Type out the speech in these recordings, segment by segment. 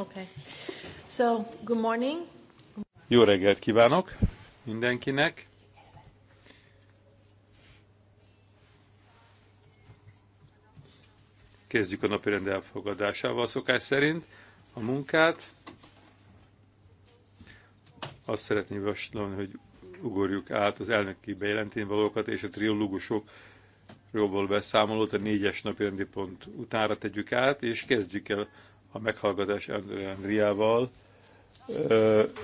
Okay. So, good morning. Jó reggelt kívánok mindenkinek. Kezdjük a rend elfogadásával szokás szerint a munkát. Azt szeretném javasolni, hogy ugorjuk át az elnöki bejelentén valókat és a triológusok jobból beszámolót a négyes napi rendi pont utára tegyük át, és kezdjük el a meghallgatás Andriával.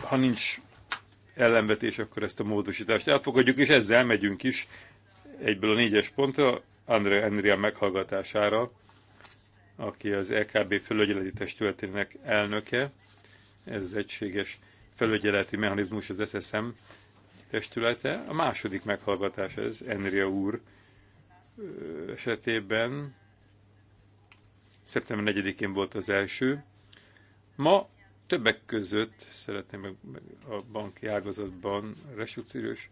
Ha nincs ellenvetés, akkor ezt a módosítást elfogadjuk, és ezzel megyünk is egyből a négyes pontra, Andrea Andrea meghallgatására, aki az LKB e felügyeleti testületének elnöke. Ez az egységes felügyeleti mechanizmus az SSM testülete. A második meghallgatás ez, Enria úr esetében szeptember 4-én volt az első. Ma többek között szeretném a banki ágazatban restrukciós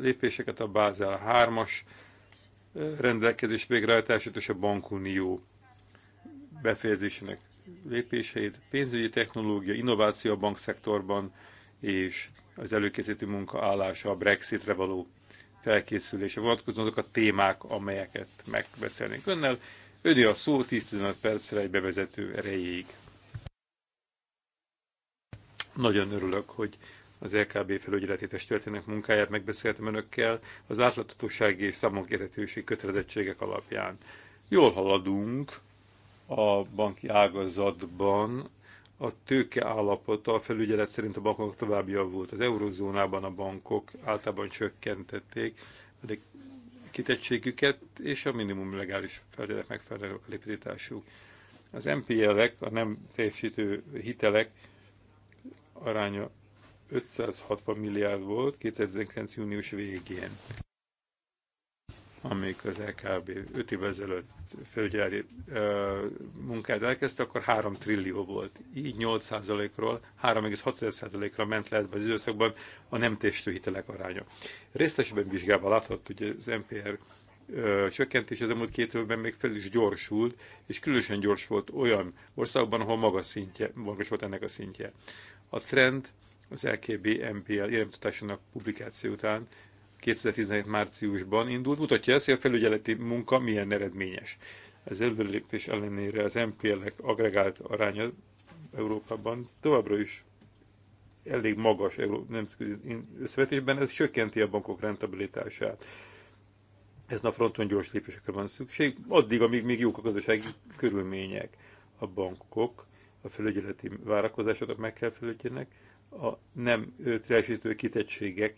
lépéseket a Bázel 3-as rendelkezés végrehajtását és a bankunió befejezésének lépéseit, pénzügyi technológia, innováció a bankszektorban és az előkészítő munka állása a Brexitre való felkészülése vonatkozóan azok a témák, amelyeket megbeszélnénk önnel, Ödi a szó 10-15 percre egy bevezető erejéig. Nagyon örülök, hogy az LKB felügyeleti testületének munkáját megbeszéltem önökkel az átláthatósági és számonkérhetőség kötelezettségek alapján. Jól haladunk a banki ágazatban, a tőke állapota a felügyelet szerint a bankok tovább javult. Az eurozónában a bankok általában csökkentették, pedig kitettségüket és a minimum legális feltételek megfelelő likviditásuk. Az npl ek a nem teljesítő hitelek aránya 560 milliárd volt 2019. június végén amikor az LKB 5 évvel ezelőtt felügyeleti munkát elkezdte, akkor 3 trillió volt. Így 8%-ról 3,6%-ra ment lehet be az időszakban a nem testő hitelek aránya. Részletesebben vizsgálva láthatott, hogy az MPR csökkentés az elmúlt két évben még fel is gyorsult, és különösen gyors volt olyan országban, ahol magas, szintje, magas volt ennek a szintje. A trend az LKB MPL irányítatásának publikáció után 2017 márciusban indult, mutatja ezt, hogy a felügyeleti munka milyen eredményes. Az előrelépés ellenére az MPL-ek agregált aránya Európában továbbra is elég magas nemzetközi összevetésben, ez csökkenti a bankok rentabilitását. Ez a fronton gyors lépésekre van szükség, addig, amíg még jók a gazdasági körülmények. A bankok a felügyeleti várakozásokat meg kell felügyeljenek, a nem teljesítő kitettségek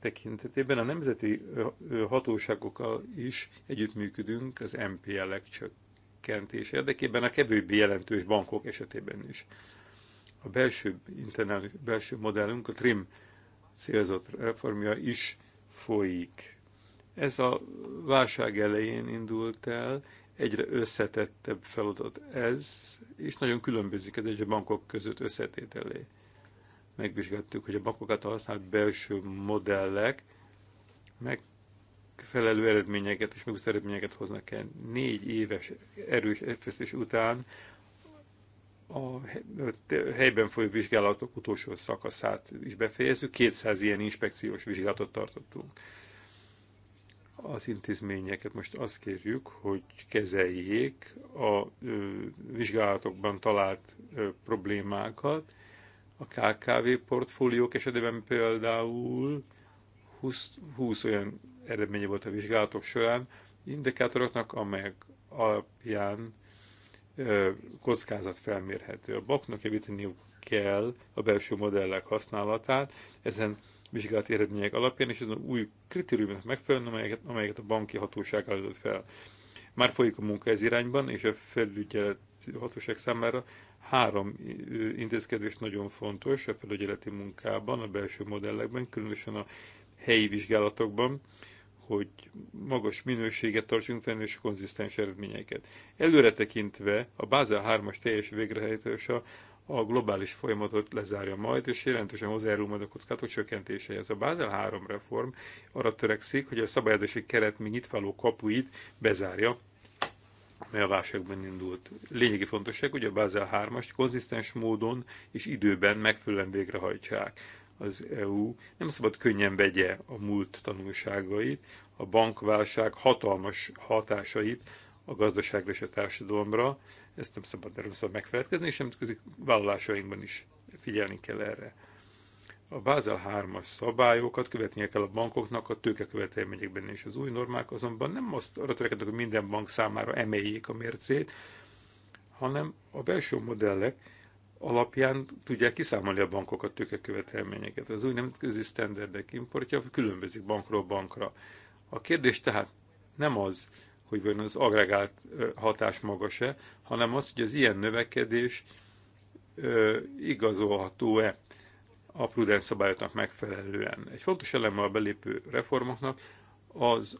tekintetében a nemzeti hatóságokkal is együttműködünk az npl ek csökkentés érdekében, a kevőbbi jelentős bankok esetében is. A belső, internál, belső modellünk, a TRIM célzott reformja is folyik. Ez a válság elején indult el, egyre összetettebb feladat ez, és nagyon különbözik az egyes bankok között összetételé megvizsgáltuk, hogy a bakokat használt belső modellek megfelelő eredményeket és megúsz eredményeket hoznak el. Négy éves erős erőfeszítés után a helyben folyó vizsgálatok utolsó szakaszát is befejezzük. 200 ilyen inspekciós vizsgálatot tartottunk. Az intézményeket most azt kérjük, hogy kezeljék a ö, vizsgálatokban talált ö, problémákat, a KKV portfóliók esetében például 20, 20 olyan eredménye volt a vizsgálatok során, indikátoroknak, amelyek alapján ö, kockázat felmérhető. A baknak javítaniuk kell a belső modellek használatát, ezen vizsgálati eredmények alapján, és az új kritériumnak megfelelően, amelyeket, amelyeket a banki hatóság állított fel. Már folyik a munka ez irányban, és a felügyelet hatóság számára Három intézkedés nagyon fontos a felügyeleti munkában, a belső modellekben, különösen a helyi vizsgálatokban, hogy magas minőséget tartsunk fenn és konzisztens eredményeket. Előre tekintve a Bázel 3-as teljes végrehajtása a globális folyamatot lezárja majd, és jelentősen hozzájárul majd a kockázatok csökkentéséhez. A Bázel 3 reform arra törekszik, hogy a szabályozási keret még nyitváló kapuit bezárja mely a válságban indult. Lényegi fontosság, hogy a Bázel 3-ast konzisztens módon és időben megfelelően végrehajtsák. Az EU nem szabad könnyen vegye a múlt tanulságait, a bankválság hatalmas hatásait a gazdaságra és a társadalomra, ezt nem szabad erről szabad megfelelkezni, és nemzetközi vállalásainkban is figyelni kell erre. A Basel 3-as szabályokat követnie kell a bankoknak a tőkekövetelményekben és az új normák azonban nem azt arra törekednek, hogy minden bank számára emeljék a mércét, hanem a belső modellek alapján tudják kiszámolni a bankok a tőkekövetelményeket. Az új úgynevezett standardek importja különbözik bankról bankra. A kérdés tehát nem az, hogy vajon az agregált hatás magas-e, hanem az, hogy az ilyen növekedés igazolható-e a prudens szabályoknak megfelelően. Egy fontos eleme a belépő reformoknak az,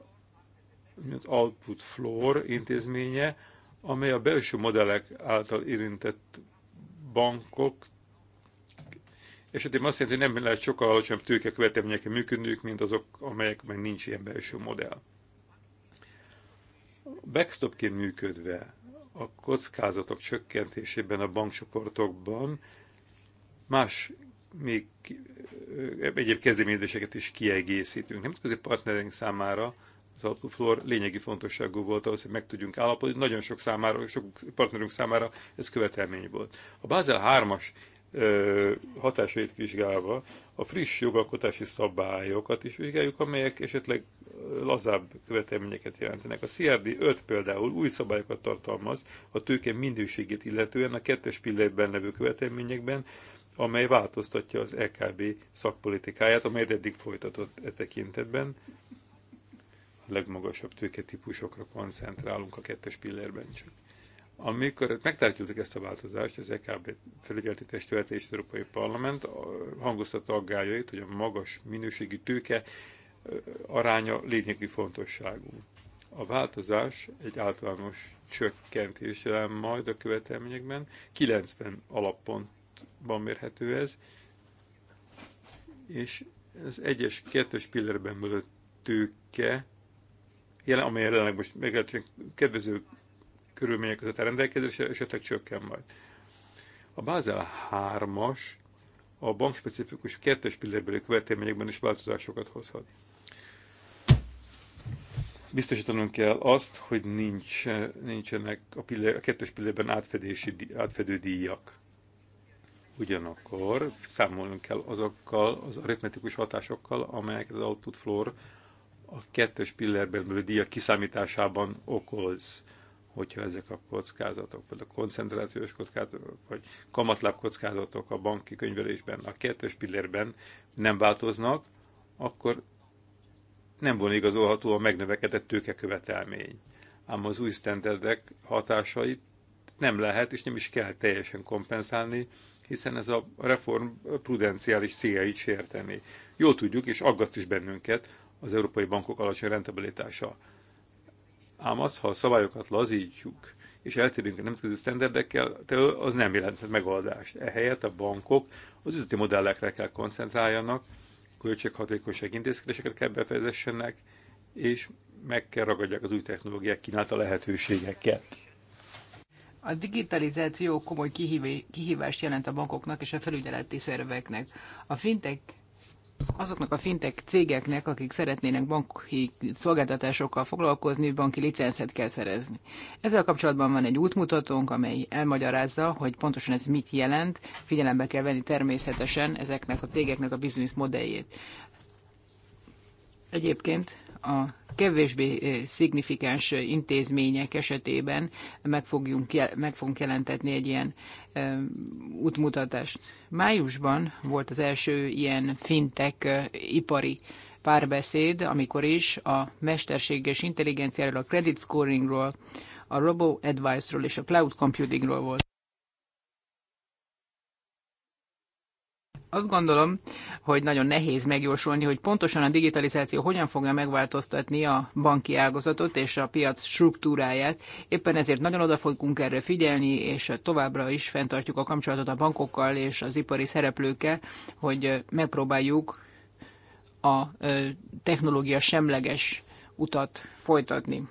az Output Floor intézménye, amely a belső modellek által érintett bankok esetében azt jelenti, hogy nem lehet sokkal alacsonyabb követelményekkel működniük, mint azok, amelyekben nincs ilyen belső modell. Backstopként működve a kockázatok csökkentésében a bankcsoportokban más még egyéb kezdeményezéseket is kiegészítünk. Nemzetközi partnereink számára az Altuflor lényegi fontosságú volt ahhoz, hogy meg tudjunk állapodni. Nagyon sok számára, sok partnerünk számára ez követelmény volt. A Bázel 3-as hatásait vizsgálva a friss jogalkotási szabályokat is vizsgáljuk, amelyek esetleg lazább követelményeket jelentenek. A CRD 5 például új szabályokat tartalmaz a tőke minőségét illetően a kettes pillérben levő követelményekben, amely változtatja az EKB szakpolitikáját, amelyet eddig folytatott e tekintetben. A legmagasabb tőketípusokra koncentrálunk a kettes pillérben csak. Amikor megtárgyaltuk ezt a változást, az EKB felügyeleti testület és az Európai Parlament hangoztatta aggájait, hogy a magas minőségi tőke aránya lényegi fontosságú. A változás egy általános csökkentésre majd a követelményekben 90 alappont 2016-ban mérhető ez, és az egyes, kettős pillérben mögött tőke, jelen, amely jelenleg most lehet, kedvező körülmények között a rendelkezésre, esetleg csökken majd. A Bázel 3-as a bankspecifikus kettes pillérbeli követelményekben is változásokat hozhat. Biztosítanunk kell azt, hogy nincs, nincsenek a, pillér, a kettes pillérben átfedési, átfedő díjak. Ugyanakkor számolnunk kell azokkal az aritmetikus hatásokkal, amelyek az output floor a kettős pillérben belül díja kiszámításában okoz, hogyha ezek a kockázatok, vagy a koncentrációs kockázatok, vagy kamatláb kockázatok a banki könyvelésben a kettős pillérben nem változnak, akkor nem volna igazolható a megnövekedett tőkekövetelmény. Ám az új standardek hatásait nem lehet és nem is kell teljesen kompenzálni, hiszen ez a reform prudenciális céljait sérteni. Jól tudjuk, és aggaszt is bennünket az európai bankok alacsony rentabilitása. Ám az, ha a szabályokat lazítjuk, és eltérünk a nemzetközi sztenderdekkel, az nem jelenthet megoldást. Ehelyett a bankok az üzleti modellekre kell koncentráljanak, költséghatékonyság intézkedéseket kell befejezessenek, és meg kell ragadják az új technológiák kínálta lehetőségeket. A digitalizáció komoly kihívást jelent a bankoknak és a felügyeleti szerveknek. A fintek azoknak a fintek cégeknek, akik szeretnének banki szolgáltatásokkal foglalkozni, banki licenszet kell szerezni. Ezzel kapcsolatban van egy útmutatónk, amely elmagyarázza, hogy pontosan ez mit jelent, figyelembe kell venni természetesen ezeknek a cégeknek a bizonyos modelljét. Egyébként a kevésbé eh, szignifikáns intézmények esetében meg, fogjunk, meg fogunk jelentetni egy ilyen útmutatást. Májusban volt az első ilyen fintek eh, ipari párbeszéd, amikor is a mesterséges intelligenciáról, a credit scoringról, a robo advice-ról és a cloud computingról volt. Azt gondolom, hogy nagyon nehéz megjósolni, hogy pontosan a digitalizáció hogyan fogja megváltoztatni a banki ágazatot és a piac struktúráját. Éppen ezért nagyon oda fogunk erre figyelni, és továbbra is fenntartjuk a kapcsolatot a bankokkal és az ipari szereplőkkel, hogy megpróbáljuk a technológia semleges utat folytatni.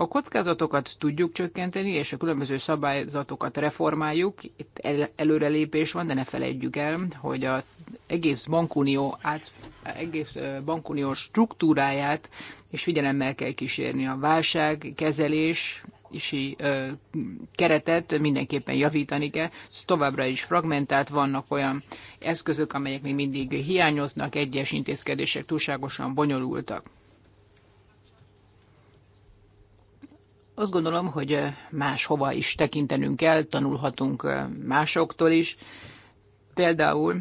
A kockázatokat tudjuk csökkenteni, és a különböző szabályzatokat reformáljuk. Itt el, előrelépés van, de ne felejtjük el, hogy az egész bankunió át, egész bankunió struktúráját és figyelemmel kell kísérni. A válság, kezelés, és keretet mindenképpen javítani kell. Továbbra is fragmentált vannak olyan eszközök, amelyek még mindig hiányoznak, egyes intézkedések túlságosan bonyolultak. Azt gondolom, hogy eh, máshova is tekintenünk kell, tanulhatunk eh, másoktól is. Például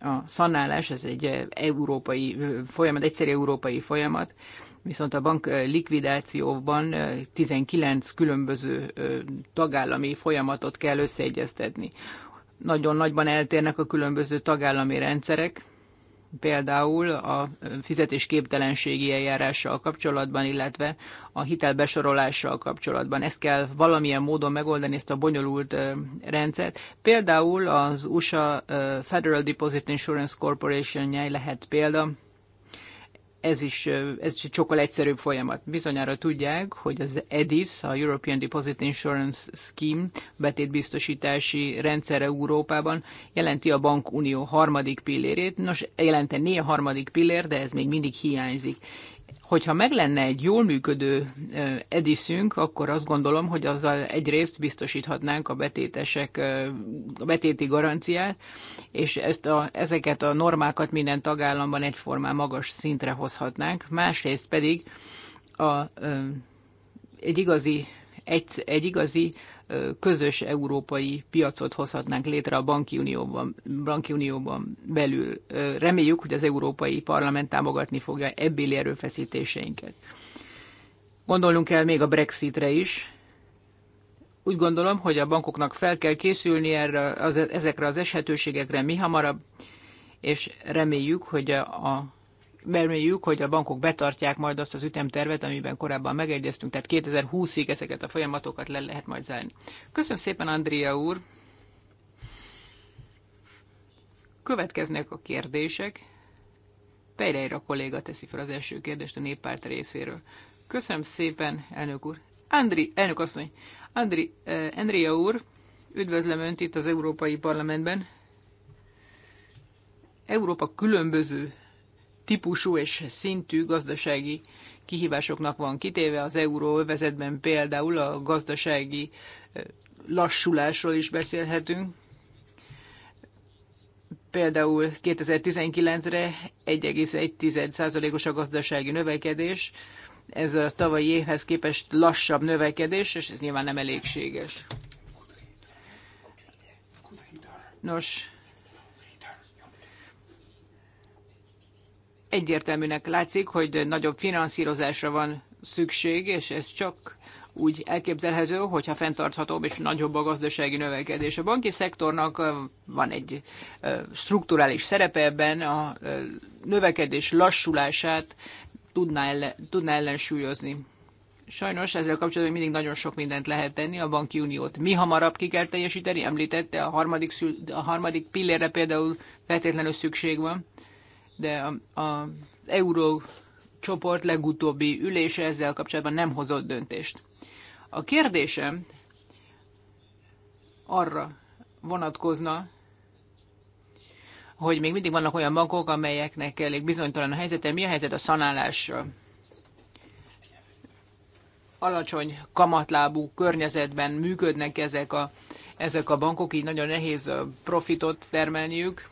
a szanálás, ez egy eh, európai folyamat, egyszerű európai folyamat, viszont a bank likvidációban 19 különböző tagállami folyamatot kell összeegyeztetni. Nagyon nagyban eltérnek a különböző tagállami rendszerek, például a fizetésképtelenségi eljárással kapcsolatban, illetve a hitelbesorolással kapcsolatban. Ezt kell valamilyen módon megoldani, ezt a bonyolult rendszert. Például az USA Federal Deposit Insurance Corporation-jel lehet példa, ez is, ez is sokkal egyszerűbb folyamat. Bizonyára tudják, hogy az EDIS, a European Deposit Insurance Scheme betétbiztosítási rendszere Európában jelenti a bankunió harmadik pillérét. Nos, jelentené a harmadik pillér, de ez még mindig hiányzik hogyha meg lenne egy jól működő ediszünk, akkor azt gondolom, hogy azzal egyrészt biztosíthatnánk a betétesek, a betéti garanciát, és ezt a, ezeket a normákat minden tagállamban egyformán magas szintre hozhatnánk. Másrészt pedig a, egy igazi egy, egy igazi közös európai piacot hozhatnánk létre a banki unióban, banki unióban belül. Reméljük, hogy az Európai Parlament támogatni fogja ebbéli erőfeszítéseinket. Gondolnunk kell még a Brexitre is. Úgy gondolom, hogy a bankoknak fel kell készülni erre, az, ezekre az eshetőségekre mi hamarabb, és reméljük, hogy a, a reméljük, hogy a bankok betartják majd azt az ütemtervet, amiben korábban megegyeztünk, tehát 2020-ig ezeket a folyamatokat le lehet majd zárni. Köszönöm szépen, Andrea úr! Következnek a kérdések. Pejreira kolléga teszi fel az első kérdést a néppárt részéről. Köszönöm szépen, elnök úr. Andri, elnök asszony, Andri, eh, Andrea úr, üdvözlöm Önt itt az Európai Parlamentben. Európa különböző típusú és szintű gazdasági kihívásoknak van kitéve. Az euróövezetben például a gazdasági lassulásról is beszélhetünk. Például 2019-re 1,1%-os a gazdasági növekedés, ez a tavalyi évhez képest lassabb növekedés, és ez nyilván nem elégséges. Nos, egyértelműnek látszik, hogy nagyobb finanszírozásra van szükség, és ez csak úgy elképzelhető, hogyha fenntarthatóbb és nagyobb a gazdasági növekedés. A banki szektornak van egy strukturális szerepe ebben, a növekedés lassulását tudná, ellen, tudná ellensúlyozni. Sajnos ezzel kapcsolatban mindig nagyon sok mindent lehet tenni, a banki uniót mi hamarabb ki kell teljesíteni, említette a harmadik, a harmadik pillérre például feltétlenül szükség van de a, a, az euró csoport legutóbbi ülése ezzel kapcsolatban nem hozott döntést. A kérdésem arra vonatkozna, hogy még mindig vannak olyan bankok, amelyeknek elég bizonytalan a helyzete. Mi a helyzet a szanálás Alacsony kamatlábú környezetben működnek ezek a, ezek a bankok, így nagyon nehéz profitot termelniük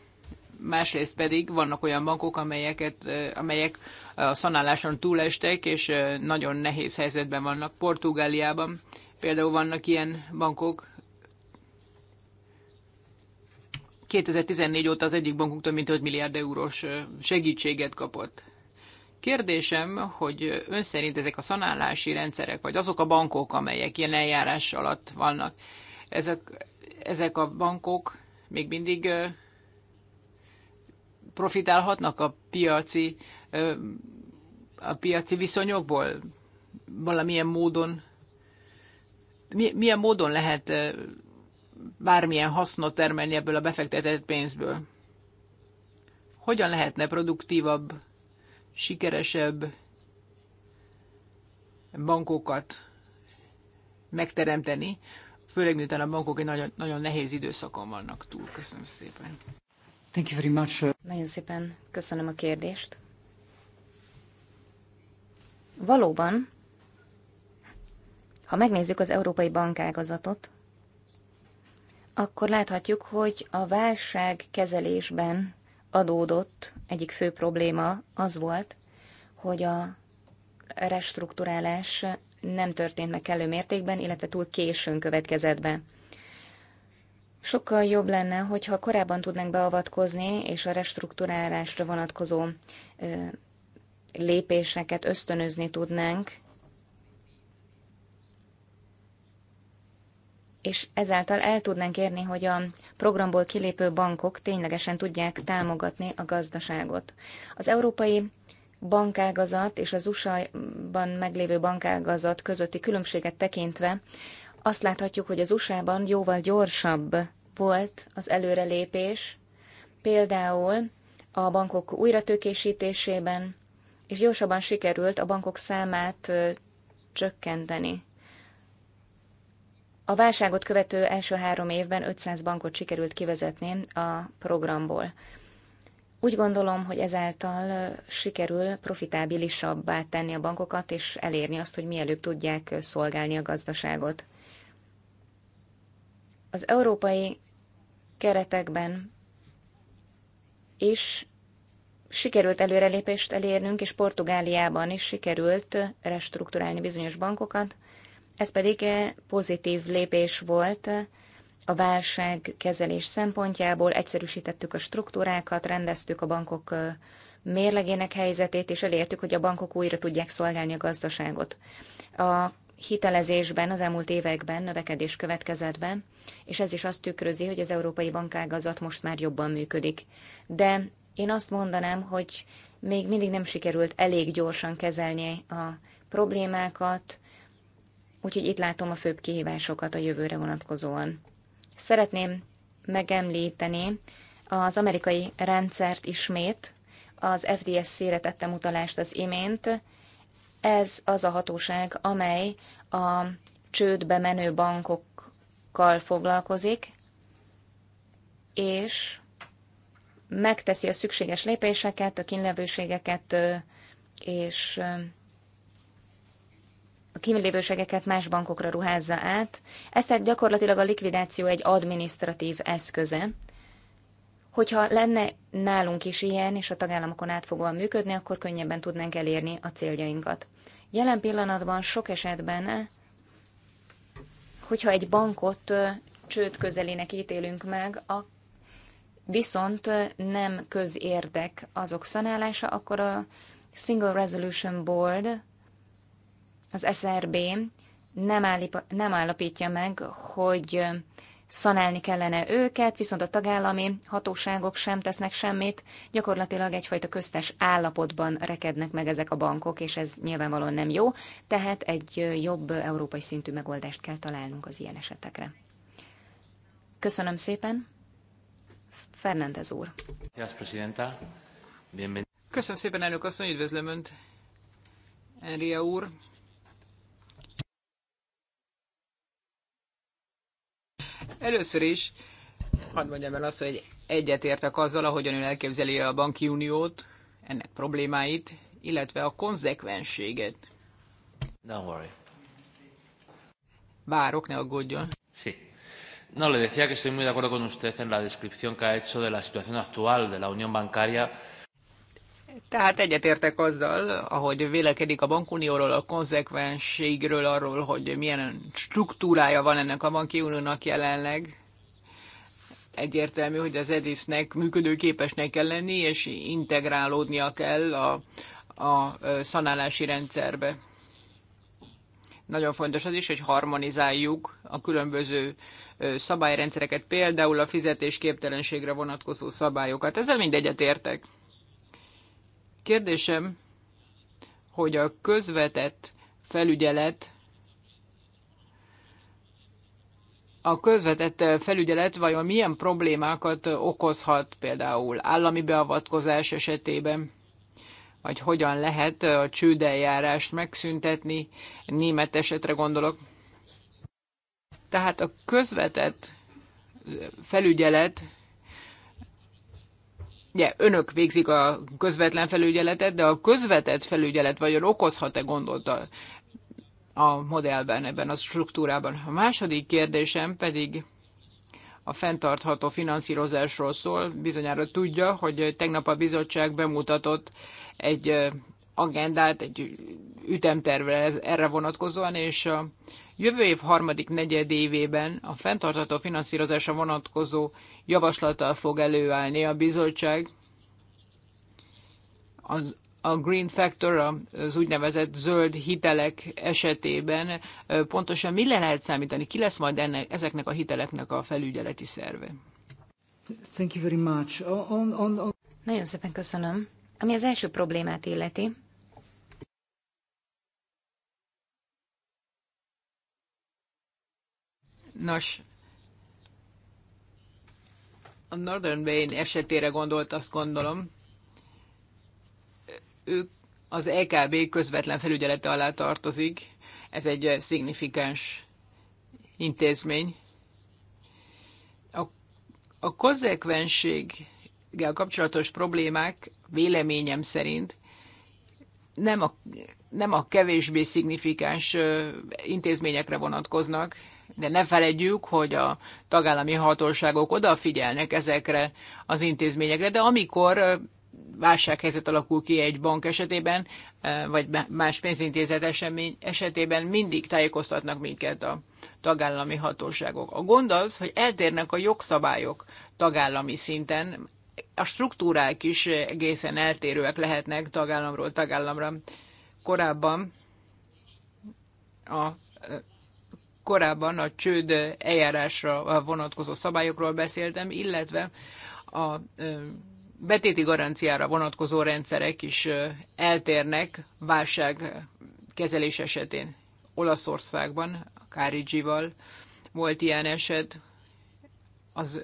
másrészt pedig vannak olyan bankok, amelyeket, amelyek a szanáláson túlestek, és nagyon nehéz helyzetben vannak. Portugáliában például vannak ilyen bankok, 2014 óta az egyik bankunk több mint 5 milliárd eurós segítséget kapott. Kérdésem, hogy ön szerint ezek a szanálási rendszerek, vagy azok a bankok, amelyek ilyen eljárás alatt vannak, ezek, ezek a bankok még mindig profitálhatnak a piaci, a piaci viszonyokból? Valamilyen módon, milyen módon lehet bármilyen hasznot termelni ebből a befektetett pénzből? Hogyan lehetne produktívabb, sikeresebb bankokat megteremteni, főleg miután a bankok egy nagyon, nagyon nehéz időszakon vannak túl. Köszönöm szépen. Thank you very much. Uh, Nagyon szépen köszönöm a kérdést. Valóban, ha megnézzük az európai bankágazatot, akkor láthatjuk, hogy a válság kezelésben adódott egyik fő probléma az volt, hogy a restrukturálás nem történt meg kellő mértékben, illetve túl későn következett be. Sokkal jobb lenne, hogyha korábban tudnánk beavatkozni, és a restruktúrálásra vonatkozó lépéseket ösztönözni tudnánk, és ezáltal el tudnánk érni, hogy a programból kilépő bankok ténylegesen tudják támogatni a gazdaságot. Az európai bankágazat és az USA-ban meglévő bankágazat közötti különbséget tekintve azt láthatjuk, hogy az USA-ban jóval gyorsabb volt az előrelépés, például a bankok újratőkésítésében, és gyorsabban sikerült a bankok számát csökkenteni. A válságot követő első három évben 500 bankot sikerült kivezetni a programból. Úgy gondolom, hogy ezáltal sikerül profitábilisabbá tenni a bankokat, és elérni azt, hogy mielőbb tudják szolgálni a gazdaságot az európai keretekben is sikerült előrelépést elérnünk, és Portugáliában is sikerült restruktúrálni bizonyos bankokat. Ez pedig e pozitív lépés volt a válság kezelés szempontjából. Egyszerűsítettük a struktúrákat, rendeztük a bankok mérlegének helyzetét, és elértük, hogy a bankok újra tudják szolgálni a gazdaságot. A hitelezésben az elmúlt években növekedés következett be, és ez is azt tükrözi, hogy az európai bankágazat most már jobban működik. De én azt mondanám, hogy még mindig nem sikerült elég gyorsan kezelni a problémákat, úgyhogy itt látom a főbb kihívásokat a jövőre vonatkozóan. Szeretném megemlíteni az amerikai rendszert ismét, az FDSC-re tettem utalást az imént. Ez az a hatóság, amely a csődbe menő bankok kal foglalkozik, és megteszi a szükséges lépéseket, a kínlevőségeket és a kínlevőségeket más bankokra ruházza át. Ez tehát gyakorlatilag a likvidáció egy administratív eszköze. Hogyha lenne nálunk is ilyen, és a tagállamokon átfogóan működni, akkor könnyebben tudnánk elérni a céljainkat. Jelen pillanatban sok esetben hogyha egy bankot csőd közelének ítélünk meg, a, viszont nem közérdek azok szanálása, akkor a Single Resolution Board, az SRB nem, állip, nem állapítja meg, hogy szanálni kellene őket, viszont a tagállami hatóságok sem tesznek semmit, gyakorlatilag egyfajta köztes állapotban rekednek meg ezek a bankok, és ez nyilvánvalóan nem jó, tehát egy jobb európai szintű megoldást kell találnunk az ilyen esetekre. Köszönöm szépen! Fernández úr. Köszönöm szépen, elnök asszony, üdvözlöm Önt, Enria úr. Először is, hadd mondjam el azt, hogy egyetértek azzal, ahogyan ön elképzeli a banki uniót, ennek problémáit, illetve a konzekvenséget. Don't worry. Várok, ne aggódjon. Sí. No, le decía que estoy muy de acuerdo con usted en la descripción que ha hecho de la situación actual de la Unión Bancaria tehát egyetértek azzal, ahogy vélekedik a bankunióról, a konzekvenségről, arról, hogy milyen struktúrája van ennek a banki uniónak jelenleg. Egyértelmű, hogy az edisznek működőképesnek kell lenni, és integrálódnia kell a, a szanálási rendszerbe. Nagyon fontos az is, hogy harmonizáljuk a különböző szabályrendszereket, például a fizetésképtelenségre vonatkozó szabályokat. Ezzel mindegyet értek. Kérdésem, hogy a közvetett felügyelet a közvetett felügyelet vajon milyen problémákat okozhat például állami beavatkozás esetében, vagy hogyan lehet a csődeljárást megszüntetni, német esetre gondolok. Tehát a közvetett felügyelet ugye önök végzik a közvetlen felügyeletet, de a közvetett felügyelet vajon okozhat-e gondot a, a modellben, ebben a struktúrában? A második kérdésem pedig a fenntartható finanszírozásról szól. Bizonyára tudja, hogy tegnap a bizottság bemutatott egy agendát, egy ütemtervre erre vonatkozóan, és a jövő év harmadik negyedévében a fenntartható finanszírozásra vonatkozó javaslattal fog előállni a bizottság. Az, a Green Factor, az úgynevezett zöld hitelek esetében pontosan le lehet számítani? Ki lesz majd ennek, ezeknek a hiteleknek a felügyeleti szerve? Thank you very much. On, on, on... Nagyon szépen köszönöm. Ami az első problémát illeti, Nos, a Northern Bain esetére gondolt, azt gondolom. Ők az EKB közvetlen felügyelete alá tartozik. Ez egy szignifikáns intézmény. A, a konzekvenséggel kapcsolatos problémák véleményem szerint nem a, nem a kevésbé szignifikáns intézményekre vonatkoznak, de ne felejtjük, hogy a tagállami hatóságok odafigyelnek ezekre az intézményekre, de amikor válsághelyzet alakul ki egy bank esetében, vagy más pénzintézet esemény esetében mindig tájékoztatnak minket a tagállami hatóságok. A gond az, hogy eltérnek a jogszabályok tagállami szinten, a struktúrák is egészen eltérőek lehetnek tagállamról tagállamra. Korábban a korábban a csőd eljárásra vonatkozó szabályokról beszéltem, illetve a betéti garanciára vonatkozó rendszerek is eltérnek kezelés esetén. Olaszországban, a Kárigyival volt ilyen eset, az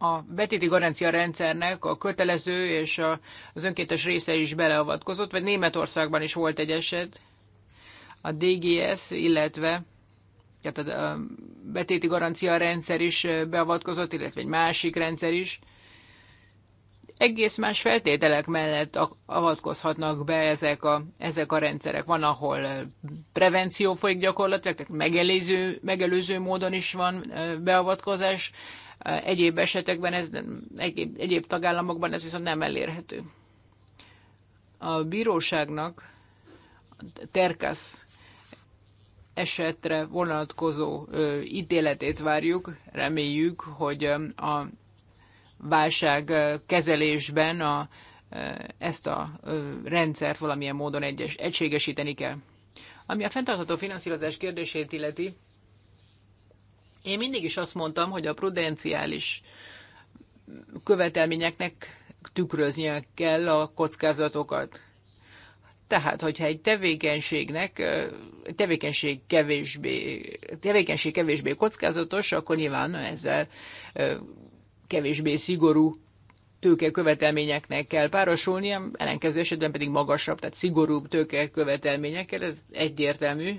a betéti garancia rendszernek a kötelező és az önkéntes része is beleavatkozott, vagy Németországban is volt egy eset, a DGS, illetve tehát a betéti garancia rendszer is beavatkozott, illetve egy másik rendszer is. Egész más feltételek mellett avatkozhatnak be ezek a, ezek a rendszerek. Van, ahol prevenció folyik gyakorlatilag, tehát megelőző, megelőző módon is van beavatkozás, egyéb esetekben, ez, egyéb, egyéb tagállamokban ez viszont nem elérhető. A bíróságnak Terkasz esetre vonatkozó ítéletét várjuk. Reméljük, hogy a válság kezelésben a, ezt a rendszert valamilyen módon egyes, egységesíteni kell. Ami a fenntartható finanszírozás kérdését illeti, én mindig is azt mondtam, hogy a prudenciális követelményeknek tükröznie kell a kockázatokat. Tehát, hogyha egy tevékenységnek, tevékenység kevésbé, tevékenység kevésbé kockázatos, akkor nyilván ezzel kevésbé szigorú követelményeknek kell párosulnia, ellenkező esetben pedig magasabb, tehát szigorúbb követelményekkel, ez egyértelmű.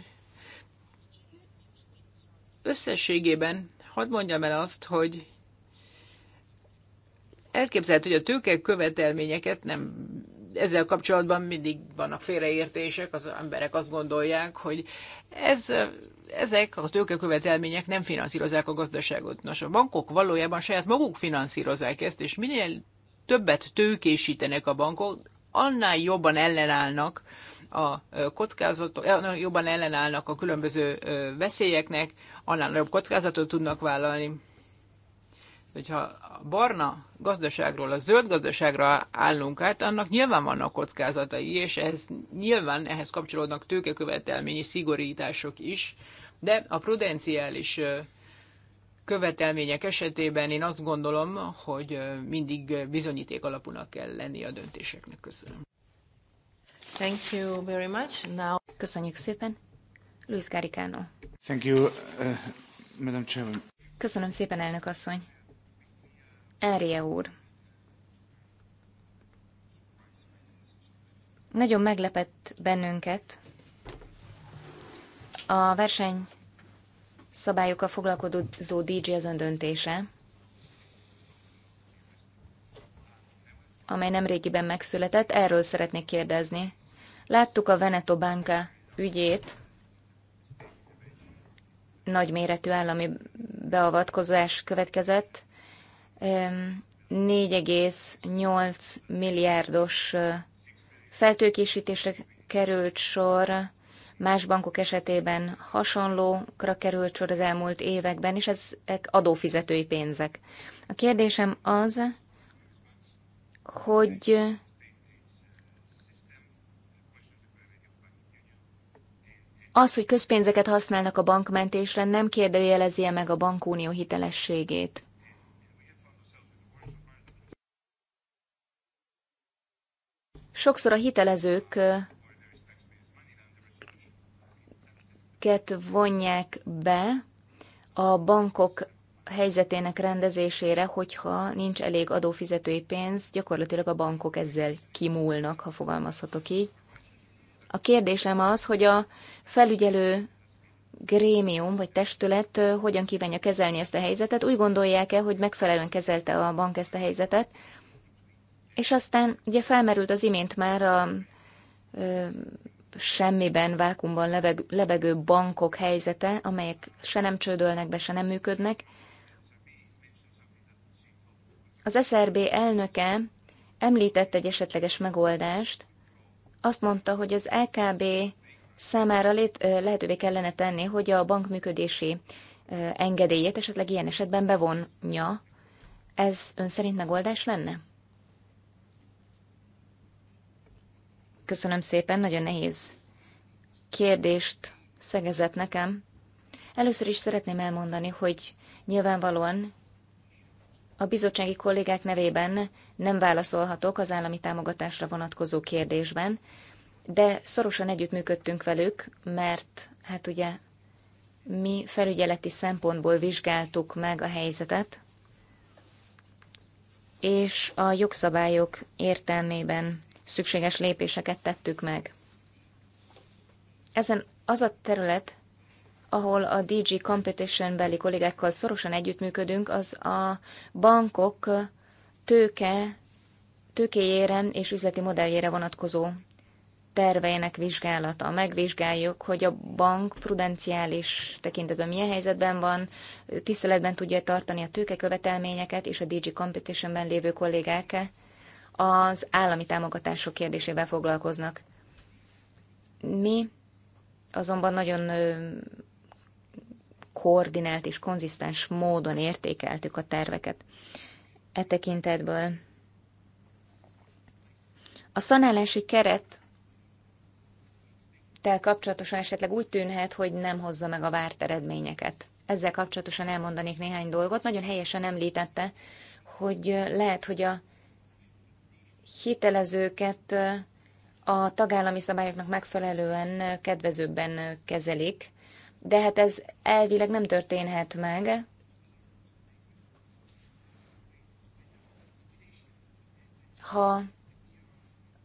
Összességében hadd mondjam el azt, hogy elképzelhető, hogy a tőke követelményeket nem ezzel kapcsolatban mindig vannak félreértések, az emberek azt gondolják, hogy ez, ezek a tőkekövetelmények nem finanszírozzák a gazdaságot. Nos, a bankok valójában saját maguk finanszírozzák ezt, és minél többet tőkésítenek a bankok, annál jobban ellenállnak a kockázatok, eh, jobban ellenállnak a különböző eh, veszélyeknek, annál nagyobb kockázatot tudnak vállalni hogyha a barna gazdaságról a zöld gazdaságra állunk át, annak nyilván vannak kockázatai, és ez nyilván ehhez kapcsolódnak tőkekövetelményi szigorítások is, de a prudenciális követelmények esetében én azt gondolom, hogy mindig bizonyíték alapúnak kell lenni a döntéseknek. Köszönöm. Thank you very much. Now... Köszönjük szépen. Luis Garicano. Thank you, uh, Madam Chairman. Köszönöm szépen, elnök asszony. Erje úr. Nagyon meglepett bennünket a verseny szabályokkal foglalkozó DJ azon döntése, amely nem régiben megszületett, erről szeretnék kérdezni. Láttuk a Veneto banka ügyét, nagyméretű állami beavatkozás következett, 4,8 milliárdos feltőkésítésre került sor, más bankok esetében hasonlókra került sor az elmúlt években, és ezek adófizetői pénzek. A kérdésem az, hogy az, hogy közpénzeket használnak a bankmentésre, nem kérdőjelezi -e meg a bankunió hitelességét. Sokszor a hitelezők ket vonják be a bankok helyzetének rendezésére, hogyha nincs elég adófizetői pénz, gyakorlatilag a bankok ezzel kimúlnak, ha fogalmazhatok így. A kérdésem az, hogy a felügyelő grémium vagy testület hogyan kívánja kezelni ezt a helyzetet. Úgy gondolják-e, hogy megfelelően kezelte a bank ezt a helyzetet, és aztán ugye felmerült az imént már a ö, semmiben, vákumban lebeg, lebegő bankok helyzete, amelyek se nem csődölnek be, se nem működnek. Az SRB elnöke említett egy esetleges megoldást, azt mondta, hogy az LKB számára lét, lehetővé kellene tenni, hogy a bank működési engedélyét esetleg ilyen esetben bevonja. Ez ön szerint megoldás lenne? Köszönöm szépen, nagyon nehéz kérdést szegezett nekem. Először is szeretném elmondani, hogy nyilvánvalóan a bizottsági kollégák nevében nem válaszolhatok az állami támogatásra vonatkozó kérdésben, de szorosan együttműködtünk velük, mert hát ugye mi felügyeleti szempontból vizsgáltuk meg a helyzetet, és a jogszabályok értelmében szükséges lépéseket tettük meg. Ezen az a terület, ahol a DG Competition beli kollégákkal szorosan együttműködünk, az a bankok tőke, tőkéjére és üzleti modelljére vonatkozó terveinek vizsgálata. Megvizsgáljuk, hogy a bank prudenciális tekintetben milyen helyzetben van, tiszteletben tudja tartani a tőkekövetelményeket, és a DG Competition-ben lévő kollégák az állami támogatások kérdésével foglalkoznak. Mi azonban nagyon koordinált és konzisztens módon értékeltük a terveket e tekintetből. A szanálási keret tel kapcsolatosan esetleg úgy tűnhet, hogy nem hozza meg a várt eredményeket. Ezzel kapcsolatosan elmondanék néhány dolgot. Nagyon helyesen említette, hogy lehet, hogy a hitelezőket a tagállami szabályoknak megfelelően kedvezőbben kezelik, de hát ez elvileg nem történhet meg. Ha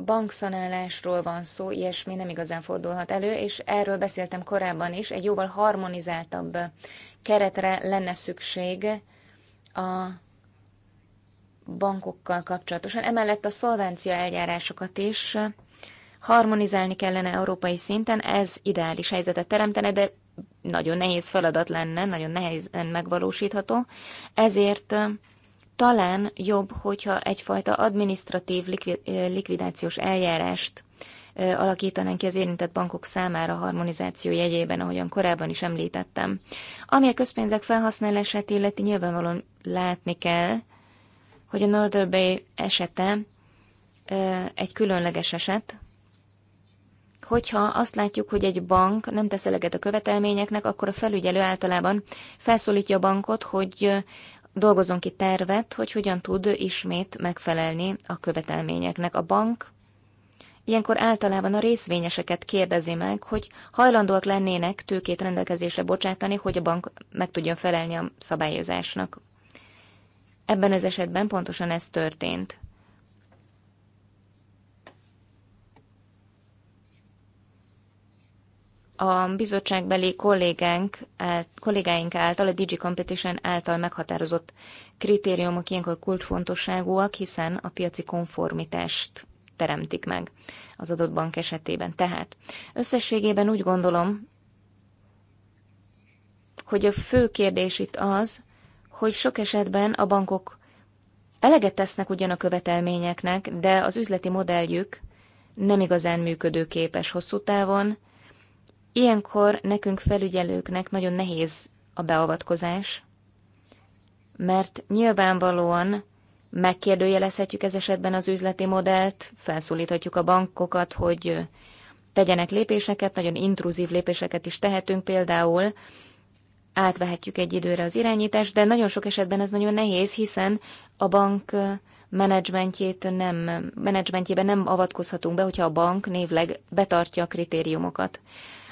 bankszanálásról van szó, ilyesmi nem igazán fordulhat elő, és erről beszéltem korábban is, egy jóval harmonizáltabb keretre lenne szükség a bankokkal kapcsolatosan. Emellett a szolvencia eljárásokat is harmonizálni kellene európai szinten, ez ideális helyzetet teremtene, de nagyon nehéz feladat lenne, nagyon nehézen megvalósítható. Ezért talán jobb, hogyha egyfajta administratív likvidációs eljárást alakítanánk ki az érintett bankok számára harmonizáció jegyében, ahogyan korábban is említettem. Ami a közpénzek felhasználását illeti, nyilvánvalóan látni kell, hogy a Northern Bay esete egy különleges eset, hogyha azt látjuk, hogy egy bank nem tesz eleget a követelményeknek, akkor a felügyelő általában felszólítja a bankot, hogy dolgozzon ki tervet, hogy hogyan tud ismét megfelelni a követelményeknek. A bank ilyenkor általában a részvényeseket kérdezi meg, hogy hajlandóak lennének tőkét rendelkezésre bocsátani, hogy a bank meg tudjon felelni a szabályozásnak, Ebben az esetben pontosan ez történt. a bizottságbeli kollégánk, kollégáink által, a Digi Competition által meghatározott kritériumok ilyenkor kulcsfontosságúak, hiszen a piaci konformitást teremtik meg az adott bank esetében. Tehát összességében úgy gondolom, hogy a fő kérdés itt az, hogy sok esetben a bankok eleget tesznek ugyan a követelményeknek, de az üzleti modelljük nem igazán működőképes hosszú távon. Ilyenkor nekünk felügyelőknek nagyon nehéz a beavatkozás, mert nyilvánvalóan megkérdőjelezhetjük ez esetben az üzleti modellt, felszólíthatjuk a bankokat, hogy tegyenek lépéseket, nagyon intruzív lépéseket is tehetünk, például átvehetjük egy időre az irányítást, de nagyon sok esetben ez nagyon nehéz, hiszen a bank menedzsmentjét nem, menedzsmentjében nem avatkozhatunk be, hogyha a bank névleg betartja a kritériumokat.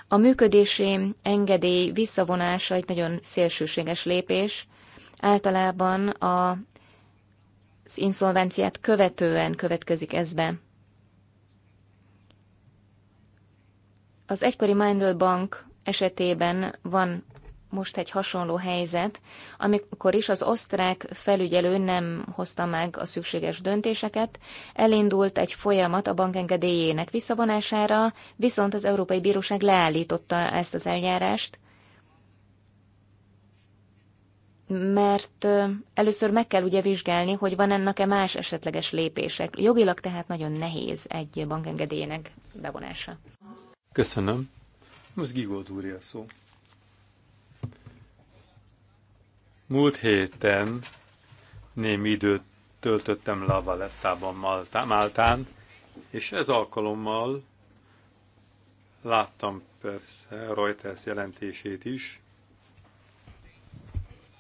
A működési engedély visszavonása egy nagyon szélsőséges lépés. Általában a, az inszolvenciát követően következik ez be. Az egykori Mindről Bank esetében van most egy hasonló helyzet, amikor is az osztrák felügyelő nem hozta meg a szükséges döntéseket, elindult egy folyamat a bankengedélyének visszavonására, viszont az Európai Bíróság leállította ezt az eljárást, mert először meg kell ugye vizsgálni, hogy van ennek-e más esetleges lépések. Jogilag tehát nagyon nehéz egy bankengedélyének bevonása. Köszönöm. Most Gigó a szó. Múlt héten némi időt töltöttem Lavalettában Máltán, és ez alkalommal láttam persze Reuters jelentését is,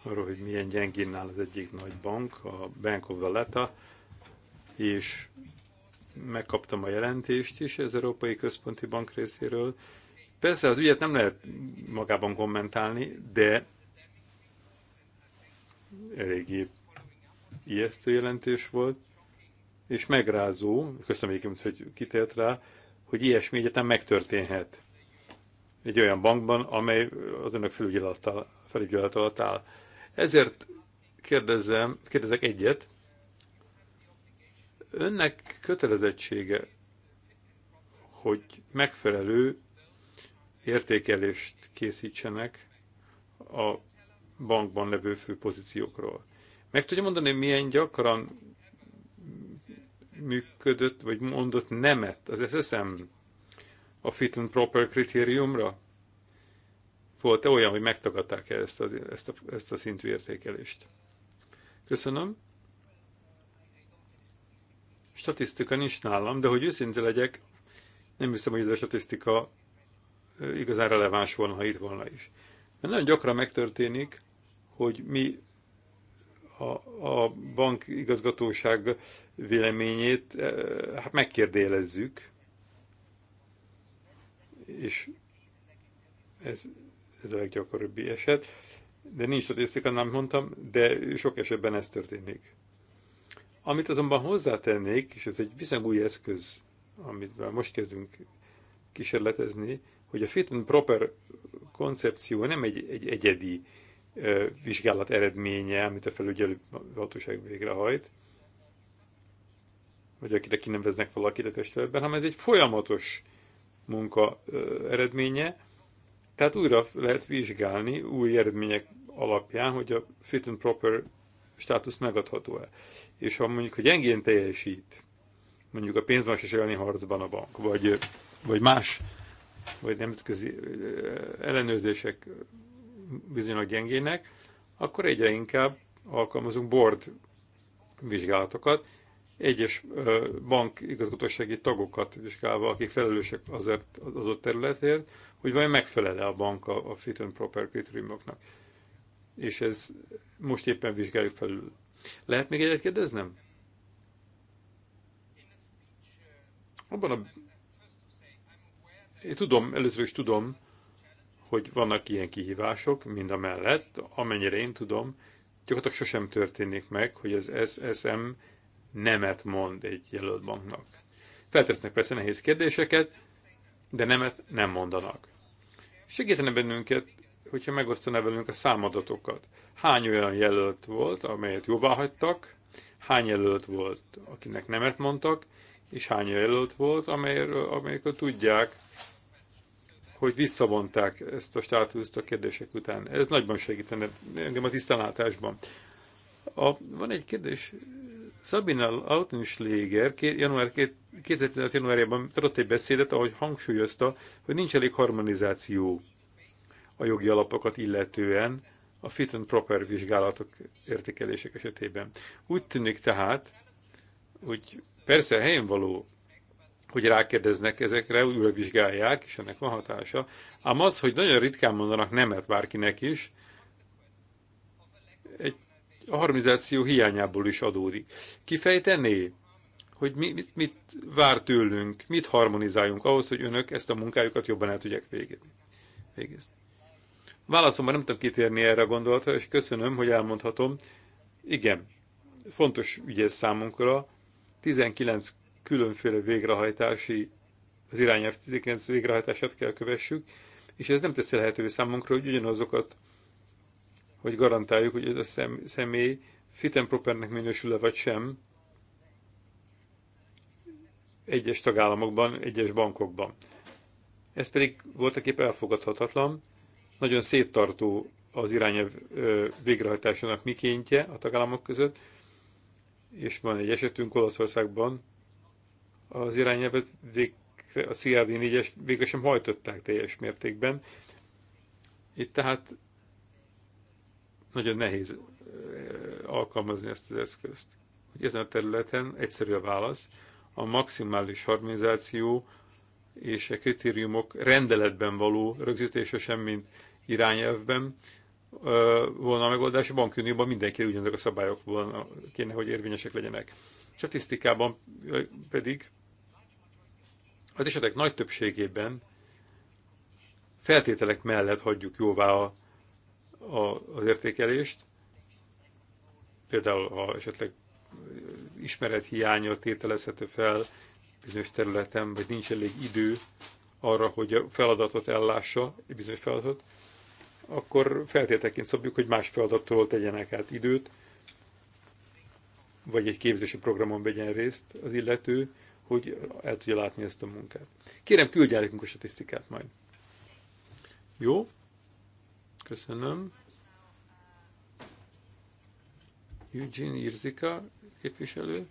arról, hogy milyen gyengén áll az egyik nagy bank, a Bank of Valletta, és megkaptam a jelentést is az Európai Központi Bank részéről. Persze az ügyet nem lehet magában kommentálni, de eléggé ijesztő jelentés volt, és megrázó, köszönöm egyébként, hogy kitért rá, hogy ilyesmi egyetem megtörténhet. Egy olyan bankban, amely az önök felügyelet alatt, felügyelet alatt áll. Ezért kérdezem, kérdezek egyet. Önnek kötelezettsége, hogy megfelelő értékelést készítsenek a bankban levő fő pozíciókról. Meg tudja mondani, milyen gyakran működött, vagy mondott nemet az SSM a fit and proper kritériumra? Volt-e olyan, hogy megtagadták -e ezt a, ezt, a, ezt a szintű értékelést? Köszönöm. Statisztika nincs nálam, de hogy őszinte legyek, nem hiszem, hogy ez a statisztika igazán releváns volna, ha itt volna is. Mert nagyon gyakran megtörténik, hogy mi a, a bank igazgatóság véleményét eh, hát megkérdélezzük, és ez, ez a leggyakoribbi eset, de nincs statisztika, nem mondtam, de sok esetben ez történik. Amit azonban hozzátennék, és ez egy viszonylag új eszköz, amit már most kezdünk kísérletezni, hogy a fit and proper koncepció nem egy, egy egyedi vizsgálat eredménye, amit a felügyelő hatóság végrehajt, vagy akire kineveznek valakit a testületben, hanem ez egy folyamatos munka eredménye, tehát újra lehet vizsgálni új eredmények alapján, hogy a fit and proper státusz megadható-e. És ha mondjuk, hogy gyengén teljesít, mondjuk a pénzmosás elleni harcban a bank, vagy, vagy más, vagy nemzetközi ellenőrzések bizonylag gyengének, akkor egyre inkább alkalmazunk board vizsgálatokat, egyes bank igazgatósági tagokat vizsgálva, akik felelősek azért az ott területért, hogy vajon megfelele a bank a, a fit and proper kritériumoknak. És ez most éppen vizsgáljuk felül. Lehet még egyet kérdeznem? Abban a... Én tudom, először is tudom, hogy vannak ilyen kihívások, mind a mellett, amennyire én tudom, gyakorlatilag sosem történik meg, hogy az SSM nemet mond egy jelölt banknak. Feltesznek persze nehéz kérdéseket, de nemet nem mondanak. Segítene bennünket, hogyha megosztaná velünk a számadatokat. Hány olyan jelölt volt, amelyet jóvá hagytak, hány jelölt volt, akinek nemet mondtak, és hány jelölt volt, amelyről, amelyekről tudják, hogy visszavonták ezt a státuszt a kérdések után. Ez nagyban segítene engem a tisztánlátásban. A, van egy kérdés. Sabina Altenschläger január, 2015. januárjában tartott egy beszédet, ahogy hangsúlyozta, hogy nincs elég harmonizáció a jogi alapokat illetően a fit and proper vizsgálatok értékelések esetében. Úgy tűnik tehát, hogy persze helyen való hogy rákérdeznek ezekre, újra vizsgálják, és ennek van hatása. Ám az, hogy nagyon ritkán mondanak nemet bárkinek is, egy a harmonizáció hiányából is adódik. Kifejtené, hogy mi, mit, mit vár tőlünk, mit harmonizáljunk ahhoz, hogy önök ezt a munkájukat jobban el tudják végezni. végezni. Válaszomban nem tudom kitérni erre a gondolatra, és köszönöm, hogy elmondhatom. Igen, fontos ügy ez számunkra. 19 különféle végrehajtási, az irányelv 19 végrehajtását kell kövessük, és ez nem teszi lehetővé számunkra, hogy ugyanazokat, hogy garantáljuk, hogy ez a szem, személy fit and propernek minősül-e vagy sem, egyes tagállamokban, egyes bankokban. Ez pedig voltak épp elfogadhatatlan, nagyon széttartó az irányelv végrehajtásának mikéntje a tagállamok között, és van egy esetünk Olaszországban, az irányelvet végre, a CRD 4-es végre sem hajtották teljes mértékben. Itt tehát nagyon nehéz alkalmazni ezt az eszközt. Hogy ezen a területen egyszerű a válasz, a maximális harmonizáció és a kritériumok rendeletben való rögzítése sem, mint irányelvben volna a megoldás, a bankunióban mindenki ugyanazok a szabályok volna, kéne, hogy érvényesek legyenek. Statisztikában pedig az esetek nagy többségében feltételek mellett hagyjuk jóvá a, a, az értékelést, például ha esetleg ismeret hiánya tételezhető fel bizonyos területen, vagy nincs elég idő arra, hogy a feladatot ellássa, egy bizonyos feladatot, akkor feltételként szabjuk, hogy más feladattól tegyenek át időt, vagy egy képzési programon vegyen részt az illető, hogy el tudja látni ezt a munkát. Kérem, küldj el nekünk a statisztikát majd. Jó? Köszönöm. Eugene Irzika képviselő.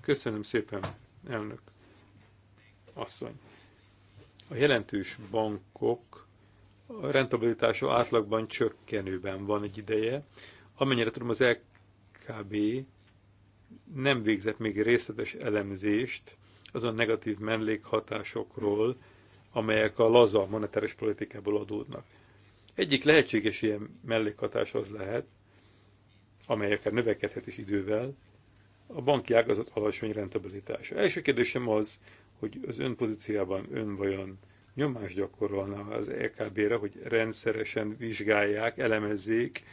Köszönöm szépen, elnök asszony. A jelentős bankok a rentabilitása átlagban csökkenőben van egy ideje. Amennyire tudom, az LKB nem végzett még részletes elemzést azon negatív mellékhatásokról, amelyek a laza monetáris politikából adódnak. Egyik lehetséges ilyen mellékhatás az lehet, amely akár növekedhet is idővel, a banki ágazat alacsony rentabilitása. Első kérdésem az, hogy az ön pozíciában ön vajon nyomást gyakorolna az EKB-re, hogy rendszeresen vizsgálják, elemezzék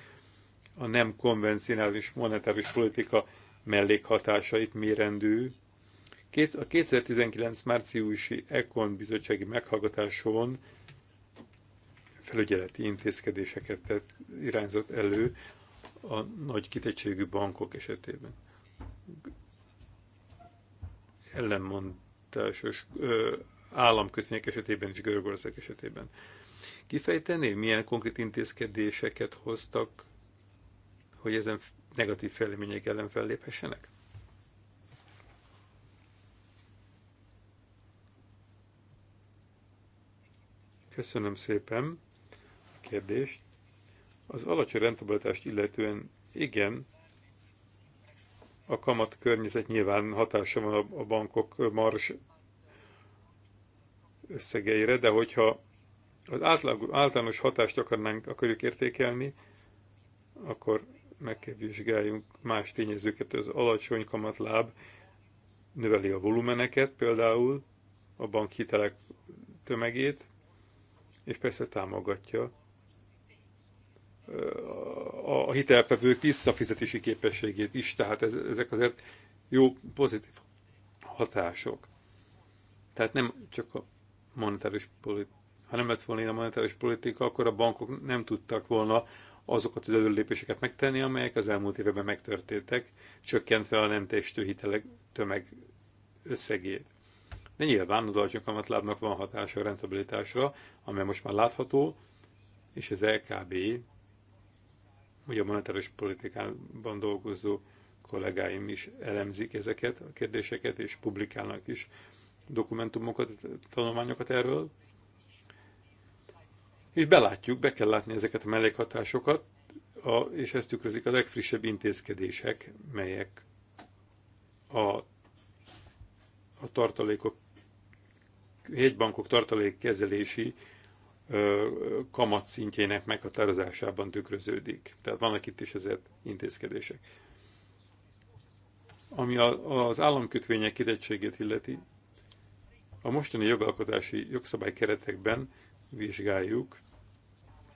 a nem konvencionális monetáris politika mellékhatásait mérendő a 2019 márciusi Econ bizottsági meghallgatáson felügyeleti intézkedéseket tett, irányzott elő a nagy kitettségű bankok esetében. Ellenmondásos ö, államkötvények esetében és Görögország esetében. Kifejteni, milyen konkrét intézkedéseket hoztak, hogy ezen negatív fejlemények ellen felléphessenek? Köszönöm szépen a kérdést. Az alacsony rentabilitást illetően igen, a kamat környezet nyilván hatása van a bankok mars összegeire, de hogyha az átlag, általános hatást akarnánk, akarjuk értékelni, akkor meg kell vizsgáljunk más tényezőket. Az alacsony kamatláb növeli a volumeneket, például a hitelek tömegét, és persze támogatja a hitelpevők visszafizetési képességét is, tehát ez, ezek azért jó pozitív hatások. Tehát nem csak a monetáris politika, ha nem lett volna ilyen a monetáris politika, akkor a bankok nem tudtak volna azokat az előlépéseket megtenni, amelyek az elmúlt években megtörténtek, csökkentve a nem testő hitelek tömeg összegét. De nyilván az alacsony kamatlábnak van hatása a rentabilitásra, amely most már látható, és az LKB, ugye a monetáris politikában dolgozó kollégáim is elemzik ezeket a kérdéseket, és publikálnak is dokumentumokat, tanulmányokat erről. És belátjuk, be kell látni ezeket a mellékhatásokat, a, és ezt tükrözik a legfrissebb intézkedések, melyek a, a tartalékok jegybankok tartalékkezelési kamatszintjének meghatározásában tükröződik. Tehát vannak itt is ezért intézkedések. Ami a, az államkötvények kitettségét illeti, a mostani jogalkotási jogszabály keretekben vizsgáljuk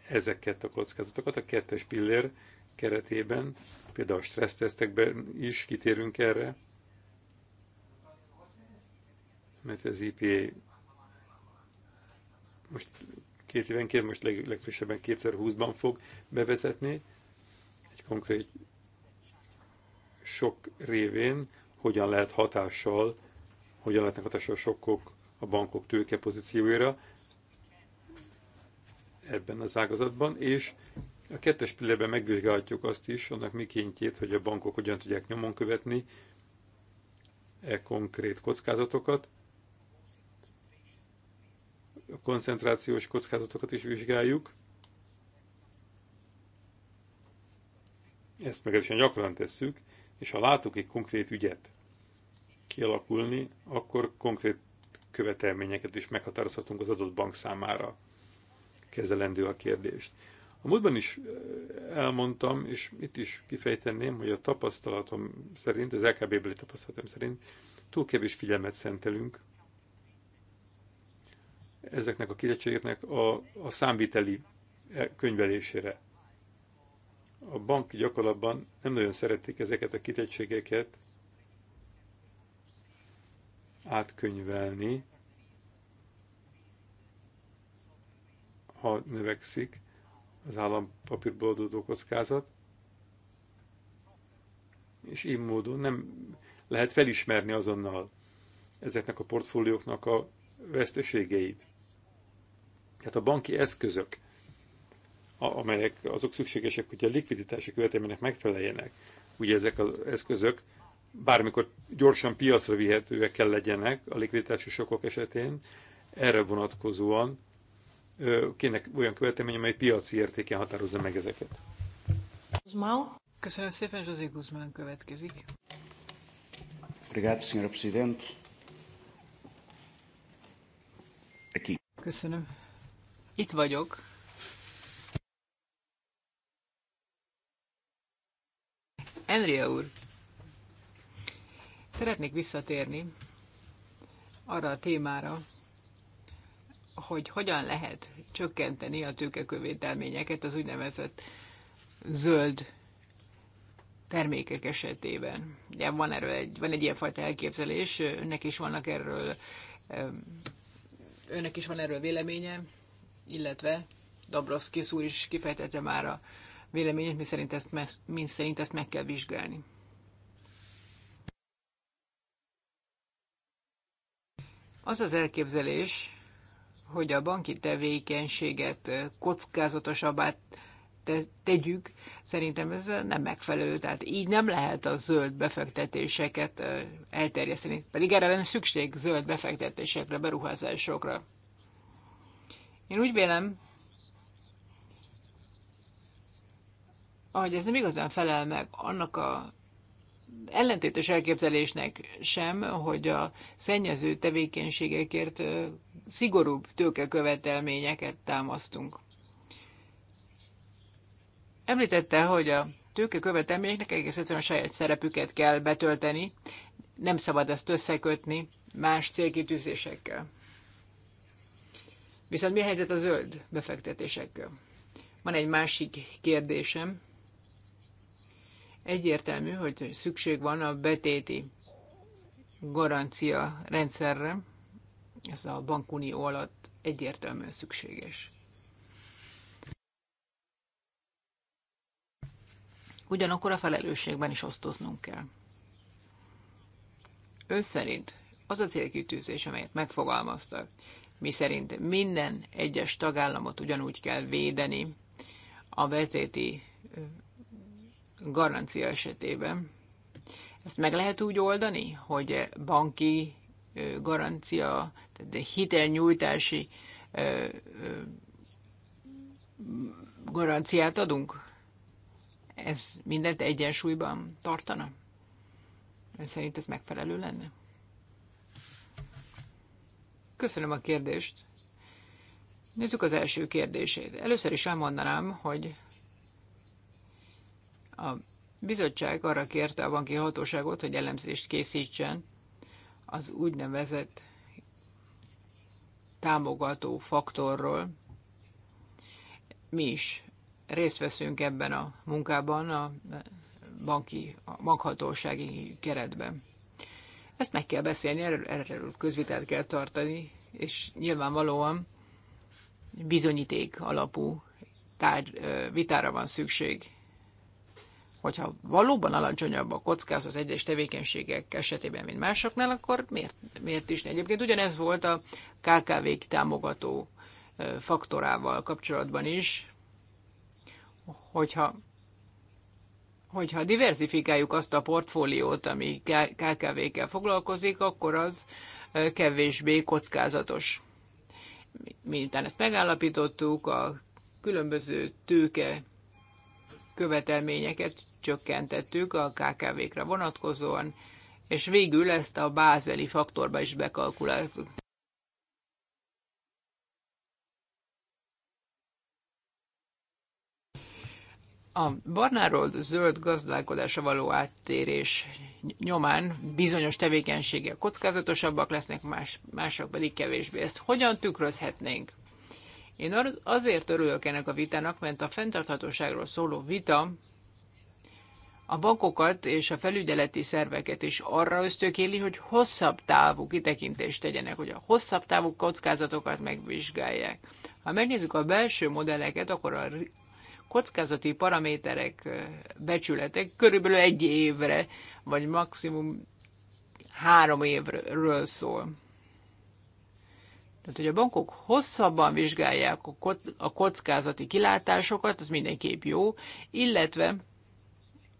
ezeket a kockázatokat. A kettes pillér keretében, például a stressztesztekben is kitérünk erre, mert az IPA most két évenként, most leg, legfrissebben 2020-ban fog bevezetni, egy konkrét sok révén, hogyan lehet hatással, hogyan lehetnek hatással sokkok a bankok tőke pozícióira ebben az ágazatban, és a kettes pillérben megvizsgálhatjuk azt is, annak mikéntjét, hogy a bankok hogyan tudják nyomon követni e konkrét kockázatokat, a koncentrációs kockázatokat is vizsgáljuk. Ezt meglehetősen gyakran tesszük, és ha látok egy konkrét ügyet kialakulni, akkor konkrét követelményeket is meghatározhatunk az adott bank számára. Kezelendő a kérdést. A múltban is elmondtam, és itt is kifejteném, hogy a tapasztalatom szerint, az LKB-beli tapasztalatom szerint túl kevés figyelmet szentelünk ezeknek a kirettségeknek a, a számviteli könyvelésére. A bank gyakorlatban nem nagyon szeretik ezeket a kitettségeket átkönyvelni, ha növekszik az állampapírból adódó kockázat, és így módon nem lehet felismerni azonnal ezeknek a portfólióknak a veszteségeit. Tehát a banki eszközök, amelyek azok szükségesek, hogy a likviditási követelménynek megfeleljenek, ugye ezek az eszközök bármikor gyorsan piacra vihetőek kell legyenek a likviditási sokok esetén, erre vonatkozóan kéne olyan követelmény, amely piaci értéken határozza meg ezeket. Köszönöm szépen, José Guzmán következik. Obrigado, Sr. Presidente. Köszönöm, itt vagyok. Enria úr, szeretnék visszatérni arra a témára, hogy hogyan lehet csökkenteni a tőkekövételményeket az úgynevezett zöld termékek esetében. Ugye van erről egy, van egy ilyenfajta elképzelés, önnek is vannak erről, önnek is van erről véleménye, illetve Dabrowskis úr is kifejtette már a véleményét, mi szerint ezt, mi szerint ezt meg kell vizsgálni. Az az elképzelés, hogy a banki tevékenységet kockázatosabbá te- tegyük, szerintem ez nem megfelelő. Tehát így nem lehet a zöld befektetéseket elterjeszteni. Pedig erre lenne szükség zöld befektetésekre, beruházásokra. Én úgy vélem, ahogy ez nem igazán felel meg annak a ellentétes elképzelésnek sem, hogy a szennyező tevékenységekért szigorúbb tőkekövetelményeket támasztunk. Említette, hogy a tőkekövetelményeknek egész egyszerűen saját szerepüket kell betölteni, nem szabad ezt összekötni más célkitűzésekkel. Viszont mi a helyzet a zöld befektetésekkel? Van egy másik kérdésem. Egyértelmű, hogy szükség van a betéti garancia rendszerre. Ez a bankunió alatt egyértelműen szükséges. Ugyanakkor a felelősségben is osztoznunk kell. Ön szerint az a célkitűzés, amelyet megfogalmaztak, szerint minden egyes tagállamot ugyanúgy kell védeni a vezéti garancia esetében. Ezt meg lehet úgy oldani, hogy banki garancia, tehát hitelnyújtási garanciát adunk? Ez mindent egyensúlyban tartana? Ön szerint ez megfelelő lenne? Köszönöm a kérdést. Nézzük az első kérdését. Először is elmondanám, hogy a bizottság arra kérte a banki hatóságot, hogy elemzést készítsen az úgynevezett támogató faktorról. Mi is részt veszünk ebben a munkában, a banki, a bankhatósági keretben. Ezt meg kell beszélni, erről, erről közvitelt kell tartani, és nyilvánvalóan bizonyíték alapú tárgy, vitára van szükség. Hogyha valóban alacsonyabb a kockázat egyes tevékenységek esetében, mint másoknál, akkor miért, miért is Egyébként ugyanez volt a kkv támogató faktorával kapcsolatban is, hogyha hogyha diversifikáljuk azt a portfóliót, ami KKV-kkel foglalkozik, akkor az kevésbé kockázatos. Miután ezt megállapítottuk, a különböző tőke követelményeket csökkentettük a KKV-kra vonatkozóan, és végül ezt a bázeli faktorba is bekalkuláltuk. A barnáról zöld gazdálkodása való áttérés nyomán bizonyos tevékenységek kockázatosabbak lesznek, más, mások pedig kevésbé. Ezt hogyan tükrözhetnénk? Én azért örülök ennek a vitának, mert a fenntarthatóságról szóló vita a bankokat és a felügyeleti szerveket is arra ösztökéli, hogy hosszabb távú kitekintést tegyenek, hogy a hosszabb távú kockázatokat megvizsgálják. Ha megnézzük a belső modelleket, akkor a kockázati paraméterek, becsületek körülbelül egy évre, vagy maximum három évről szól. Tehát, hogy a bankok hosszabban vizsgálják a kockázati kilátásokat, az mindenképp jó, illetve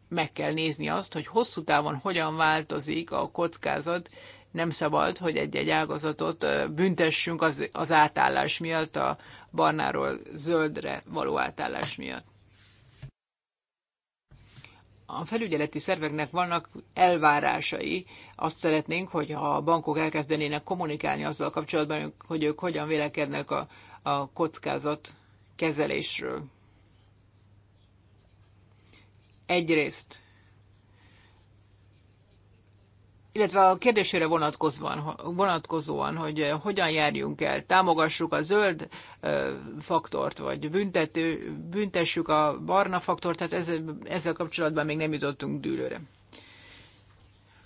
meg kell nézni azt, hogy hosszú távon hogyan változik a kockázat. Nem szabad, hogy egy-egy ágazatot büntessünk az, az átállás miatt a barnáról zöldre való átállás miatt. A felügyeleti szerveknek vannak elvárásai. Azt szeretnénk, hogyha a bankok elkezdenének kommunikálni azzal kapcsolatban, hogy ők hogyan vélekednek a, a kockázat kezelésről. Egyrészt illetve a kérdésére vonatkozóan, vonatkozóan, hogy eh, hogyan járjunk el, támogassuk a zöld eh, faktort, vagy büntető, büntessük a barna faktort, tehát ezzel, ezzel kapcsolatban még nem jutottunk dűlőre.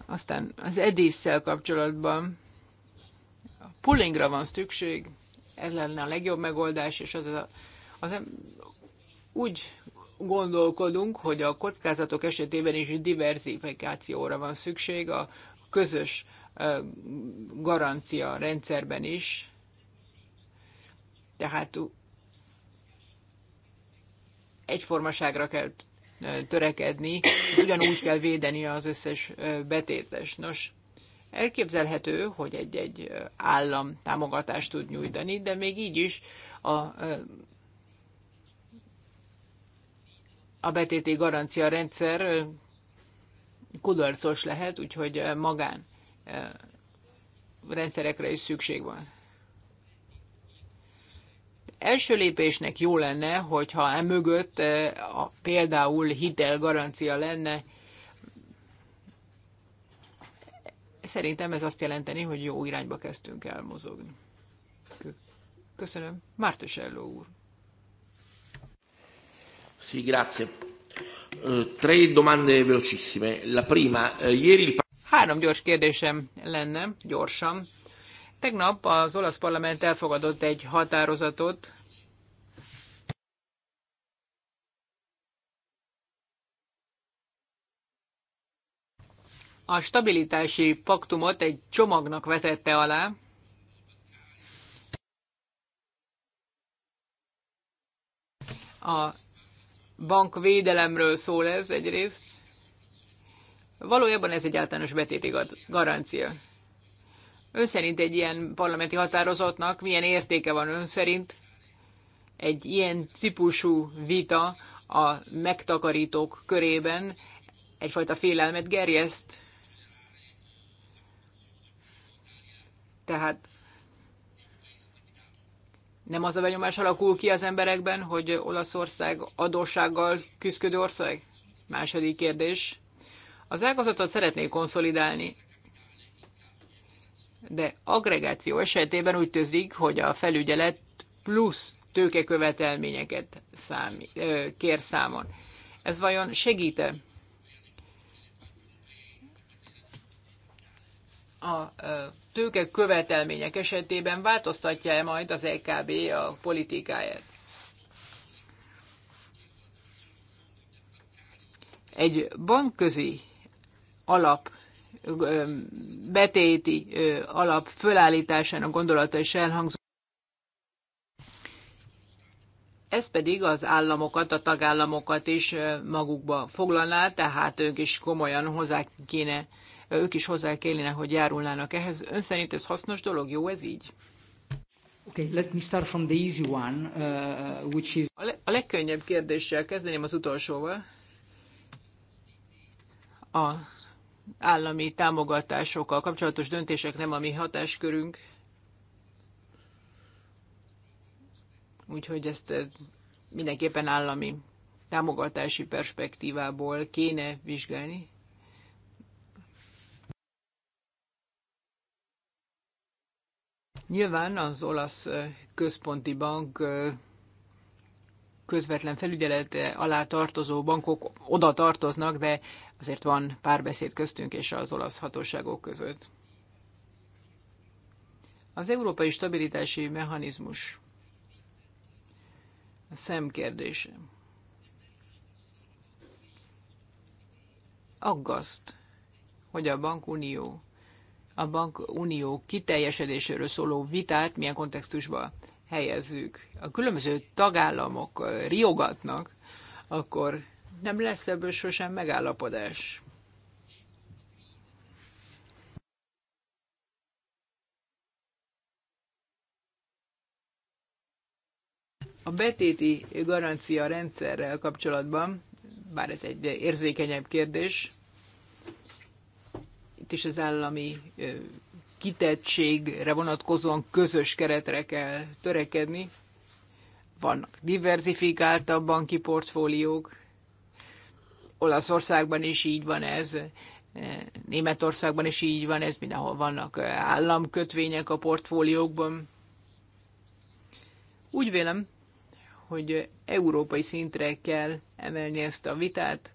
Aztán az edésszel kapcsolatban a pullingra van szükség, ez lenne a legjobb megoldás, és az, a, az úgy gondolkodunk, hogy a kockázatok esetében is diversifikációra van szükség, a közös garancia rendszerben is. Tehát egyformaságra kell törekedni, ugyanúgy kell védeni az összes betétes. Nos, elképzelhető, hogy egy-egy állam támogatást tud nyújtani, de még így is a, a betéti garancia rendszer kudarcos lehet, úgyhogy magán rendszerekre is szükség van. Első lépésnek jó lenne, hogyha emögött a, például hitelgarancia lenne. Szerintem ez azt jelenteni, hogy jó irányba kezdtünk el mozogni. Köszönöm. Elló úr. Sí, grazie. Eh, tre domande velocissime. La prima, eh, ieri il... Három gyors kérdésem lenne, gyorsan. Tegnap az olasz parlament elfogadott egy határozatot, a stabilitási paktumot egy csomagnak vetette alá, a bankvédelemről szól ez egyrészt. Valójában ez egy általános betéti garancia. Ön szerint egy ilyen parlamenti határozatnak milyen értéke van ön szerint? Egy ilyen típusú vita a megtakarítók körében egyfajta félelmet gerjeszt. Tehát nem az a benyomás alakul ki az emberekben, hogy Olaszország adóssággal küzdő ország? Második kérdés. Az ágazatot szeretnék konszolidálni, de agregáció esetében úgy tűzik, hogy a felügyelet plusz tőkekövetelményeket szám, kér számon. Ez vajon segíte a tőke követelmények esetében változtatja-e majd az EKB a politikáját? Egy bankközi alap betéti alap fölállításának gondolata is elhangzott. Ez pedig az államokat, a tagállamokat is magukba foglalná, tehát ők is komolyan hozzá kéne ők is hozzá kellene, hogy járulnának ehhez. Ön szerint ez hasznos dolog? Jó ez így? Okay, let me start from the easy one, uh, uh, which is... A, le- a legkönnyebb kérdéssel kezdeném az utolsóval. A állami támogatásokkal kapcsolatos döntések nem a mi hatáskörünk. Úgyhogy ezt eh, mindenképpen állami támogatási perspektívából kéne vizsgálni. Nyilván az olasz központi bank közvetlen felügyelet alá tartozó bankok oda tartoznak, de azért van párbeszéd köztünk és az olasz hatóságok között. Az európai stabilitási mechanizmus a szemkérdése. Aggaszt, hogy a bankunió a bankunió kiteljesedéséről szóló vitát milyen kontextusba helyezzük. A különböző tagállamok eh, riogatnak, akkor nem lesz ebből sosem megállapodás. A betéti garancia rendszerrel kapcsolatban, bár ez egy érzékenyebb kérdés, itt is az állami kitettségre vonatkozóan közös keretre kell törekedni. Vannak diversifikáltabb banki portfóliók, Olaszországban is így van ez, Németországban is így van ez, mindenhol vannak államkötvények a portfóliókban. Úgy vélem, hogy európai szintre kell emelni ezt a vitát,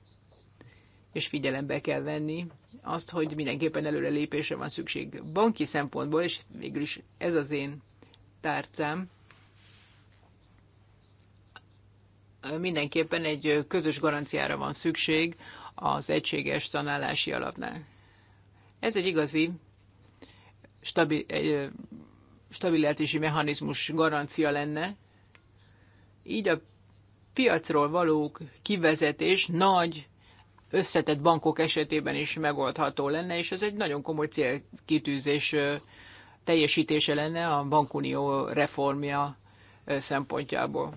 és figyelembe kell venni azt, hogy mindenképpen előrelépésre van szükség banki szempontból, és végül is ez az én tárcám. Mindenképpen egy közös garanciára van szükség az egységes tanálási alapnál. Ez egy igazi stabil, stabilitási mechanizmus garancia lenne. Így a piacról való kivezetés nagy összetett bankok esetében is megoldható lenne, és ez egy nagyon komoly célkitűzés teljesítése lenne a bankunió reformja szempontjából.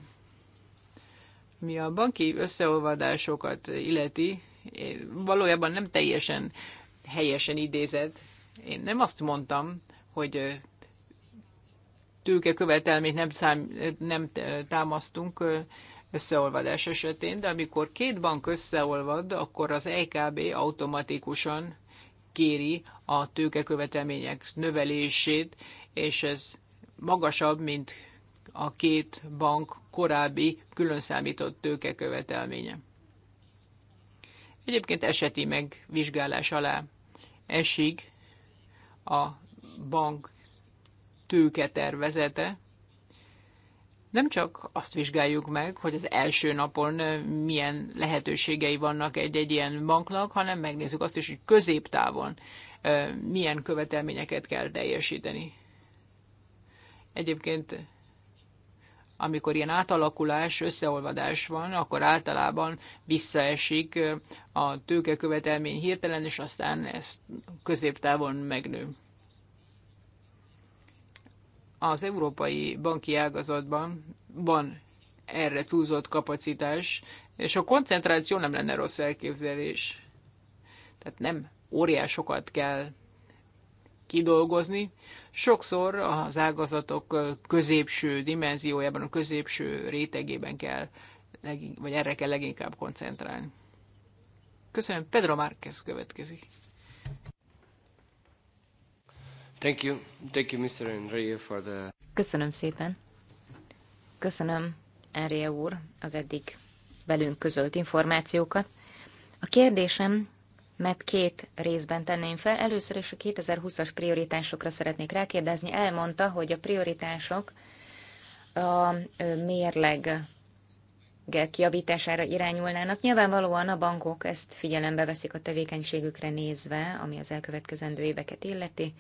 Mi a banki összeolvadásokat illeti, valójában nem teljesen helyesen idézett. Én nem azt mondtam, hogy tőke követelmét nem, szám, nem támasztunk összeolvadás esetén, de amikor két bank összeolvad, akkor az EKB automatikusan kéri a tőkekövetelmények növelését, és ez magasabb, mint a két bank korábbi külön számított tőkekövetelménye. Egyébként eseti megvizsgálás alá esik a bank tőke tervezete, nem csak azt vizsgáljuk meg, hogy az első napon milyen lehetőségei vannak egy-egy ilyen banknak, hanem megnézzük azt is, hogy középtávon milyen követelményeket kell teljesíteni. Egyébként amikor ilyen átalakulás, összeolvadás van, akkor általában visszaesik a tőkekövetelmény hirtelen, és aztán ez középtávon megnő az európai banki ágazatban van erre túlzott kapacitás, és a koncentráció nem lenne rossz elképzelés. Tehát nem óriásokat kell kidolgozni. Sokszor az ágazatok középső dimenziójában, a középső rétegében kell, vagy erre kell leginkább koncentrálni. Köszönöm, Pedro Márquez következik. Thank you. Thank you, Mr. Enrique, for the... Köszönöm szépen. Köszönöm, Enrique úr, az eddig velünk közölt információkat. A kérdésem, mert két részben tenném fel. Először is a 2020-as prioritásokra szeretnék rákérdezni. Elmondta, hogy a prioritások a mérleg javítására irányulnának. Nyilvánvalóan a bankok ezt figyelembe veszik a tevékenységükre nézve, ami az elkövetkezendő éveket illeti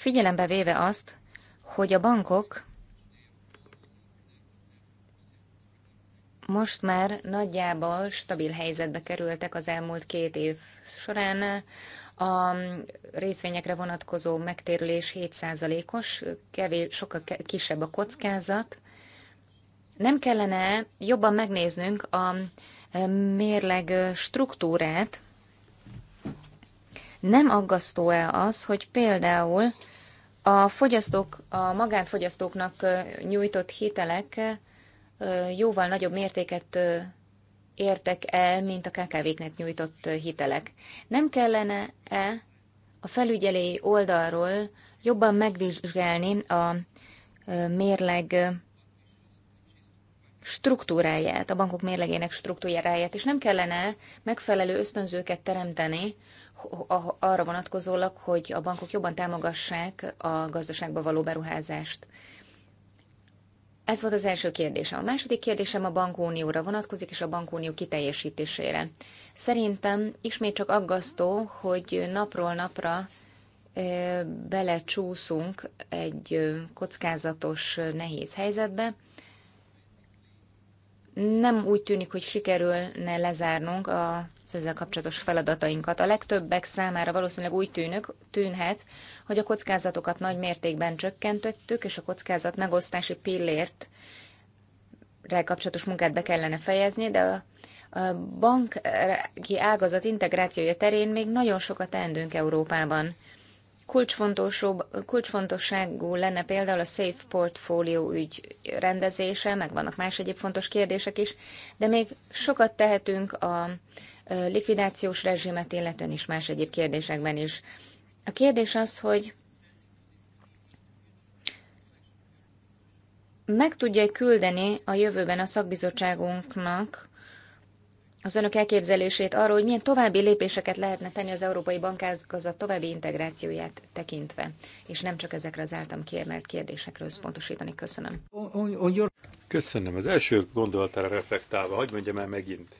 figyelembe véve azt, hogy a bankok most már nagyjából stabil helyzetbe kerültek az elmúlt két év során. A részvényekre vonatkozó megtérülés 7%-os, kevés, sokkal kisebb a kockázat. Nem kellene jobban megnéznünk a e, mérleg e, struktúrát. Nem aggasztó-e az, hogy például a fogyasztók, a magánfogyasztóknak nyújtott hitelek jóval nagyobb mértéket értek el, mint a KKV-knek nyújtott hitelek. Nem kellene-e a felügyelői oldalról jobban megvizsgálni a mérleg struktúráját, a bankok mérlegének struktúráját, és nem kellene megfelelő ösztönzőket teremteni, arra vonatkozólag, hogy a bankok jobban támogassák a gazdaságba való beruházást. Ez volt az első kérdésem. A második kérdésem a bankunióra vonatkozik, és a bankunió kiteljesítésére. Szerintem ismét csak aggasztó, hogy napról napra belecsúszunk egy kockázatos, nehéz helyzetbe. Nem úgy tűnik, hogy sikerülne lezárnunk a látsz ezzel kapcsolatos feladatainkat. A legtöbbek számára valószínűleg úgy tűnök, tűnhet, hogy a kockázatokat nagy mértékben csökkentettük, és a kockázat megosztási pillért kapcsolatos munkát be kellene fejezni, de a a banki eh, ágazat integrációja terén még nagyon sokat teendünk Európában. Kulcsfontosságú lenne például a Safe Portfolio ügy rendezése, meg vannak más egyéb fontos kérdések is, de még sokat tehetünk a likvidációs rezsimet illetően is más egyéb kérdésekben is. A kérdés az, hogy meg tudja küldeni a jövőben a szakbizottságunknak az önök elképzelését arról, hogy milyen további lépéseket lehetne tenni az európai bankázgazat további integrációját tekintve, és nem csak ezekre az általam kiemelt kérdésekre összpontosítani. Köszönöm. Köszönöm. Az első gondolatára reflektálva, hogy mondjam el megint,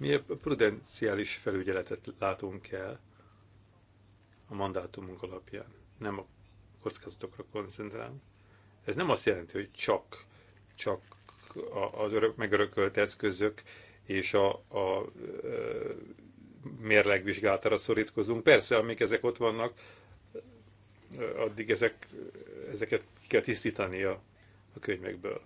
mi a prudenciális felügyeletet látunk el a mandátumunk alapján, nem a kockázatokra koncentrál. Ez nem azt jelenti, hogy csak, csak az örök, megörökölt eszközök és a, a, a mérlegvizsgálatára szorítkozunk. Persze, amíg ezek ott vannak, addig ezek, ezeket ki kell tisztítani a, a könyvekből.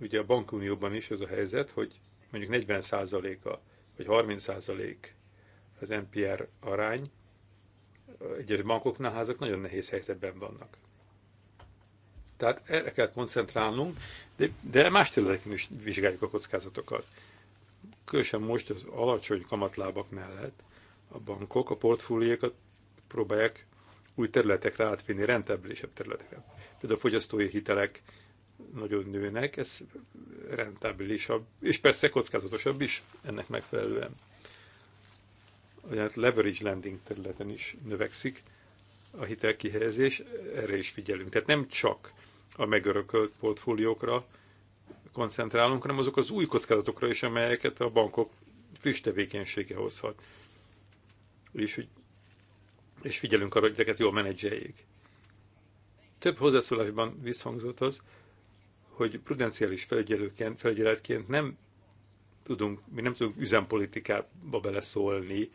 Ugye a bankunióban is ez a helyzet, hogy mondjuk 40%-a vagy 30% az NPR arány, egyes bankoknál házak nagyon nehéz helyzetben vannak. Tehát erre kell koncentrálnunk, de, de más területeken is vizsgáljuk a kockázatokat. Különösen most az alacsony kamatlábak mellett a bankok a portfóliókat próbálják új területekre átvinni, rentábilisebb területekre. Például a fogyasztói hitelek, nagyon nőnek, ez rentábilisabb, és persze kockázatosabb is ennek megfelelően. Olyan leverage lending területen is növekszik a hitelkihelyezés, erre is figyelünk. Tehát nem csak a megörökölt portfóliókra koncentrálunk, hanem azok az új kockázatokra is, amelyeket a bankok friss tevékenysége hozhat. És, és figyelünk arra, hogy ezeket jól menedzseljék. Több hozzászólásban visszhangzott az, hogy prudenciális felügyeletként nem tudunk, mi nem tudunk üzempolitikába beleszólni,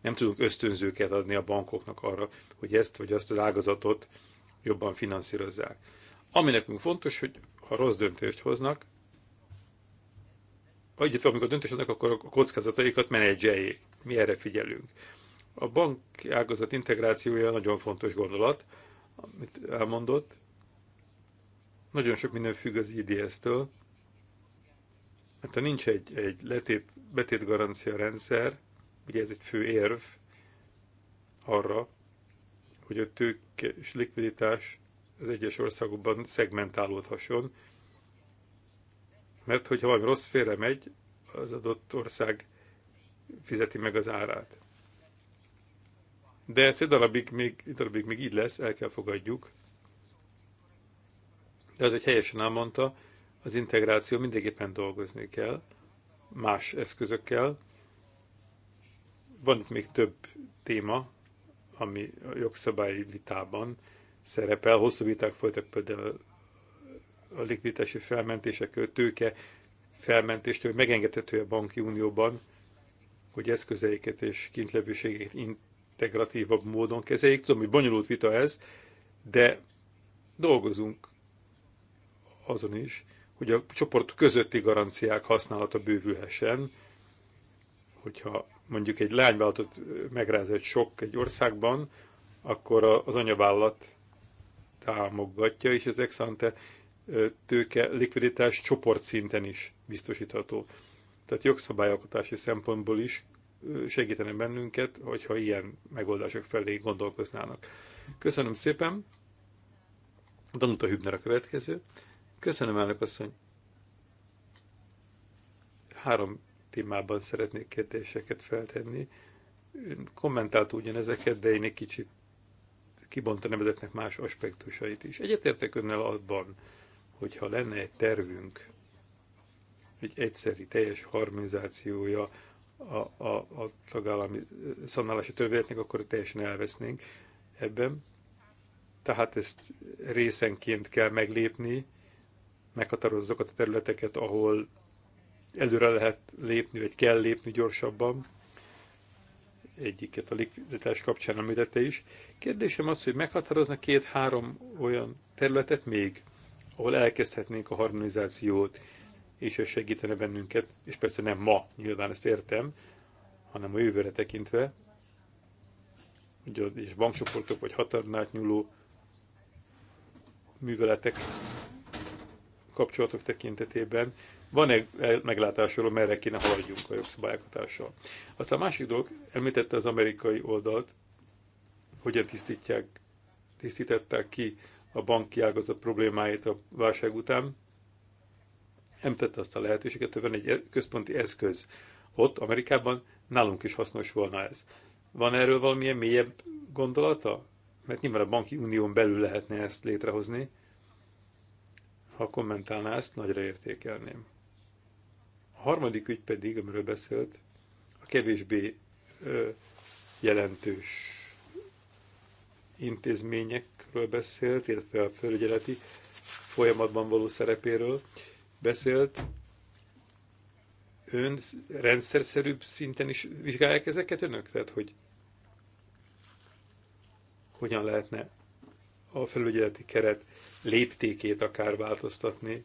nem tudunk ösztönzőket adni a bankoknak arra, hogy ezt vagy azt az ágazatot jobban finanszírozzák. Ami nekünk fontos, hogy ha rossz döntést hoznak, egyet, amikor döntést hoznak, akkor a kockázataikat menedzseljék. Mi erre figyelünk. A bank ágazat integrációja nagyon fontos gondolat, amit elmondott, nagyon sok minden függ az IDS-től, mert hát, ha nincs egy, egy letét, betét garancia rendszer, ugye ez egy fő érv arra, hogy a tőke és likviditás az egyes országokban szegmentálódhasson, mert hogyha valami rossz félre megy, az adott ország fizeti meg az árát. De ez egy darabig még, egy darabig még így lesz, el kell fogadjuk. De az, hogy helyesen elmondta, az integráció mindenképpen dolgozni kell, más eszközökkel. Van itt még több téma, ami a jogszabályi vitában szerepel. Hosszú viták folytak például a likviditási felmentésekről, tőke felmentéstől, hogy megengedhető a banki unióban, hogy eszközeiket és kintlevőségeket integratívabb módon kezeljék. Tudom, hogy bonyolult vita ez, de dolgozunk azon is, hogy a csoport közötti garanciák használata bővülhessen, hogyha mondjuk egy lányvállalatot megráz egy sok egy országban, akkor az anyavállalat támogatja, és az exante tőke likviditás csoportszinten is biztosítható. Tehát jogszabályalkotási szempontból is segítene bennünket, hogyha ilyen megoldások felé gondolkoznának. Köszönöm szépen! Danuta Hübner a következő. Köszönöm, elnök asszony. Három témában szeretnék kérdéseket feltenni. Ön kommentált ugyanezeket, de én egy kicsit kibontanám nevezetnek más aspektusait is. Egyetértek önnel abban, hogyha lenne egy tervünk, egy egyszeri teljes harmonizációja a, a, a tagállami szanálási törvényeknek, akkor teljesen elvesznénk ebben. Tehát ezt részenként kell meglépni, meghatározza azokat a területeket, ahol előre lehet lépni, vagy kell lépni gyorsabban. Egyiket a likviditás kapcsán említette is. Kérdésem az, hogy meghatározna két-három olyan területet még, ahol elkezdhetnénk a harmonizációt, és ez segítene bennünket, és persze nem ma, nyilván ezt értem, hanem a jövőre tekintve, ugye, és bankcsoportok vagy határnál nyúló műveletek kapcsolatok tekintetében van-e meglátásról, merre kéne haladjunk a jogszabályokatással. Aztán a másik dolog, említette az amerikai oldalt, hogyan tisztítják, tisztítettek ki a banki ágazat problémáit a válság után. Említette azt a lehetőséget, hogy van egy e-, központi eszköz. Ott, Amerikában nálunk is hasznos volna ez. Van erről valamilyen mélyebb gondolata? Mert nyilván a banki unión belül lehetne ezt létrehozni. Ha kommentálná ezt, nagyra értékelném. A harmadik ügy pedig, amiről beszélt, a kevésbé ö, jelentős intézményekről beszélt, illetve a fölügyeleti folyamatban való szerepéről beszélt. Ön rendszerszerűbb szinten is vizsgálják ezeket önök? Tehát, hogy hogyan lehetne a felügyeleti keret léptékét akár változtatni,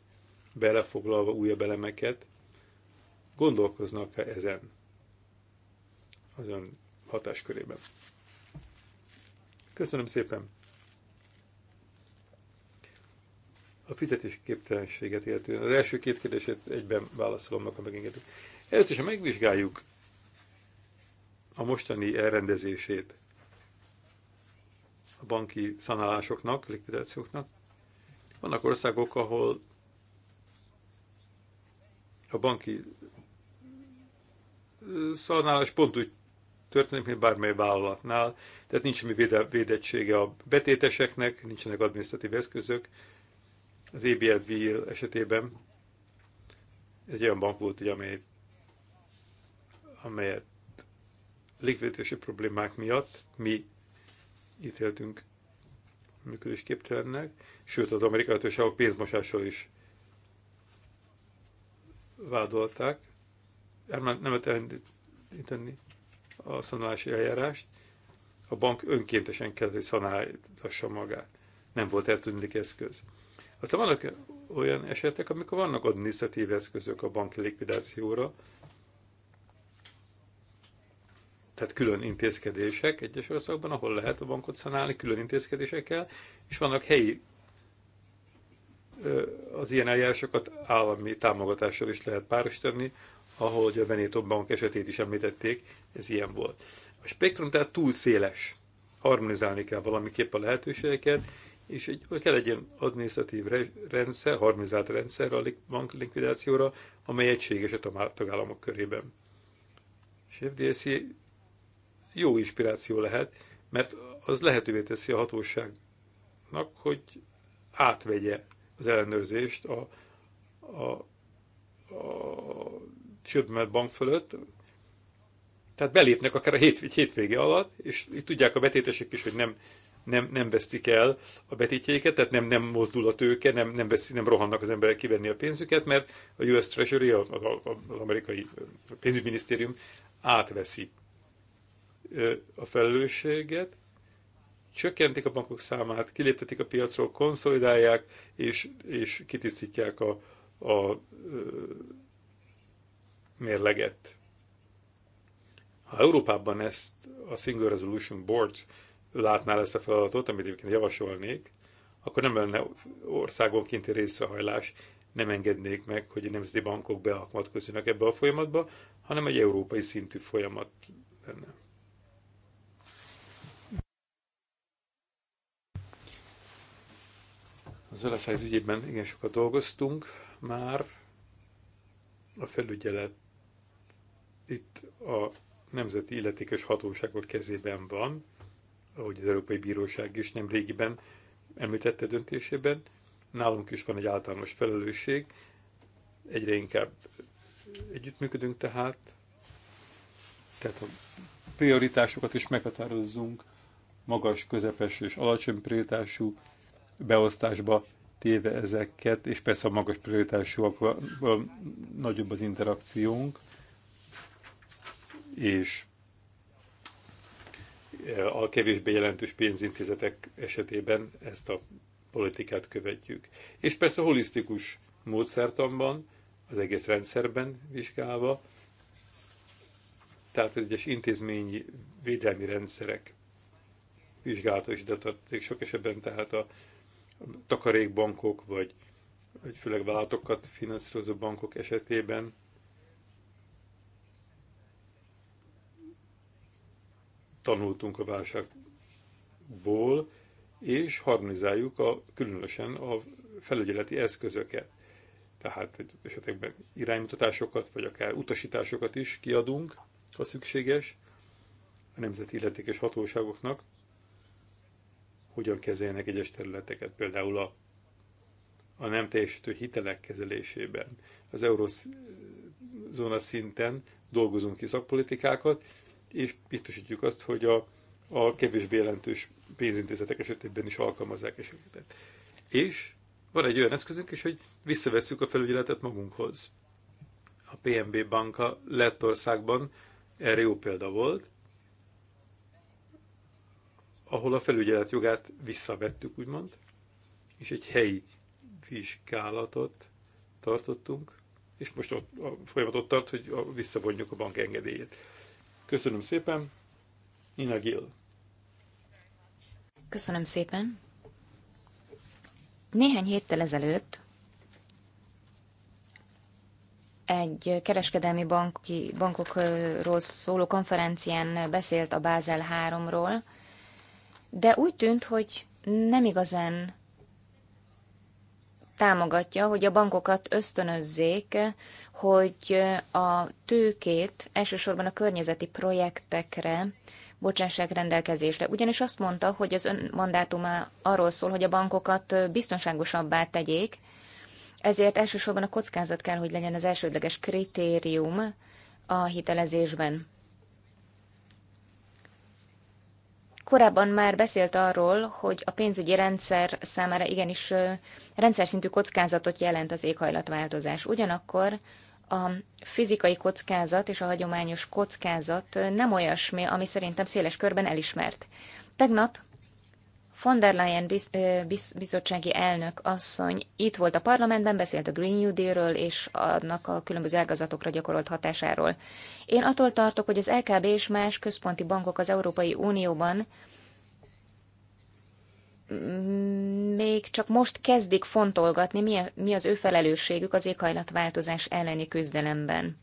belefoglalva újabb elemeket, gondolkoznak -e ezen az ön hatáskörében. Köszönöm szépen! A fizetésképtelenséget illetően az első két kérdését egyben válaszolom ha megengedik. Először is, ha megvizsgáljuk a mostani elrendezését a banki szanálásoknak, likvidációknak. Vannak országok, ahol a banki szanálás pont úgy történik, mint bármely vállalatnál, tehát nincs semmi védettsége a betéteseknek, nincsenek adminisztratív eszközök. Az EBLV esetében egy olyan bank volt, ugye, amely, amelyet likviditási problémák miatt mi ítéltünk működésképtelennek, sőt az amerikai hatóságok pénzmosással is vádolták. Nem lehet elindítani a szanálási eljárást. A bank önkéntesen kellett, hogy szanálhassa magát. Nem volt eltűnik eszköz. Aztán vannak olyan esetek, amikor vannak adminisztratív eszközök a banki likvidációra, tehát külön intézkedések egyes országokban, ahol lehet a bankot szanálni külön intézkedésekkel, és vannak helyi az ilyen eljárásokat állami támogatással is lehet párosítani, ahogy a Benito Bank esetét is említették, ez ilyen volt. A spektrum tehát túl széles. Harmonizálni kell valamiképp a lehetőségeket, és egy, kell egy ilyen adminisztratív rendszer, harmonizált rendszer a likvidációra, amely egységes a tagállamok körében. És FDSZ jó inspiráció lehet, mert az lehetővé teszi a hatóságnak, hogy átvegye az ellenőrzést a, a, a csődmelt bank fölött, tehát belépnek akár a hétvég, hétvége alatt, és így tudják a betétesek is, hogy nem, nem, nem vesztik el a betétjeiket, tehát nem, nem mozdul a tőke, nem, nem, veszi, nem rohannak az emberek kivenni a pénzüket, mert a US Treasury, az, az amerikai pénzügyminisztérium átveszi a felelősséget, csökkentik a bankok számát, kiléptetik a piacról, konszolidálják és, és kitisztítják a, a ö, mérleget. Ha Európában ezt a Single Resolution Board látná ezt a feladatot, amit egyébként javasolnék, akkor nem lenne országonkénti részrehajlás, nem engednék meg, hogy a nemzeti bankok beakmatkozzanak ebbe a folyamatba, hanem egy európai szintű folyamat lenne. Az olaszáz ügyében igen sokat dolgoztunk már. A felügyelet itt a nemzeti illetékes hatóságok kezében van, ahogy az Európai Bíróság is nem régiben említette döntésében. Nálunk is van egy általános felelősség, egyre inkább együttműködünk tehát, tehát a prioritásokat is meghatározzunk, magas, közepes és alacsony prioritású beosztásba téve ezeket, és persze a magas prioritásúak nagyobb az interakciónk, és a kevésbé jelentős pénzintézetek esetében ezt a politikát követjük. És persze holisztikus módszertanban, az egész rendszerben vizsgálva, tehát egyes intézményi védelmi rendszerek vizsgálata is ide tartozik. Sok esetben tehát a takarékbankok, vagy, vagy főleg vállalatokat finanszírozó bankok esetében tanultunk a válságból, és harmonizáljuk a, különösen a felügyeleti eszközöket. Tehát esetekben iránymutatásokat, vagy akár utasításokat is kiadunk, ha szükséges, a nemzeti illetékes hatóságoknak, hogyan kezeljenek egyes területeket, például a, a nem teljesítő hitelek kezelésében. Az eurozóna szinten dolgozunk ki szakpolitikákat, és biztosítjuk azt, hogy a, a kevésbé jelentős pénzintézetek esetében is alkalmazzák eseteket. És van egy olyan eszközünk is, hogy visszavesszük a felügyeletet magunkhoz. A PNB banka Lettországban erre jó példa volt, ahol a felügyelet jogát visszavettük, úgymond, és egy helyi vizsgálatot tartottunk, és most ott a folyamat ott tart, hogy a, visszavonjuk a bank engedélyét. Köszönöm szépen, Nina Gill. Köszönöm szépen. Néhány héttel ezelőtt egy kereskedelmi banki, bankokról szóló konferencián beszélt a Bázel 3-ról, de úgy tűnt, hogy nem igazán támogatja, hogy a bankokat ösztönözzék, hogy a tőkét elsősorban a környezeti projektekre bocsássák rendelkezésre. Ugyanis azt mondta, hogy az ön mandátuma arról szól, hogy a bankokat biztonságosabbá tegyék, ezért elsősorban a kockázat kell, hogy legyen az elsődleges kritérium a hitelezésben. Korábban már beszélt arról, hogy a pénzügyi rendszer számára igenis rendszer szintű kockázatot jelent az éghajlatváltozás. Ugyanakkor a fizikai kockázat és a hagyományos kockázat nem olyasmi, ami szerintem széles körben elismert. Tegnap Von der Leyen biz, biz, bizottsági elnök asszony itt volt a parlamentben, beszélt a Green New Deal-ről és annak a különböző ágazatokra gyakorolt hatásáról. Én attól tartok, hogy az LKB és más központi bankok az Európai Unióban még csak most kezdik fontolgatni, mi, a, mi az ő felelősségük az éghajlatváltozás elleni küzdelemben,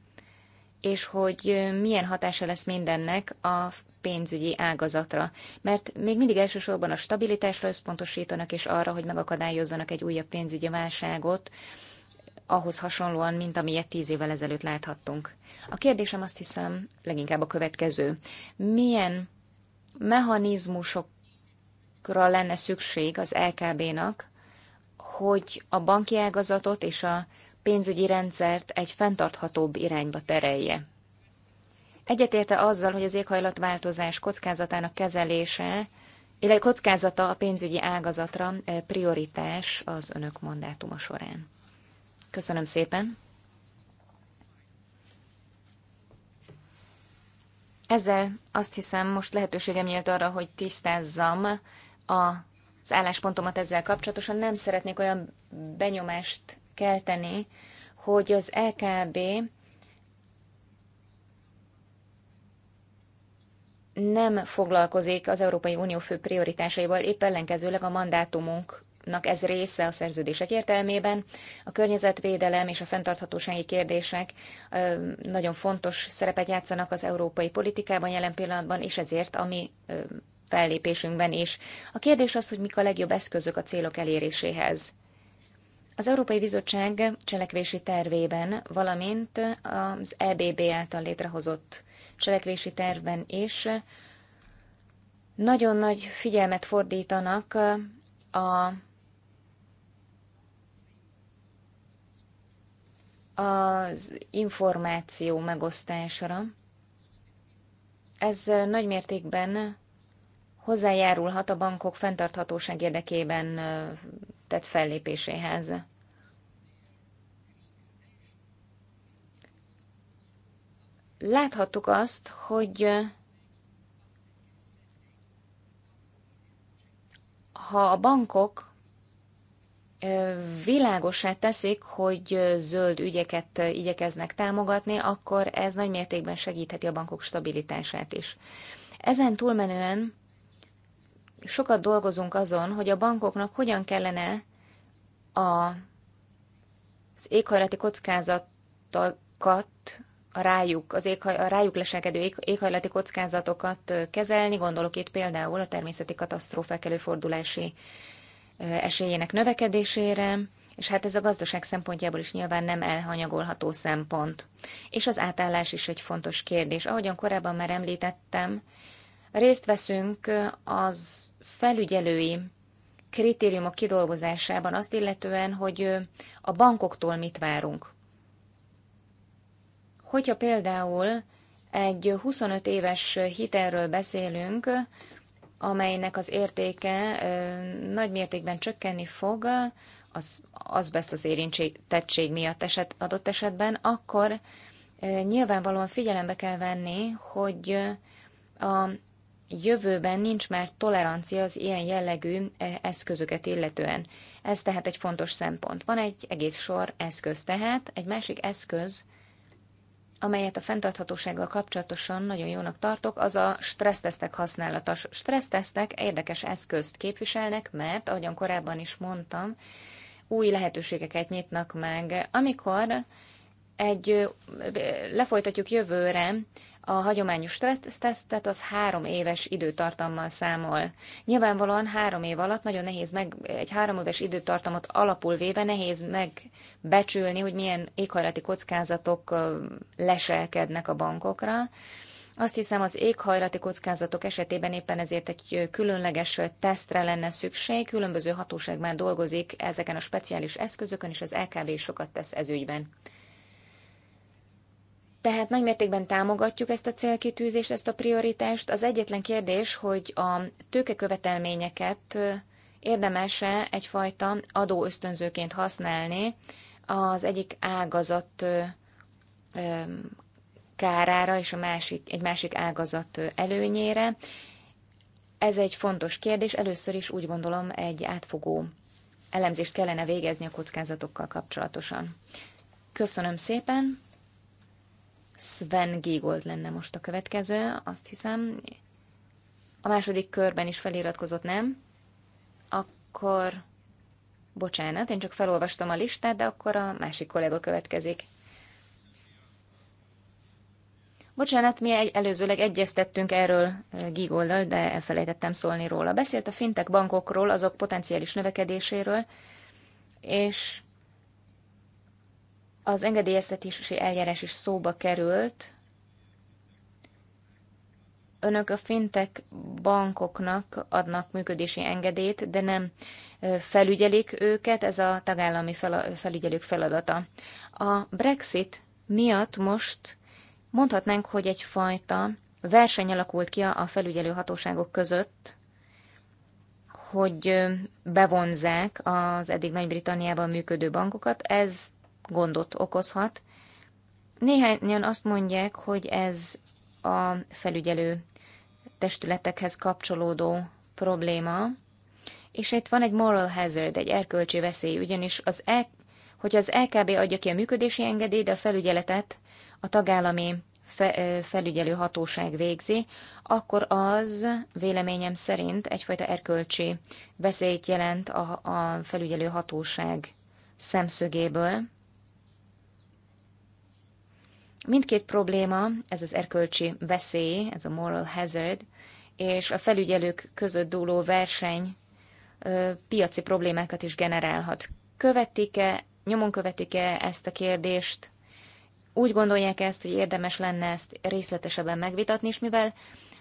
és hogy milyen hatása lesz mindennek a pénzügyi ágazatra, mert még mindig elsősorban a stabilitásra összpontosítanak, és arra, hogy megakadályozzanak egy újabb pénzügyi válságot, ahhoz hasonlóan, mint amilyet tíz évvel ezelőtt láthattunk. A kérdésem azt hiszem leginkább a következő. Milyen mechanizmusokra lenne szükség az LKB-nak, hogy a banki ágazatot és a pénzügyi rendszert egy fenntarthatóbb irányba terelje? Egyetérte azzal, hogy az éghajlatváltozás kockázatának kezelése, illetve kockázata a pénzügyi ágazatra prioritás az önök mandátuma során. Köszönöm szépen! Ezzel azt hiszem most lehetőségem nyílt arra, hogy tisztázzam a az álláspontomat ezzel kapcsolatosan. Nem szeretnék olyan benyomást kelteni, hogy az LKB e nem foglalkozik az Európai Unió fő prioritásaival, épp ellenkezőleg a mandátumunk ez része a szerződések értelmében. A környezetvédelem és a fenntarthatósági kérdések nagyon fontos szerepet játszanak az európai politikában jelen pillanatban, és ezért a mi fellépésünkben is. A kérdés az, hogy mik a legjobb eszközök a célok eléréséhez. Az Európai Bizottság cselekvési tervében, valamint az EBB által létrehozott cselekvési tervben is eh, nagyon nagy figyelmet fordítanak eh, a az információ megosztásra. Ez eh, nagy mértékben hozzájárulhat a bankok fenntarthatóság érdekében tett fellépéséhez. láthattuk azt, hogy ha a bankok világosá teszik, hogy zöld ügyeket igyekeznek támogatni, akkor ez nagy mértékben segítheti a bankok stabilitását is. Ezen túlmenően sokat dolgozunk azon, hogy a bankoknak hogyan kellene a, az éghajlati kockázatokat a rájuk, az éghaj, a rájuk leselkedő ég, éghajlati kockázatokat kezelni, gondolok itt például a természeti katasztrófák előfordulási esélyének növekedésére, és hát ez a gazdaság szempontjából is nyilván nem elhanyagolható szempont. És az átállás is egy fontos kérdés. Ahogyan korábban már említettem, részt veszünk az felügyelői kritériumok kidolgozásában azt illetően, hogy a bankoktól mit várunk. Hogyha például egy 25 éves hitelről beszélünk, amelynek az értéke nagy mértékben csökkenni fog, az azbesztos érintettség miatt eset, adott esetben, akkor nyilvánvalóan figyelembe kell venni, hogy a jövőben nincs már tolerancia az ilyen jellegű eszközöket illetően. Ez tehát egy fontos szempont. Van egy egész sor eszköz tehát, egy másik eszköz amelyet a fenntarthatósággal kapcsolatosan nagyon jónak tartok, az a stressztesztek használata. Stressztesztek érdekes eszközt képviselnek, mert, ahogyan korábban is mondtam, új lehetőségeket nyitnak meg. Amikor egy lefolytatjuk jövőre a hagyományos stressztesztet az három éves időtartammal számol. Nyilvánvalóan három év alatt nagyon nehéz meg, egy három éves időtartamot alapul véve nehéz megbecsülni, hogy milyen éghajlati kockázatok leselkednek a bankokra. Azt hiszem, az éghajlati kockázatok esetében éppen ezért egy különleges tesztre lenne szükség. Különböző hatóság már dolgozik ezeken a speciális eszközökön, és az LKB sokat tesz ez ügyben. Tehát nagymértékben támogatjuk ezt a célkitűzést, ezt a prioritást. Az egyetlen kérdés, hogy a tőkekövetelményeket érdemese egyfajta adóösztönzőként használni az egyik ágazat kárára és a másik, egy másik ágazat előnyére. Ez egy fontos kérdés. Először is úgy gondolom egy átfogó elemzést kellene végezni a kockázatokkal kapcsolatosan. Köszönöm szépen! Sven Giegold lenne most a következő, azt hiszem. A második körben is feliratkozott, nem? Akkor... Bocsánat, én csak felolvastam a listát, de akkor a másik kollega következik. Bocsánat, mi egy, előzőleg egyeztettünk erről eh, Gigoldal, de elfelejtettem szólni róla. Beszélt a fintek bankokról, azok potenciális növekedéséről, és az engedélyeztetési eljárás is szóba került. Önök a fintek bankoknak adnak működési engedélyt, de nem felügyelik őket, ez a tagállami felügyelők feladata. A Brexit miatt most mondhatnánk, hogy egyfajta verseny alakult ki a felügyelő hatóságok között, hogy bevonzák az eddig Nagy-Britanniában működő bankokat. Ez gondot okozhat. Néhányan azt mondják, hogy ez a felügyelő testületekhez kapcsolódó probléma, és itt van egy moral hazard, egy erkölcsi veszély, ugyanis az e, hogyha az LKB adja ki a működési engedélyt, de a felügyeletet a tagállami fe, felügyelő hatóság végzi, akkor az véleményem szerint egyfajta erkölcsi veszélyt jelent a, a felügyelő hatóság szemszögéből, Mindkét probléma, ez az erkölcsi veszély, ez a moral hazard, és a felügyelők között dúló verseny piaci problémákat is generálhat. Követik-e, nyomon követik-e ezt a kérdést? Úgy gondolják ezt, hogy érdemes lenne ezt részletesebben megvitatni, és mivel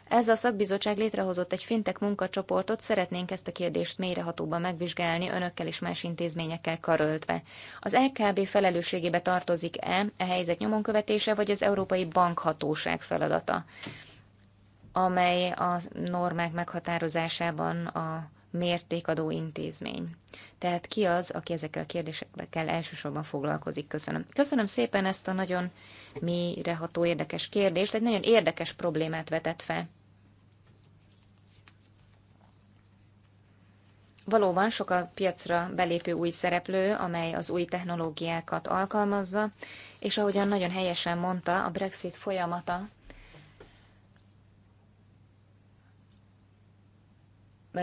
ez a szakbizottság létrehozott egy fintek munkacsoportot, szeretnénk ezt a kérdést mélyrehatóban megvizsgálni önökkel és más intézményekkel karöltve. Az LKB felelősségébe tartozik-e a e helyzet nyomon követése, vagy az Európai Bankhatóság feladata, amely a normák meghatározásában a mértékadó intézmény. Tehát ki az, aki ezekkel a kérdésekkel elsősorban foglalkozik? Köszönöm. Köszönöm szépen ezt a nagyon mélyreható érdekes kérdést, egy nagyon érdekes problémát vetett fel. Valóban sok a piacra belépő új szereplő, amely az új technológiákat alkalmazza, és ahogyan nagyon helyesen mondta, a Brexit folyamata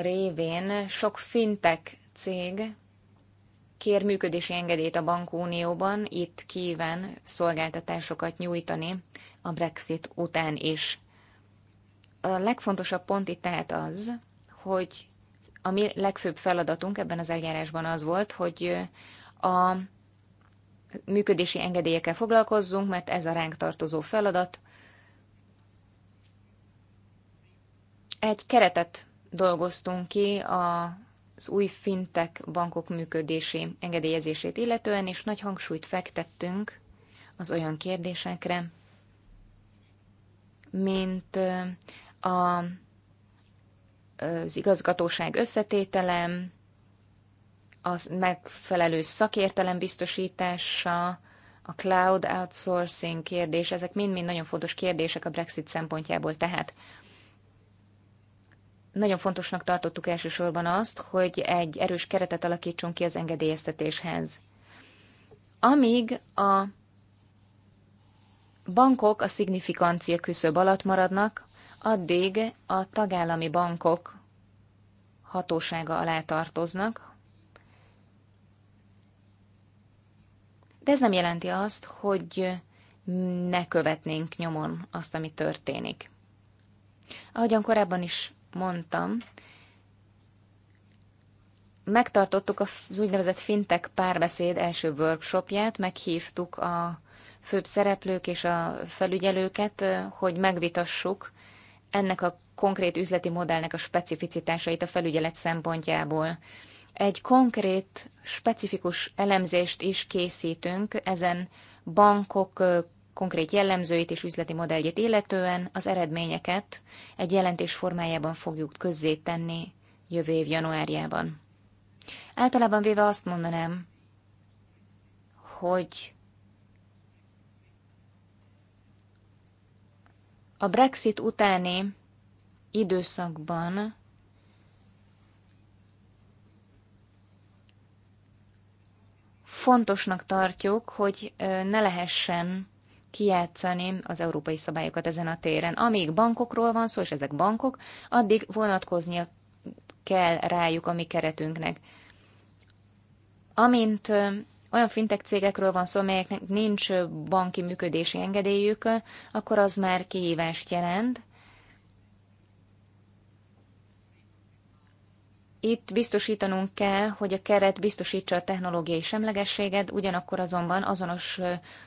révén sok fintek cég kér működési engedélyt a bankunióban, itt kíván szolgáltatásokat nyújtani a Brexit után is. A legfontosabb pont itt tehát az, hogy a mi legfőbb feladatunk ebben az eljárásban az volt, hogy a működési engedélyekkel foglalkozzunk, mert ez a ránk tartozó feladat. Egy keretet dolgoztunk ki a az új fintek bankok működési engedélyezését illetően, és nagy hangsúlyt fektettünk az olyan kérdésekre, mint a, az igazgatóság összetételem, az megfelelő szakértelem biztosítása, a cloud outsourcing kérdés, ezek mind-mind nagyon fontos kérdések a Brexit szempontjából. Tehát nagyon fontosnak tartottuk elsősorban azt, hogy egy erős keretet alakítsunk ki az engedélyeztetéshez. Amíg a bankok a szignifikancia küszöb alatt maradnak, addig a tagállami bankok hatósága alá tartoznak, de ez nem jelenti azt, hogy ne követnénk nyomon azt, ami történik. Ahogyan korábban is mondtam, megtartottuk az úgynevezett fintek párbeszéd első workshopját, meghívtuk a főbb szereplők és a felügyelőket, hogy megvitassuk ennek a konkrét üzleti modellnek a specificitásait a felügyelet szempontjából. Egy konkrét, specifikus elemzést is készítünk ezen bankok konkrét jellemzőit és üzleti modelljét illetően az eredményeket egy jelentés formájában fogjuk közzétenni jövő év januárjában. Általában véve azt mondanám, hogy a Brexit utáni időszakban fontosnak tartjuk, hogy ne lehessen kijátszani az európai szabályokat ezen a téren. Amíg bankokról van szó, és ezek bankok, addig vonatkoznia kell rájuk a mi keretünknek. Amint olyan fintech cégekről van szó, amelyeknek nincs banki működési engedélyük, akkor az már kihívást jelent, Itt biztosítanunk kell, hogy a keret biztosítsa a technológiai semlegességet, ugyanakkor azonban azonos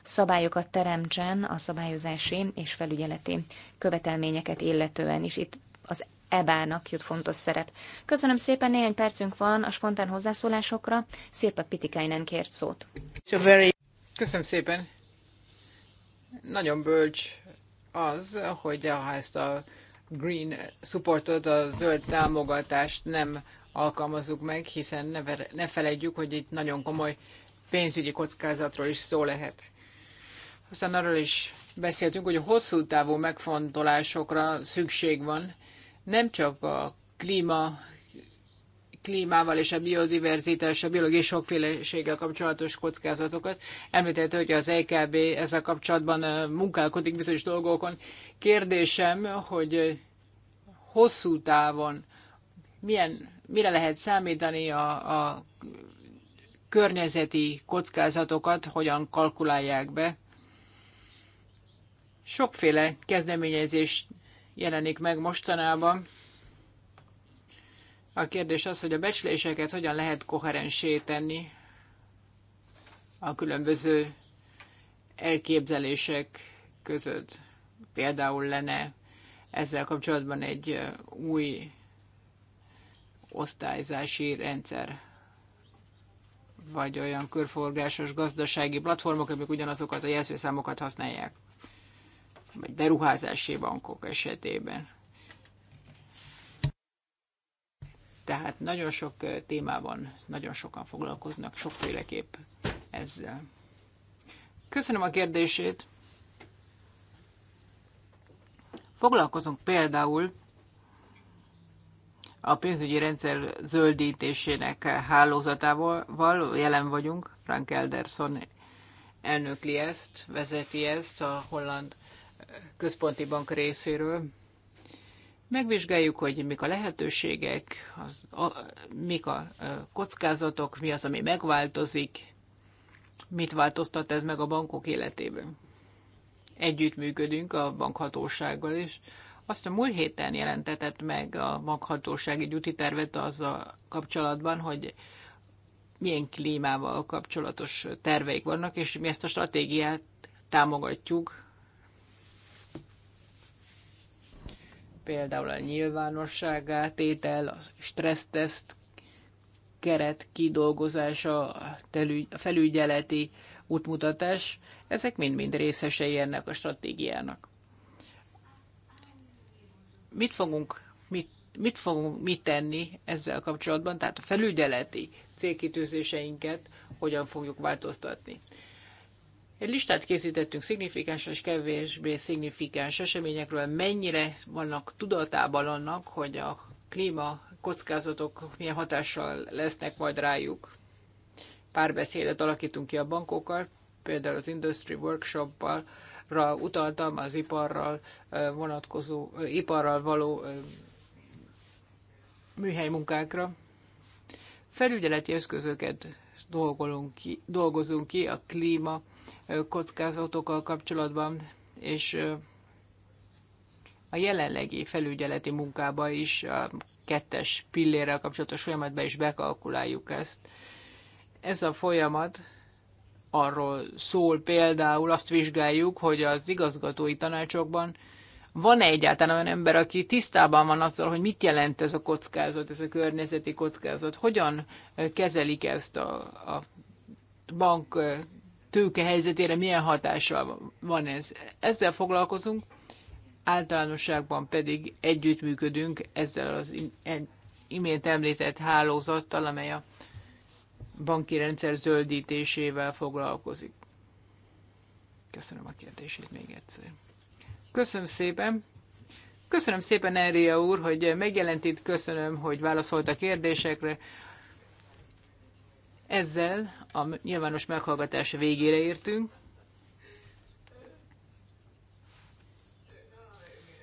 szabályokat teremtsen a szabályozási és felügyeleti követelményeket illetően is. Itt az EBA-nak jut fontos szerep. Köszönöm szépen, néhány percünk van a spontán hozzászólásokra. Szirpa Pitikainen kért szót. Köszönöm szépen. Nagyon bölcs az, hogy ha ezt a green supportot, a zöld támogatást nem alkalmazzuk meg, hiszen ne, ne felejtjük, hogy itt nagyon komoly pénzügyi kockázatról is szó lehet. Aztán arról is beszéltünk, hogy a hosszú távú megfontolásokra szükség van, nem csak a klíma, klímával és a biodiverzitás, a biológiai sokféleséggel kapcsolatos kockázatokat. Említette, hogy az EKB ezzel kapcsolatban munkálkodik bizonyos dolgokon. Kérdésem, hogy hosszú távon milyen mire lehet számítani a, a környezeti kockázatokat, hogyan kalkulálják be. Sokféle kezdeményezés jelenik meg mostanában. A kérdés az, hogy a becsléseket hogyan lehet koherensé tenni a különböző elképzelések között. Például lenne ezzel kapcsolatban egy új osztályzási rendszer vagy olyan körforgásos gazdasági platformok, amik ugyanazokat a jelzőszámokat használják, vagy beruházási bankok esetében. Tehát nagyon sok témában nagyon sokan foglalkoznak sokféleképp ezzel. Köszönöm a kérdését. Foglalkozunk például a pénzügyi rendszer zöldítésének hálózatával jelen vagyunk. Frank Elderson elnökli ezt, vezeti ezt a holland központi bank részéről. Megvizsgáljuk, hogy mik a lehetőségek, az, a, mik a kockázatok, mi az, ami megváltozik, mit változtat ez meg a bankok életében. Együttműködünk a bankhatósággal is, azt a múlt héten jelentetett meg a maghatóság egy úti tervet azzal kapcsolatban, hogy milyen klímával kapcsolatos terveik vannak, és mi ezt a stratégiát támogatjuk. Például a nyilvánosságá tétel, a stresszteszt keret kidolgozása, a felügyeleti útmutatás, ezek mind-mind részesei ennek a stratégiának mit fogunk, mit, mit fogunk mit tenni ezzel kapcsolatban, tehát a felügyeleti célkitűzéseinket hogyan fogjuk változtatni. Egy listát készítettünk szignifikáns és kevésbé szignifikáns eseményekről, mennyire vannak tudatában annak, hogy a klíma kockázatok milyen hatással lesznek majd rájuk. Párbeszédet alakítunk ki a bankokkal, például az Industry Workshop-bal, utaltam, az iparral vonatkozó, iparral való műhelymunkákra. Felügyeleti eszközöket dolgozunk ki, dolgozunk ki a klíma kockázatokkal kapcsolatban, és a jelenlegi felügyeleti munkába is a kettes pillérrel kapcsolatos folyamatba is bekalkuláljuk ezt. Ez a folyamat arról szól például, azt vizsgáljuk, hogy az igazgatói tanácsokban van-e egyáltalán olyan ember, aki tisztában van azzal, hogy mit jelent ez a kockázat, ez a környezeti kockázat, hogyan kezelik ezt a, a bank tőke helyzetére, milyen hatással van ez. Ezzel foglalkozunk, általánosságban pedig együttműködünk ezzel az imént említett hálózattal, amely a banki rendszer zöldítésével foglalkozik. Köszönöm a kérdését még egyszer. Köszönöm szépen. Köszönöm szépen, Enria úr, hogy megjelent itt, köszönöm, hogy válaszolt a kérdésekre. Ezzel a nyilvános meghallgatás végére értünk.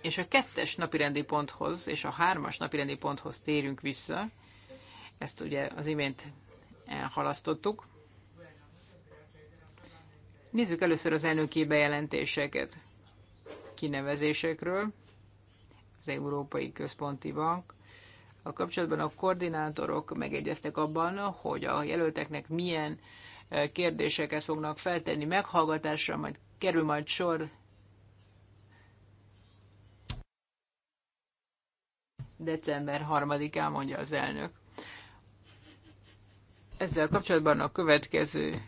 És a kettes napirendi ponthoz és a hármas napirendi ponthoz térünk vissza. Ezt ugye az imént elhalasztottuk. Nézzük először az elnöki bejelentéseket kinevezésekről. Az Európai Központi Bank a kapcsolatban a koordinátorok megegyeztek abban, hogy a jelölteknek milyen e, kérdéseket fognak feltenni meghallgatásra, majd kerül majd sor. December 3-án, mondja az elnök ezzel kapcsolatban a következő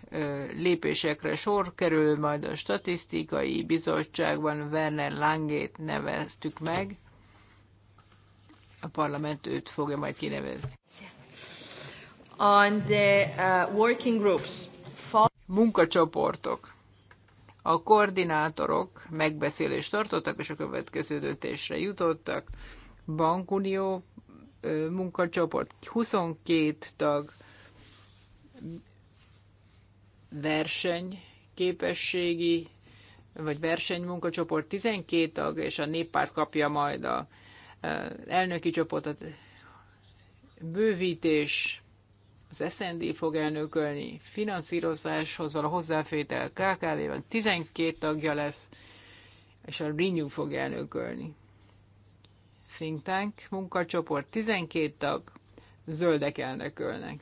lépésekre sor kerül, majd a statisztikai bizottságban Werner Langét neveztük meg. A parlament őt fogja majd kinevezni. On the uh, working groups. Munkacsoportok. A koordinátorok megbeszélést tartottak, és a következő döntésre jutottak. Bankunió munkacsoport 22 tag, versenyképességi vagy versenymunkacsoport 12 tag, és a néppárt kapja majd a e, elnöki csoportot. Bővítés, az SND fog elnökölni, finanszírozáshoz való hozzáfétel KKV-ben 12 tagja lesz, és a Renew fog elnökölni. Think Tank munkacsoport 12 tag, zöldek elnökölnek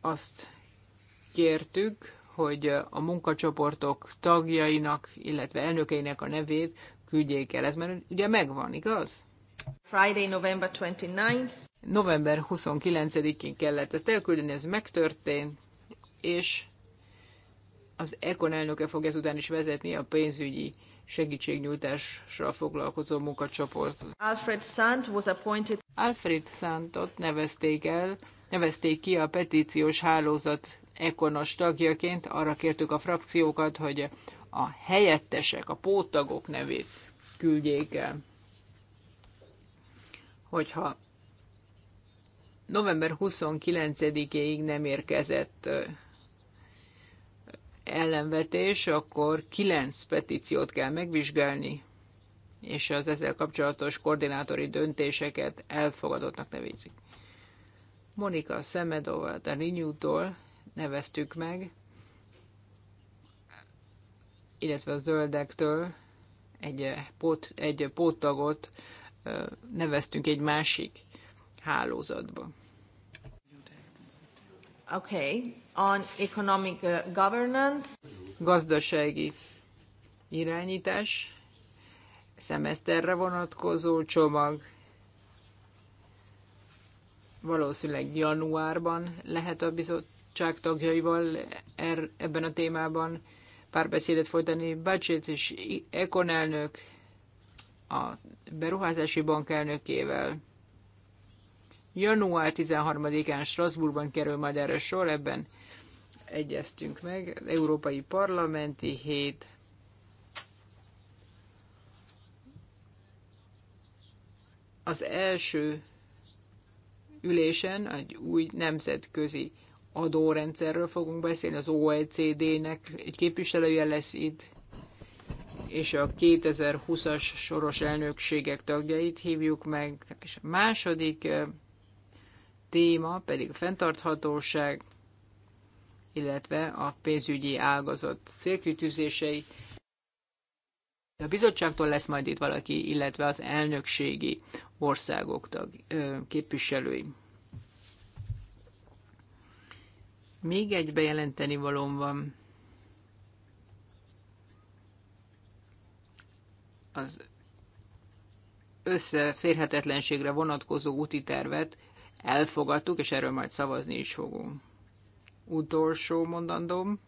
azt kértük, hogy a munkacsoportok tagjainak, illetve elnökeinek a nevét küldjék el. Ez már ugye megvan, igaz? Friday, November 29 November 29-én kellett ezt elküldeni, ez megtörtént, és az Ekon elnöke fog ezután is vezetni a pénzügyi segítségnyújtásra foglalkozó munkacsoport. Alfred Sant was appointed. Alfred Santot nevezték el nevezték ki a petíciós hálózat ekonos tagjaként. Arra kértük a frakciókat, hogy a helyettesek, a póttagok nevét küldjék el. Hogyha november 29-ig nem érkezett ellenvetés, akkor kilenc petíciót kell megvizsgálni, és az ezzel kapcsolatos koordinátori döntéseket elfogadottnak nevezik. Monika Szemedova, a renew neveztük meg, illetve a zöldektől egy, pót, egy póttagot neveztünk egy másik hálózatba. Okay, on economic uh, governance. Gazdasági irányítás, szemeszterre vonatkozó csomag, valószínűleg januárban lehet a bizottság tagjaival er, ebben a témában párbeszédet folytani. Bácsét és Ekon elnök, a beruházási bank elnökével. Január 13-án Strasbourgban kerül majd erre sor, ebben egyeztünk meg. Az Európai Parlamenti Hét az első ülésen egy új nemzetközi adórendszerről fogunk beszélni, az OECD-nek egy képviselője lesz itt, és a 2020-as soros elnökségek tagjait hívjuk meg, és a második téma pedig a fenntarthatóság, illetve a pénzügyi ágazat célkütűzései. A bizottságtól lesz majd itt valaki, illetve az elnökségi országok tag, képviselői. Még egy bejelenteni valóm van. Az összeférhetetlenségre vonatkozó úti tervet elfogadtuk, és erről majd szavazni is fogunk. Utolsó mondandóm.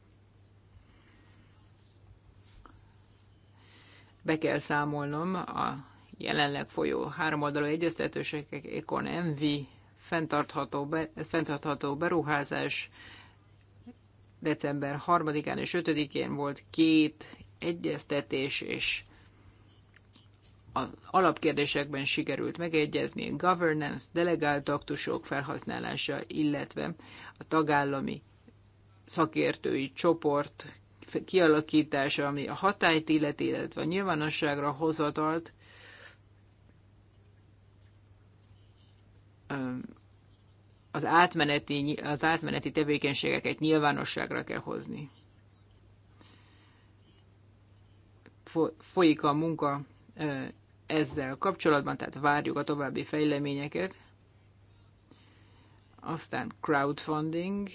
be kell számolnom a jelenleg folyó háromoldalú egyeztetőségek, Econ MV, fenntartható, be, fenntartható beruházás, december 3-án és 5-én volt két egyeztetés, és az alapkérdésekben sikerült megegyezni, governance, delegált aktusok felhasználása, illetve a tagállami szakértői csoport kialakítása, ami a hatályt illeti, illetve a nyilvánosságra hozatalt, az átmeneti, az átmeneti tevékenységeket nyilvánosságra kell hozni. Folyik a munka ezzel kapcsolatban, tehát várjuk a további fejleményeket. Aztán crowdfunding,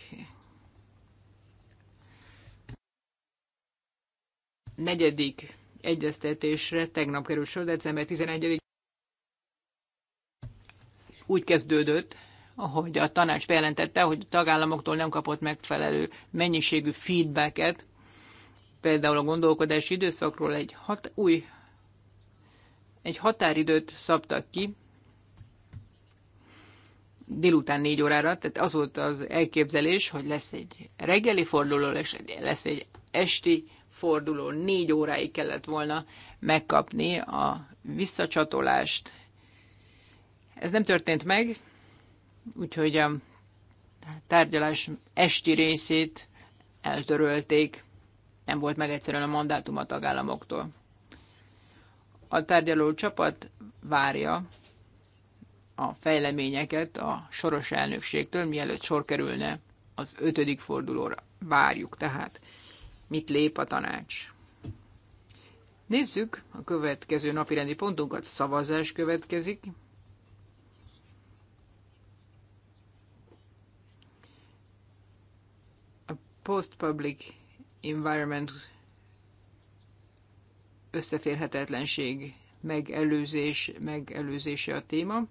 negyedik egyeztetésre tegnap került sor, december 11 úgy kezdődött, ahogy a tanács bejelentette, hogy a tagállamoktól nem kapott megfelelő mennyiségű feedbacket, például a gondolkodási időszakról egy hat, új egy határidőt szabtak ki, délután négy órára, tehát az volt az elképzelés, hogy lesz egy reggeli forduló, és lesz egy esti forduló négy óráig kellett volna megkapni a visszacsatolást. Ez nem történt meg, úgyhogy a tárgyalás esti részét eltörölték. Nem volt meg egyszerűen a mandátum a tagállamoktól. A tárgyaló csapat várja a fejleményeket a soros elnökségtől, mielőtt sor kerülne az ötödik fordulóra. Várjuk tehát mit lép a tanács. Nézzük a következő napirendi pontunkat. Szavazás következik. A post-public environment összeférhetetlenség megelőzés, megelőzése a téma.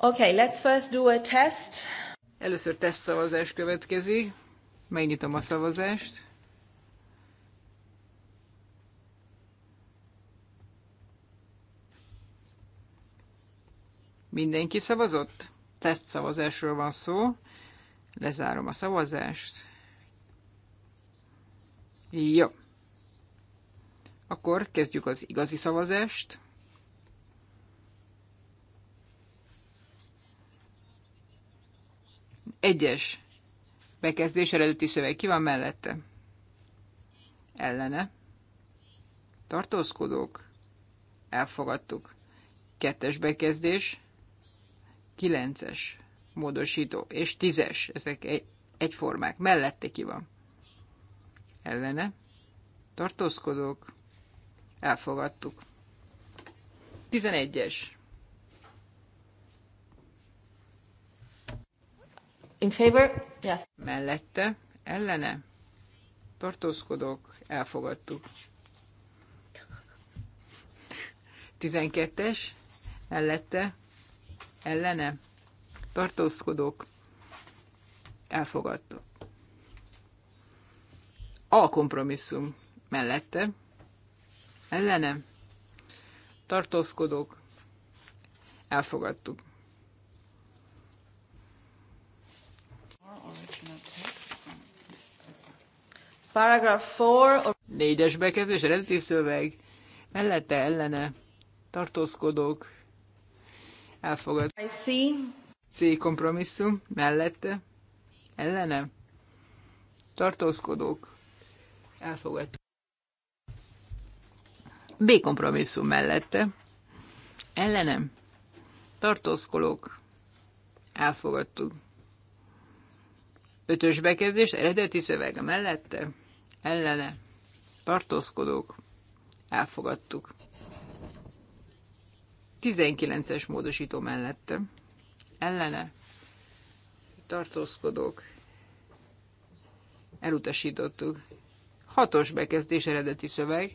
Okay, let's first do a test. Először tesztszavazás következik. Megnyitom a szavazást. Mindenki szavazott? Tesztszavazásról van szó. Lezárom a szavazást. Jó. Akkor kezdjük az igazi szavazást. egyes bekezdés eredeti szöveg ki van mellette? Ellene. Tartózkodók. Elfogadtuk. Kettes bekezdés. Kilences módosító és tízes. Ezek egy, egyformák. Mellette ki van? Ellene. Tartózkodók. Elfogadtuk. Tizenegyes In favor? Yes. Mellette, ellene, tartózkodok, elfogadtuk. 12-es, mellette, ellene, tartózkodok, elfogadtuk. A kompromisszum mellette, ellene, tartózkodók, elfogadtuk. Paragraph 4. Négyes bekezdés, eredeti szöveg. Mellette ellene tartózkodók. Elfogad. I see. C kompromisszum. Mellette. Ellene. Tartózkodók. Elfogad. B kompromisszum mellette. Ellenem. Tartózkolók. Elfogadtuk. Ötös bekezdés eredeti szövege mellette ellene tartózkodók elfogadtuk. 19-es módosító mellette ellene tartózkodók elutasítottuk. Hatos bekezdés eredeti szöveg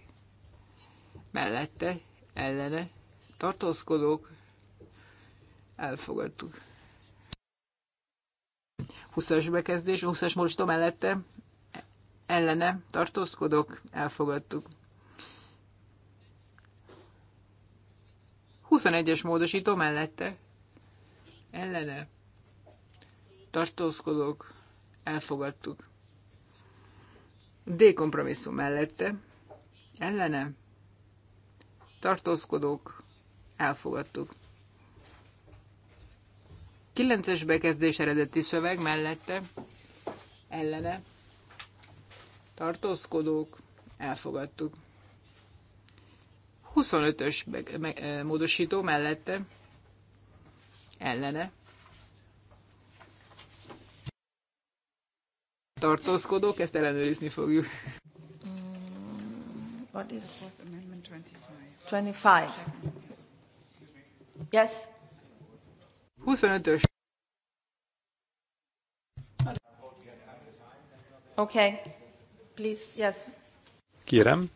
mellette ellene tartózkodók elfogadtuk. 20-as bekezdés, 20-as módosító mellette ellene tartózkodok, elfogadtuk. 21-es módosító mellette ellene tartózkodok, elfogadtuk. D kompromisszum mellette ellene tartózkodok, elfogadtuk. 9-es bekezdés eredeti szöveg mellette ellene tartózkodók, elfogadtuk. 25-ös e, módosító mellette, ellene, tartózkodók, ezt ellenőrizni fogjuk. Mm, what is it? 25. 25. Yes. 25-ös. Okay. Please, yes. Kérem.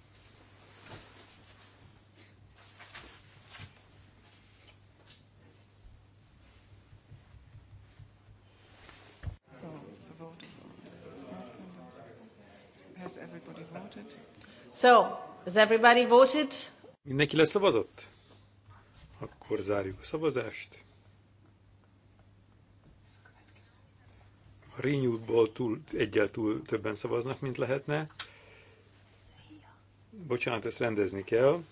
So, has everybody voted? Mindenki leszavazott? Akkor zárjuk a szavazást. Renew-ból túl, egyel túl többen szavaznak, mint lehetne. Bocsánat, ezt rendezni kell.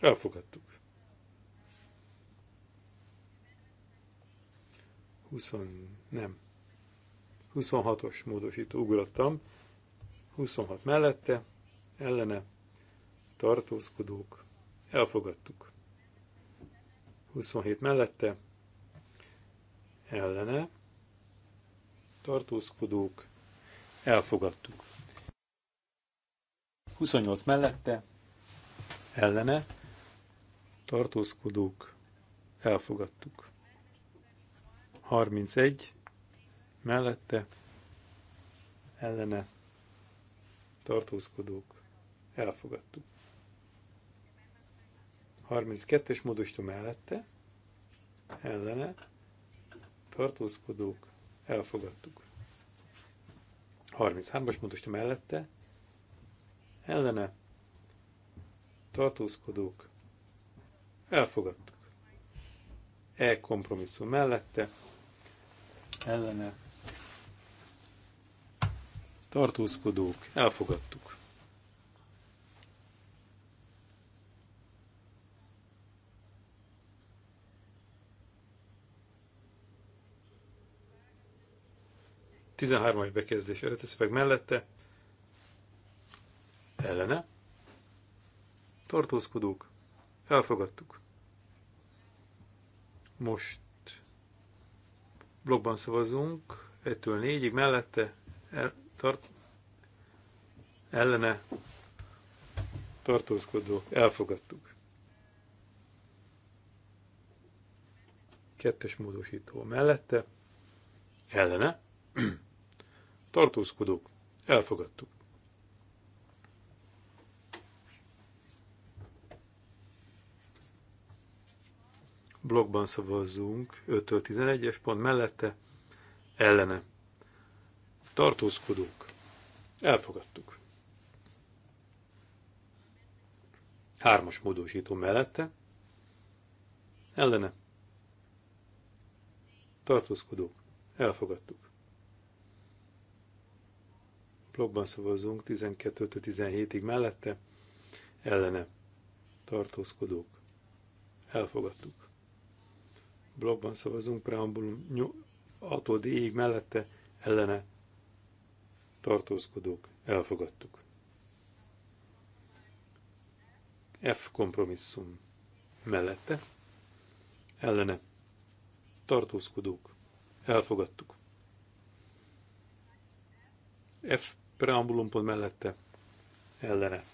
Elfogadtuk. 20, nem. 26-os módosító ugrottam. 26 mellette, ellene, tartózkodók, Elfogadtuk. 27 mellette, ellene, tartózkodók, elfogadtuk. 28 mellette, ellene, tartózkodók, elfogadtuk. 31 mellette, ellene, tartózkodók, elfogadtuk. 32-es módosító mellette, ellene, tartózkodók, elfogadtuk. 33-as módosító mellette, ellene, tartózkodók, elfogadtuk. E kompromisszum mellette, ellene, tartózkodók, elfogadtuk. 13-as bekezdés eredeti szöveg mellette, ellene, tartózkodók, elfogadtuk. Most blogban szavazunk, 1-től 4-ig mellette, el, tart, ellene, tartózkodók, elfogadtuk. Kettes módosító mellette, ellene, tartózkodók, elfogadtuk. Blogban szavazzunk 5-től 11-es pont mellette, ellene. Tartózkodók, elfogadtuk. Hármas módosító mellette, ellene. Tartózkodók, elfogadtuk. Blogban szavazunk 12 17-ig mellette, ellene tartózkodók. Elfogadtuk. Blogban szavazunk preambulum 6 ig mellette, ellene tartózkodók. Elfogadtuk. F kompromisszum mellette, ellene tartózkodók. Elfogadtuk. F pont mellette ellene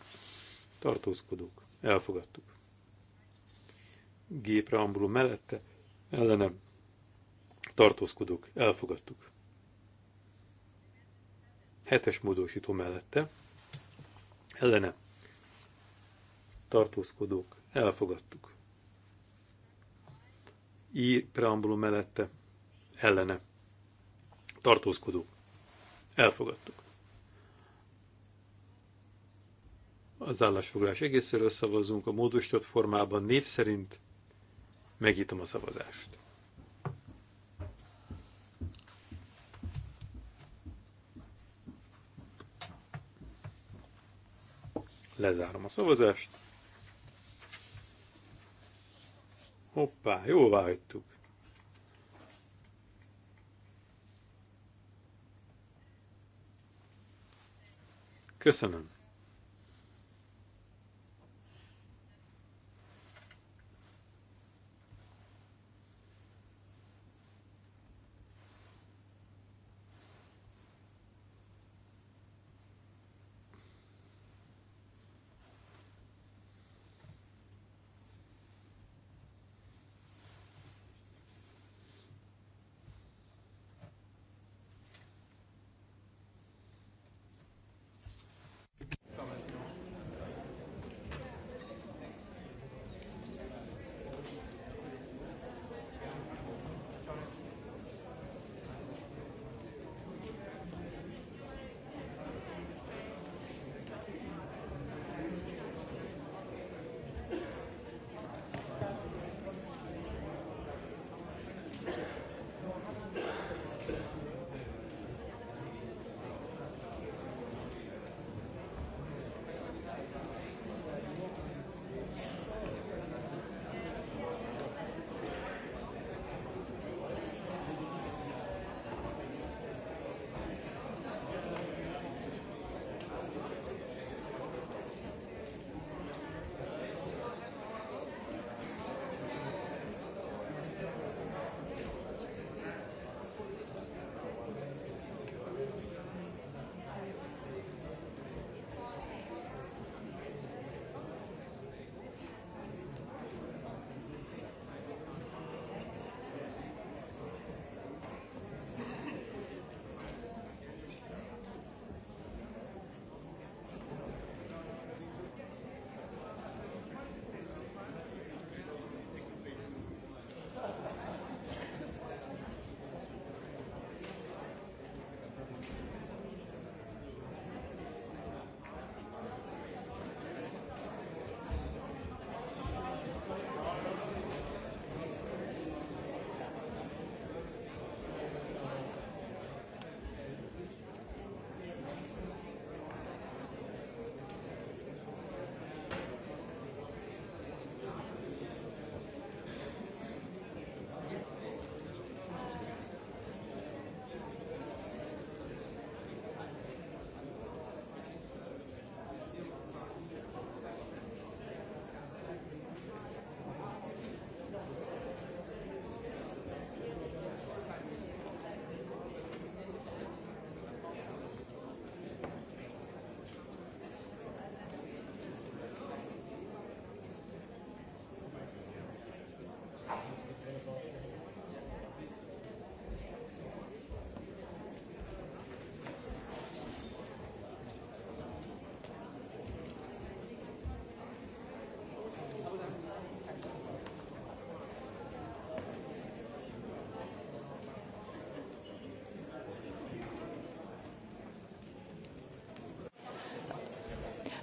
tartózkodók, elfogadtuk. G preambulum mellette ellene tartózkodók, elfogadtuk. Hetes módosító mellette ellene tartózkodók, elfogadtuk. I preambulum mellette ellene tartózkodók, elfogadtuk. az állásfoglalás egészéről szavazunk, a módosított formában név szerint megítom a szavazást. Lezárom a szavazást. Hoppá, jóvá hagytuk. Köszönöm.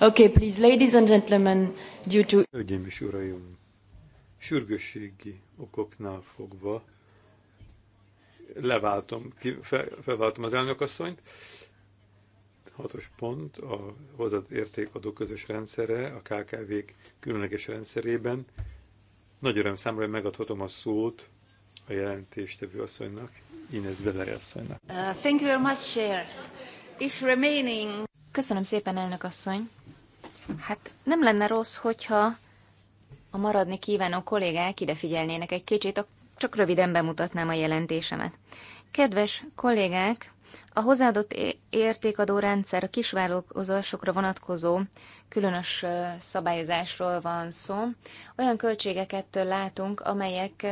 Okay, please, ladies and gentlemen, due to... Hölgyeim és uraim, sürgősségi okoknál fogva leváltom, ki, fe, felváltom az elnökasszonyt. Hatos pont, a hozzáadott értékadó közös rendszere, a KKV-k különleges rendszerében. Nagy öröm számra, hogy megadhatom a szót a jelentéstevő asszonynak, Inez Veleri asszonynak. Uh, thank you very much, Chair. If remaining... Köszönöm szépen, elnök asszony. Hát nem lenne rossz, hogyha a maradni kívánó kollégák ide figyelnének egy kicsit, csak röviden bemutatnám a jelentésemet. Kedves kollégák, a hozzáadott értékadó rendszer a kisvállalkozásokra vonatkozó különös szabályozásról van szó. Olyan költségeket látunk, amelyek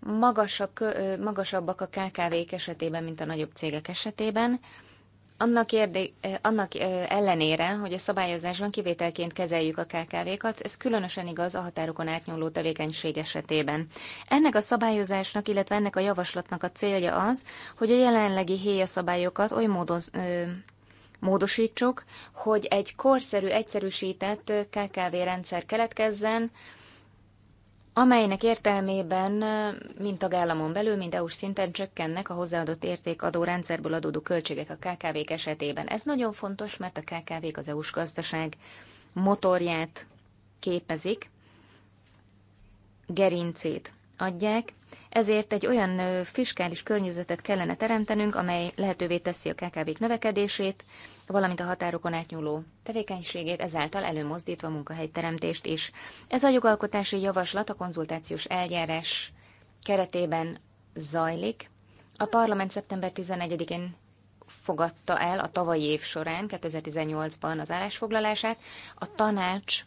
magasabb, magasabbak a KKV-k esetében, mint a nagyobb cégek esetében. Annak, érde, eh, annak eh, ellenére, hogy a szabályozásban kivételként kezeljük a KKV-kat, ez különösen igaz a határokon átnyúló tevékenység esetében. Ennek a szabályozásnak, illetve ennek a javaslatnak a célja az, hogy a jelenlegi héja szabályokat oly módon ö, módosítsuk, hogy egy korszerű, egyszerűsített eh, KKV rendszer keletkezzen, amelynek értelmében mind tagállamon belül, mind EU-s szinten csökkennek a hozzáadott érték rendszerből adódó költségek a KKV-k esetében. Ez nagyon fontos, mert a KKV-k az EU-s gazdaság motorját képezik, gerincét adják, ezért egy olyan fiskális környezetet kellene teremtenünk, amely lehetővé teszi a KKV-k növekedését, valamint a határokon átnyúló tevékenységét, ezáltal előmozdítva a munkahelyteremtést is. Ez a jogalkotási javaslat a konzultációs eljárás keretében zajlik. A parlament szeptember 11-én fogadta el a tavalyi év során, 2018-ban az állásfoglalását, a tanács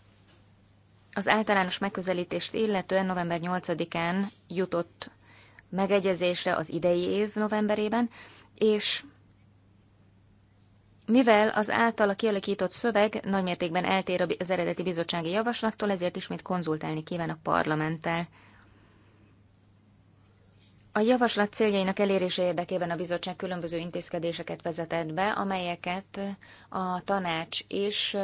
az általános megközelítést illetően november 8-án jutott megegyezésre az idei év novemberében, és mivel az általa kialakított szöveg nagymértékben eltér az eredeti bizottsági javaslattól, ezért ismét konzultálni kíván a parlamenttel. A javaslat céljainak elérése érdekében a bizottság különböző intézkedéseket vezetett be, amelyeket a tanács és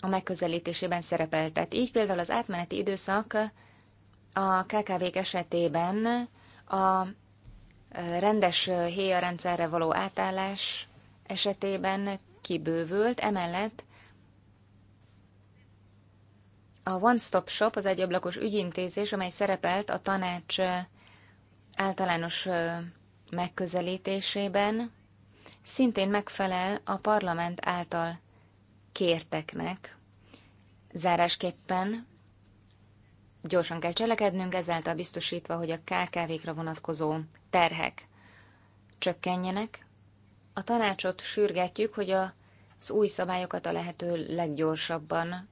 a megközelítésében szerepeltet. Így például az átmeneti időszak a KKV-k esetében a rendes héja rendszerre való átállás esetében kibővült, emellett a One Stop Shop az egyablakos ügyintézés, amely szerepelt a tanács általános megközelítésében, szintén megfelel a parlament által kérteknek. Zárásképpen Gyorsan kell cselekednünk, ezáltal biztosítva, hogy a KKV-kra vonatkozó terhek csökkenjenek. A tanácsot sürgetjük, hogy az új szabályokat a lehető leggyorsabban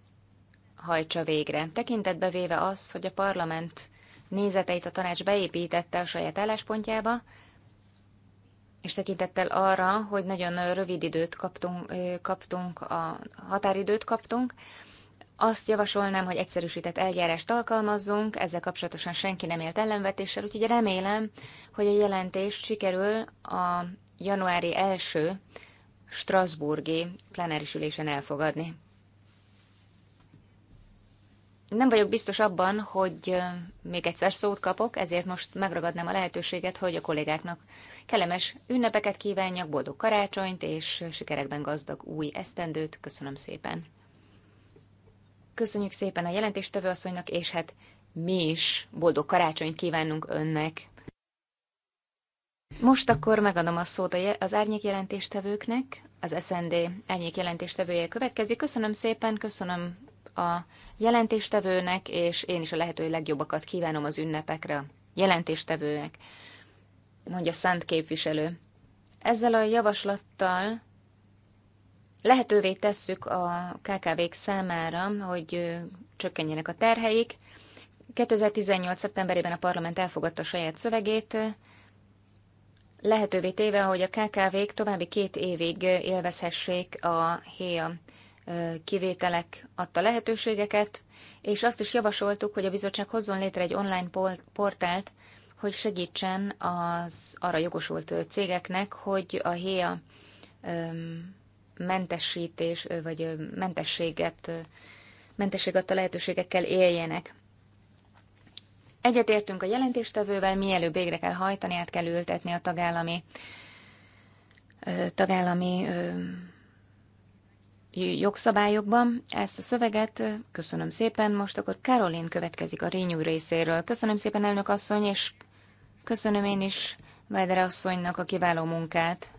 hajtsa végre. Tekintetbe véve az, hogy a parlament nézeteit a tanács beépítette a saját álláspontjába, és tekintettel arra, hogy nagyon rövid időt kaptunk, kaptunk a határidőt kaptunk, azt javasolnám, hogy egyszerűsített eljárást alkalmazzunk, ezzel kapcsolatosan senki nem élt ellenvetéssel, úgyhogy remélem, hogy a jelentést sikerül a januári első Strasburgi plenáris ülésen elfogadni. Nem vagyok biztos abban, hogy még egyszer szót kapok, ezért most megragadnám a lehetőséget, hogy a kollégáknak kellemes ünnepeket kívánjak, boldog karácsonyt és sikerekben gazdag új esztendőt. Köszönöm szépen! Köszönjük szépen a jelentéstevő asszonynak, és hát mi is boldog karácsonyt kívánunk önnek. Most akkor megadom a szót az árnyék jelentéstevőknek, az SND árnyék jelentéstevője következik. Köszönöm szépen, köszönöm a jelentéstevőnek, és én is a lehető legjobbakat kívánom az ünnepekre a jelentéstevőnek, mondja Szent képviselő. Ezzel a javaslattal lehetővé tesszük a KKV-k számára, hogy csökkenjenek a terheik. 2018. szeptemberében a parlament elfogadta a saját szövegét, lehetővé téve, hogy a KKV-k további két évig élvezhessék a HÉA kivételek adta lehetőségeket, és azt is javasoltuk, hogy a bizottság hozzon létre egy online portált, hogy segítsen az arra jogosult cégeknek, hogy a HÉA mentesítés, vagy mentességet, mentesség adta lehetőségekkel éljenek. Egyetértünk a jelentéstevővel, mielőbb végre kell hajtani, át kell ültetni a tagállami, tagállami jogszabályokban ezt a szöveget. Köszönöm szépen. Most akkor Karolin következik a Rényú részéről. Köszönöm szépen, elnök asszony, és köszönöm én is Vajdere asszonynak a kiváló munkát.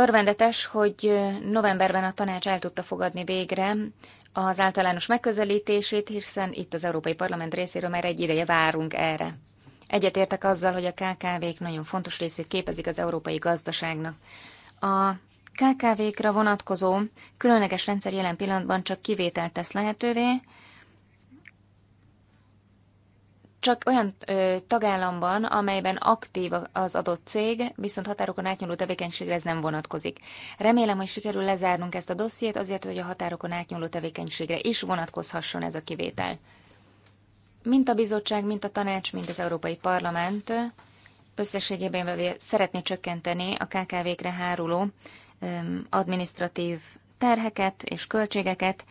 Örvendetes, hogy novemberben a tanács el tudta fogadni végre az általános megközelítését, hiszen itt az Európai Parlament részéről már egy ideje várunk erre. Egyetértek azzal, hogy a KKV-k nagyon fontos részét képezik az európai gazdaságnak. A KKV-kra vonatkozó különleges rendszer jelen pillanatban csak kivételt tesz lehetővé, csak olyan ö, tagállamban, amelyben aktív az adott cég, viszont határokon átnyúló tevékenységre ez nem vonatkozik. Remélem, hogy sikerül lezárnunk ezt a dossziét azért, hogy a határokon átnyúló tevékenységre is vonatkozhasson ez a kivétel. Mint a bizottság, mint a tanács, mint az Európai Parlament összességében szeretné csökkenteni a KKV-kre háruló ö, administratív terheket és költségeket.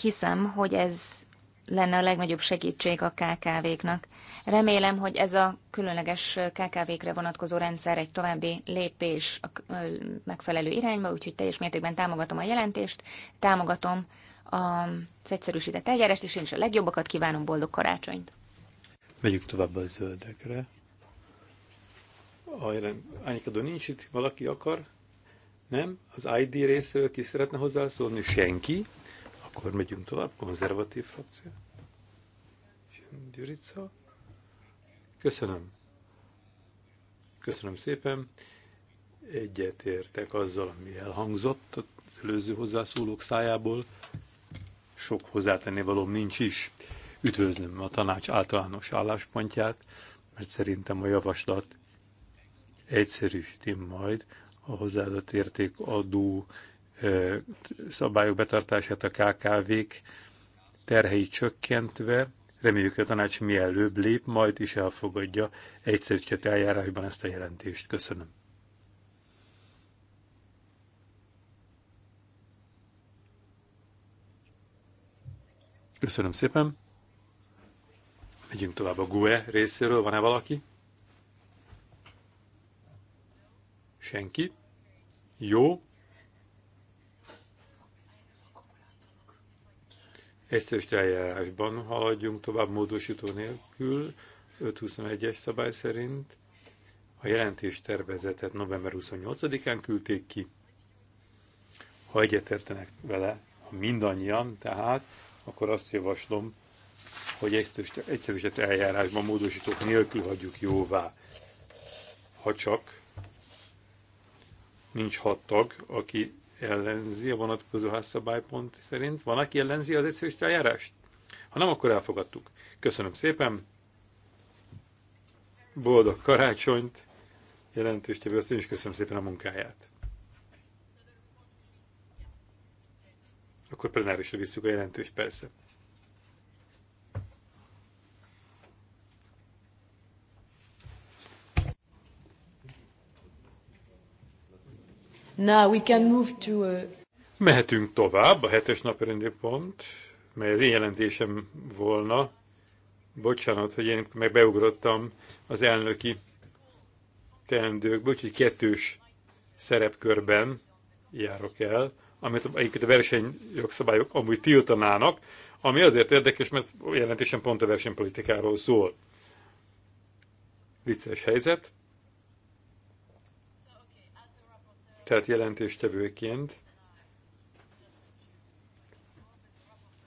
Hiszem, hogy ez lenne a legnagyobb segítség a KKV-knak. Remélem, hogy ez a különleges KKV-kre vonatkozó rendszer egy további lépés a megfelelő irányba, úgyhogy teljes mértékben támogatom a jelentést, támogatom az egyszerűsített eljárást, és én is a legjobbakat kívánom, boldog karácsonyt! Megyünk tovább a zöldekre. Ányikadó nincs itt, valaki akar? Nem? Az ID részéről ki szeretne hozzászólni? Senki? Akkor megyünk tovább, konzervatív frakció. Gyurica. Köszönöm. Köszönöm szépen. Egyetértek azzal, ami elhangzott az előző hozzászólók szájából. Sok hozzátenni nincs is. Üdvözlöm a tanács általános álláspontját, mert szerintem a javaslat egyszerűsíti majd a hozzáadott érték adó szabályok betartását a KKV-k terhei csökkentve, reméljük, hogy a tanács mielőbb lép majd és elfogadja egyszerűsített eljárásban ezt a jelentést. Köszönöm. Köszönöm szépen. Megyünk tovább a GUE részéről. Van-e valaki? Senki? Jó, egyszerűs eljárásban haladjunk tovább módosító nélkül, 521-es szabály szerint. A jelentés tervezetet november 28-án küldték ki. Ha egyetértenek vele, ha mindannyian, tehát, akkor azt javaslom, hogy egyszerűsített eljárásban módosítók nélkül hagyjuk jóvá. Ha csak nincs hat tag, aki ellenzi a vonatkozó házszabálypont szerint? Van, aki ellenzi az egyszerűsítő eljárást? Ha nem, akkor elfogadtuk. Köszönöm szépen! Boldog karácsonyt! Jelentős tevő azt is köszönöm szépen a munkáját. Akkor plenárisra visszük a jelentést, persze. Now we can move to a... Uh, Mehetünk tovább, a hetes napi pont, mely az én jelentésem volna. Bocsánat, hogy én meg beugrottam az elnöki teendőkből, úgyhogy kettős szerepkörben járok el, amit egyébként a versenyjogszabályok amúgy tiltanának, ami azért érdekes, mert jelentésen pont a versenypolitikáról szól. Vicces helyzet, tehát jelentéstevőként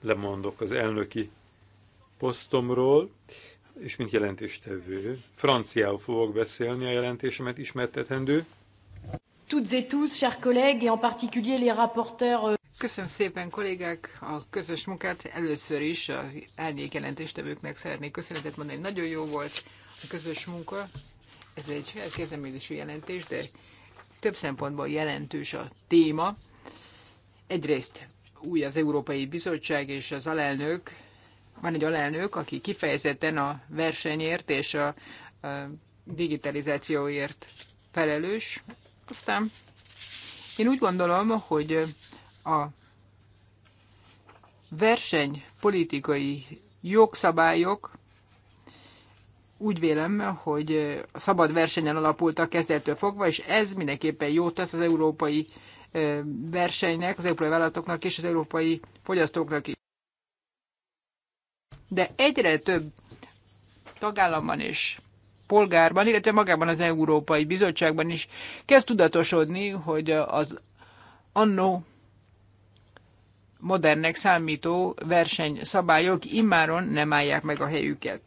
lemondok az elnöki posztomról, és mint jelentéstevő franciául fogok beszélni a jelentésemet ismertetendő. Toutes et tous, chers collègues, et en particulier les rapporteurs. Euh, Köszönöm szépen, kollégák, a közös munkát. Először is az elnék jelentéstevőknek szeretnék köszönetet mondani. Nagyon jó volt a közös munka. Ez egy kezdeményező jelentés, de több szempontból jelentős a téma. Egyrészt új az Európai Bizottság és az alelnök, van egy alelnök, aki kifejezetten a versenyért és a, a digitalizációért felelős. Aztán én úgy gondolom, hogy a versenypolitikai jogszabályok úgy vélem, hogy a szabad versenyen alapultak kezdettől fogva, és ez mindenképpen jót tesz az európai versenynek, az európai vállalatoknak és az európai fogyasztóknak is. De egyre több tagállamban és polgárban, illetve magában az Európai Bizottságban is kezd tudatosodni, hogy az annó modernnek számító versenyszabályok immáron nem állják meg a helyüket.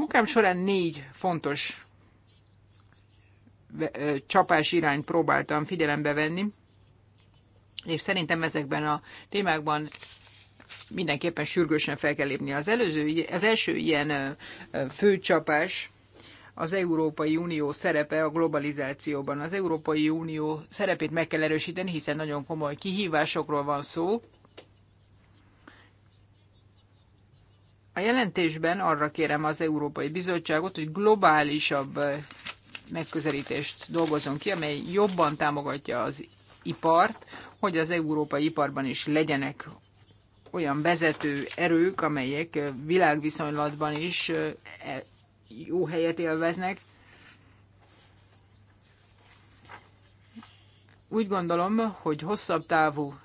Munkám során négy fontos csapás irányt próbáltam figyelembe venni, és szerintem ezekben a témákban mindenképpen sürgősen fel kell lépni. Az, előző, az első ilyen főcsapás az Európai Unió szerepe a globalizációban. Az Európai Unió szerepét meg kell erősíteni, hiszen nagyon komoly kihívásokról van szó, A jelentésben arra kérem az Európai Bizottságot, hogy globálisabb eh, megközelítést dolgozzon ki, amely jobban támogatja az ipart, hogy az európai iparban is legyenek olyan vezető erők, amelyek eh, világviszonylatban is eh, e, jó helyet élveznek. Úgy gondolom, hogy hosszabb távú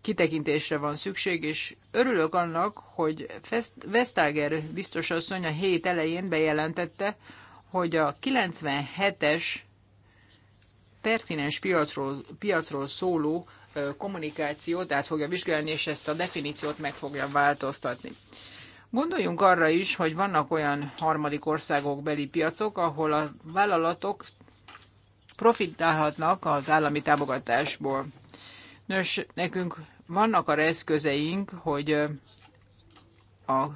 kitekintésre van szükség, és örülök annak, hogy Vestager biztos asszony a hét elején bejelentette, hogy a 97-es pertinens piacról, piacról szóló kommunikációt át fogja vizsgálni, és ezt a definíciót meg fogja változtatni. Gondoljunk arra is, hogy vannak olyan harmadik országok beli piacok, ahol a vállalatok profitálhatnak az állami támogatásból. Nos, nekünk vannak a eszközeink, hogy a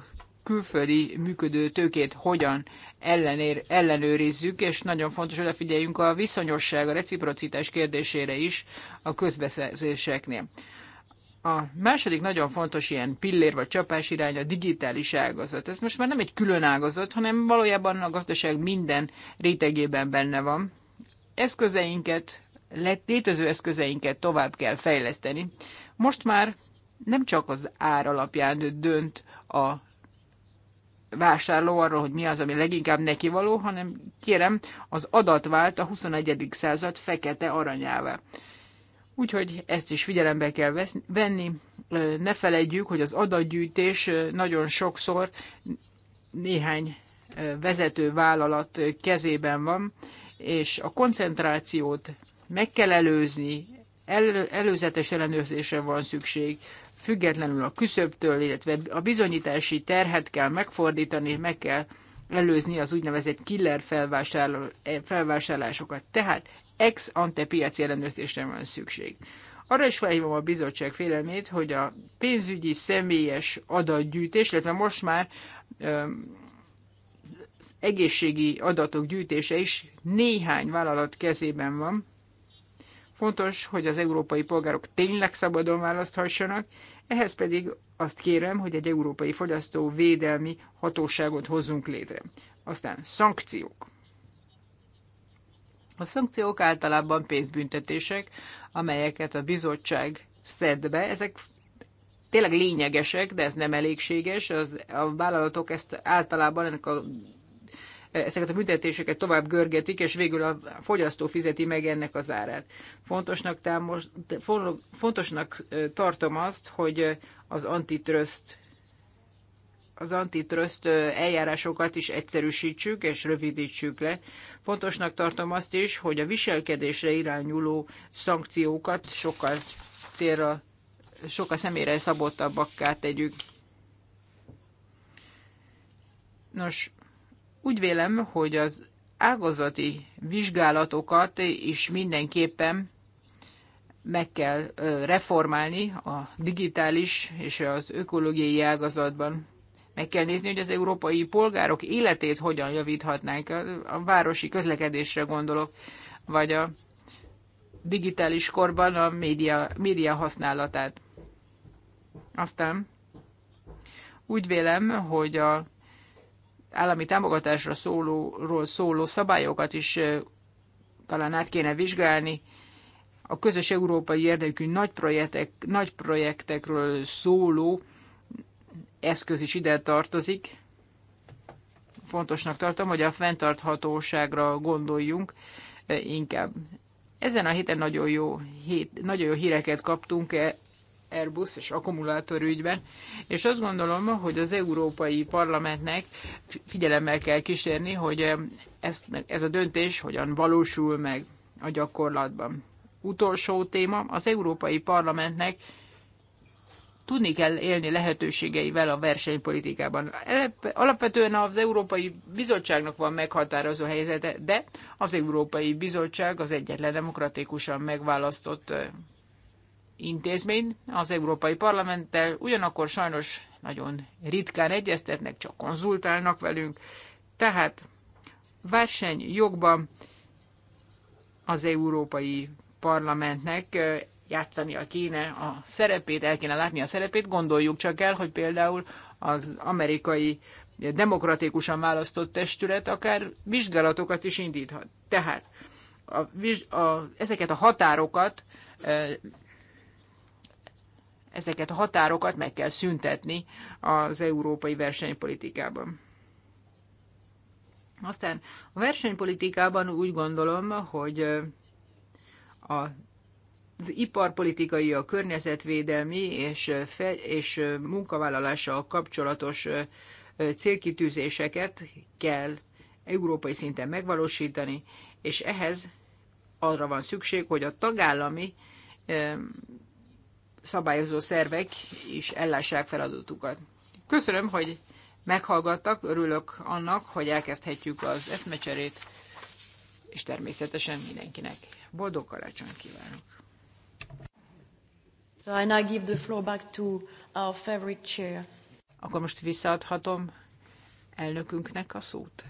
külföldi működő tőkét hogyan ellenér, ellenőrizzük, és nagyon fontos odafigyeljünk a viszonyosság, a reciprocitás kérdésére is a közbeszerzéseknél. A második nagyon fontos ilyen pillér vagy csapás irány a digitális ágazat. Ez most már nem egy külön ágazat, hanem valójában a gazdaság minden rétegében benne van. Eszközeinket létező eszközeinket tovább kell fejleszteni. Most már nem csak az ár alapján dönt a vásárló arról, hogy mi az, ami leginkább neki való, hanem kérem, az adat vált a 21. század fekete aranyává. Úgyhogy ezt is figyelembe kell venni. Ne felejtjük, hogy az adatgyűjtés nagyon sokszor néhány vezető vállalat kezében van, és a koncentrációt meg kell előzni, elő, előzetes ellenőrzésre van szükség, függetlenül a küszöbtől, illetve a bizonyítási terhet kell megfordítani, meg kell előzni az úgynevezett killer eh, felvásárlásokat. Tehát ex ante piaci ellenőrzésre van szükség. Arra is felhívom a bizottság félelmét, hogy a pénzügyi személyes adatgyűjtés, illetve most már öm, egészségi adatok gyűjtése is néhány vállalat kezében van. Fontos, hogy az európai polgárok tényleg szabadon választhassanak, ehhez pedig azt kérem, hogy egy európai fogyasztó védelmi hatóságot hozzunk létre. Aztán szankciók. A szankciók általában pénzbüntetések, amelyeket a bizottság szed be. Ezek tényleg lényegesek, de ez nem elégséges. Az, a vállalatok ezt általában ennek a ezeket a büntetéseket tovább görgetik, és végül a fogyasztó fizeti meg ennek az árát. Fontosnak, támos, fontosnak tartom azt, hogy az antitrust az antitrust eljárásokat is egyszerűsítsük és rövidítsük le. Fontosnak tartom azt is, hogy a viselkedésre irányuló szankciókat sokkal célra, sokkal személyre szabottabbakká tegyük. Nos, úgy vélem, hogy az ágazati vizsgálatokat is mindenképpen meg kell reformálni a digitális és az ökológiai ágazatban. Meg kell nézni, hogy az európai polgárok életét hogyan javíthatnánk. A városi közlekedésre gondolok, vagy a digitális korban a média, média használatát. Aztán úgy vélem, hogy a állami támogatásra szólóról szóló szabályokat is talán át kéne vizsgálni. A közös európai érdekű nagy, projektek, nagy projektekről szóló eszköz is ide tartozik. Fontosnak tartom, hogy a fenntarthatóságra gondoljunk inkább. Ezen a héten nagyon jó, hét, nagyon jó híreket kaptunk e, Airbus és ügyben és azt gondolom, hogy az Európai Parlamentnek figyelemmel kell kísérni, hogy ez, ez a döntés hogyan valósul meg a gyakorlatban. Utolsó téma, az Európai Parlamentnek tudni kell élni lehetőségeivel a versenypolitikában. Alapvetően az Európai Bizottságnak van meghatározó helyzete, de az Európai Bizottság az egyetlen demokratikusan megválasztott intézmény az Európai Parlamenttel, ugyanakkor sajnos nagyon ritkán egyeztetnek, csak konzultálnak velünk. Tehát jogban az Európai Parlamentnek játszania kéne a szerepét, el kéne látni a szerepét. Gondoljuk csak el, hogy például az amerikai demokratikusan választott testület akár vizsgálatokat is indíthat. Tehát a, a, ezeket a határokat ezeket a határokat meg kell szüntetni az európai versenypolitikában. Aztán a versenypolitikában úgy gondolom, hogy a az iparpolitikai, a környezetvédelmi és, fe, és munkavállalással kapcsolatos célkitűzéseket kell európai szinten megvalósítani, és ehhez arra van szükség, hogy a tagállami szabályozó szervek is ellássák feladatukat. Köszönöm, hogy meghallgattak, örülök annak, hogy elkezdhetjük az eszmecserét, és természetesen mindenkinek boldog karácsonyt kívánok. So I now give the floor back to our favorite chair. Akkor most visszaadhatom elnökünknek a szót.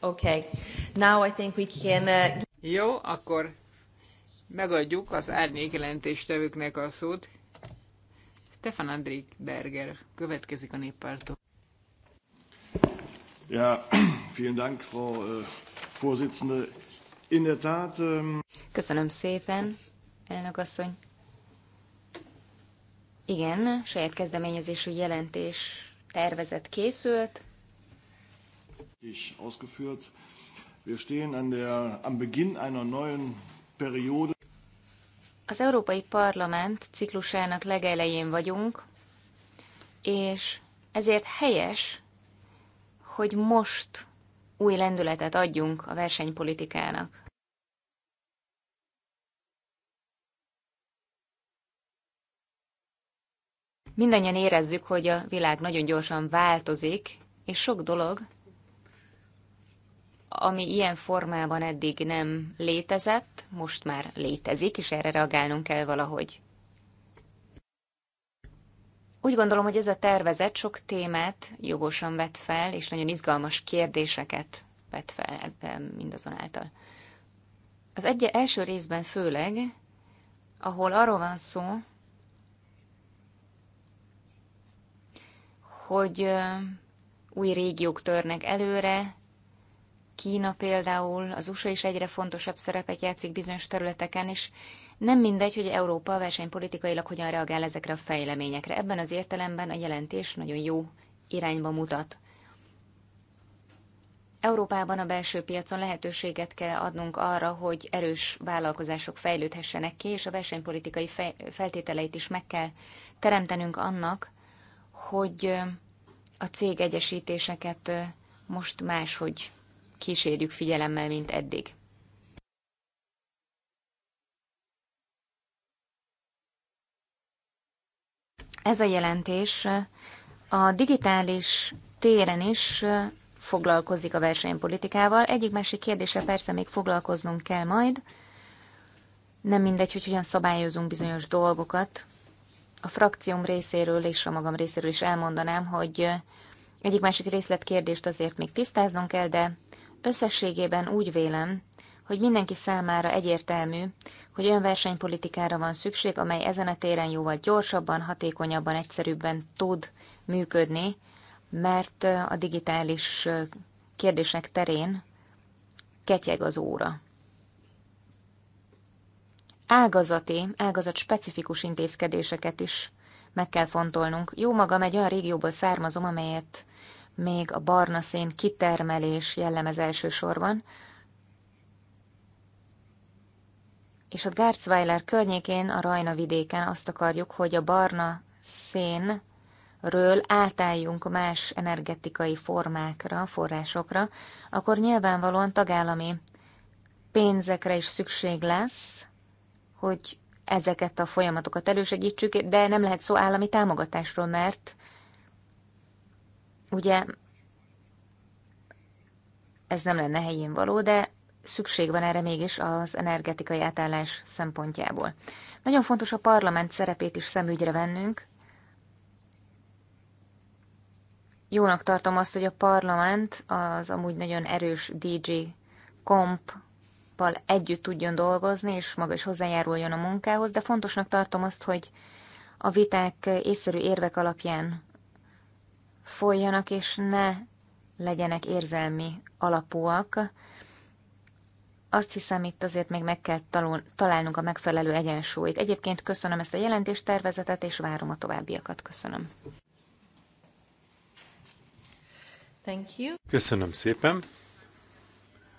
Okay. Now I think we can... Uh... Jó, akkor megadjuk az árnyék jelentéstevőknek a szót. Stefan Andrik Berger következik a néppártól. Ja, vielen Dank, Frau äh, Vorsitzende. In der Tat... Ähm, Köszönöm szépen, elnök asszony. Igen, saját kezdeményezésű jelentés tervezet készült, ich ausgeführt. Wir stehen an der, am Beginn einer neuen Periode. Az Európai Parlament ciklusának legelején vagyunk, és ezért helyes, hogy most új lendületet adjunk a versenypolitikának. Mindannyian érezzük, hogy a világ nagyon gyorsan változik, és sok dolog ami ilyen formában eddig nem létezett, most már létezik, és erre reagálnunk kell valahogy. Úgy gondolom, hogy ez a tervezet sok témát jogosan vett fel, és nagyon izgalmas kérdéseket vett fel mindazonáltal. Az egy első részben főleg, ahol arról van szó, hogy új régiók törnek előre, Kína például, az USA is egyre fontosabb szerepet játszik bizonyos területeken, és nem mindegy, hogy Európa versenypolitikailag hogyan reagál ezekre a fejleményekre. Ebben az értelemben a jelentés nagyon jó irányba mutat. Európában a belső piacon lehetőséget kell adnunk arra, hogy erős vállalkozások fejlődhessenek ki, és a versenypolitikai feltételeit is meg kell teremtenünk annak, hogy a cég egyesítéseket most máshogy kísérjük figyelemmel, mint eddig. Ez a jelentés a digitális téren is foglalkozik a versenypolitikával. Egyik másik kérdése persze még foglalkoznunk kell majd. Nem mindegy, hogy hogyan szabályozunk bizonyos dolgokat. A frakcióm részéről és a magam részéről is elmondanám, hogy egyik másik részletkérdést azért még tisztáznunk kell, de Összességében úgy vélem, hogy mindenki számára egyértelmű, hogy olyan versenypolitikára van szükség, amely ezen a téren jóval gyorsabban, hatékonyabban, egyszerűbben tud működni, mert a digitális kérdések terén ketyeg az óra. Ágazati, ágazat specifikus intézkedéseket is meg kell fontolnunk. Jó magam egy olyan régióból származom, amelyet még a barna szén kitermelés jellemez elsősorban, és a Garzweiler környékén, a Rajna vidéken azt akarjuk, hogy a barna szénről átálljunk más energetikai formákra, forrásokra, akkor nyilvánvalóan tagállami pénzekre is szükség lesz, hogy ezeket a folyamatokat elősegítsük, de nem lehet szó állami támogatásról, mert Ugye ez nem lenne helyén való, de szükség van erre mégis az energetikai átállás szempontjából. Nagyon fontos a parlament szerepét is szemügyre vennünk. Jónak tartom azt, hogy a parlament az amúgy nagyon erős DG komp együtt tudjon dolgozni, és maga is hozzájáruljon a munkához, de fontosnak tartom azt, hogy a viták észszerű érvek alapján folyjanak, és ne legyenek érzelmi alapúak. Azt hiszem, itt azért még meg kell találnunk a megfelelő egyensúlyt. Egyébként köszönöm ezt a jelentéstervezetet, és várom a továbbiakat. Köszönöm. Thank you. Köszönöm szépen.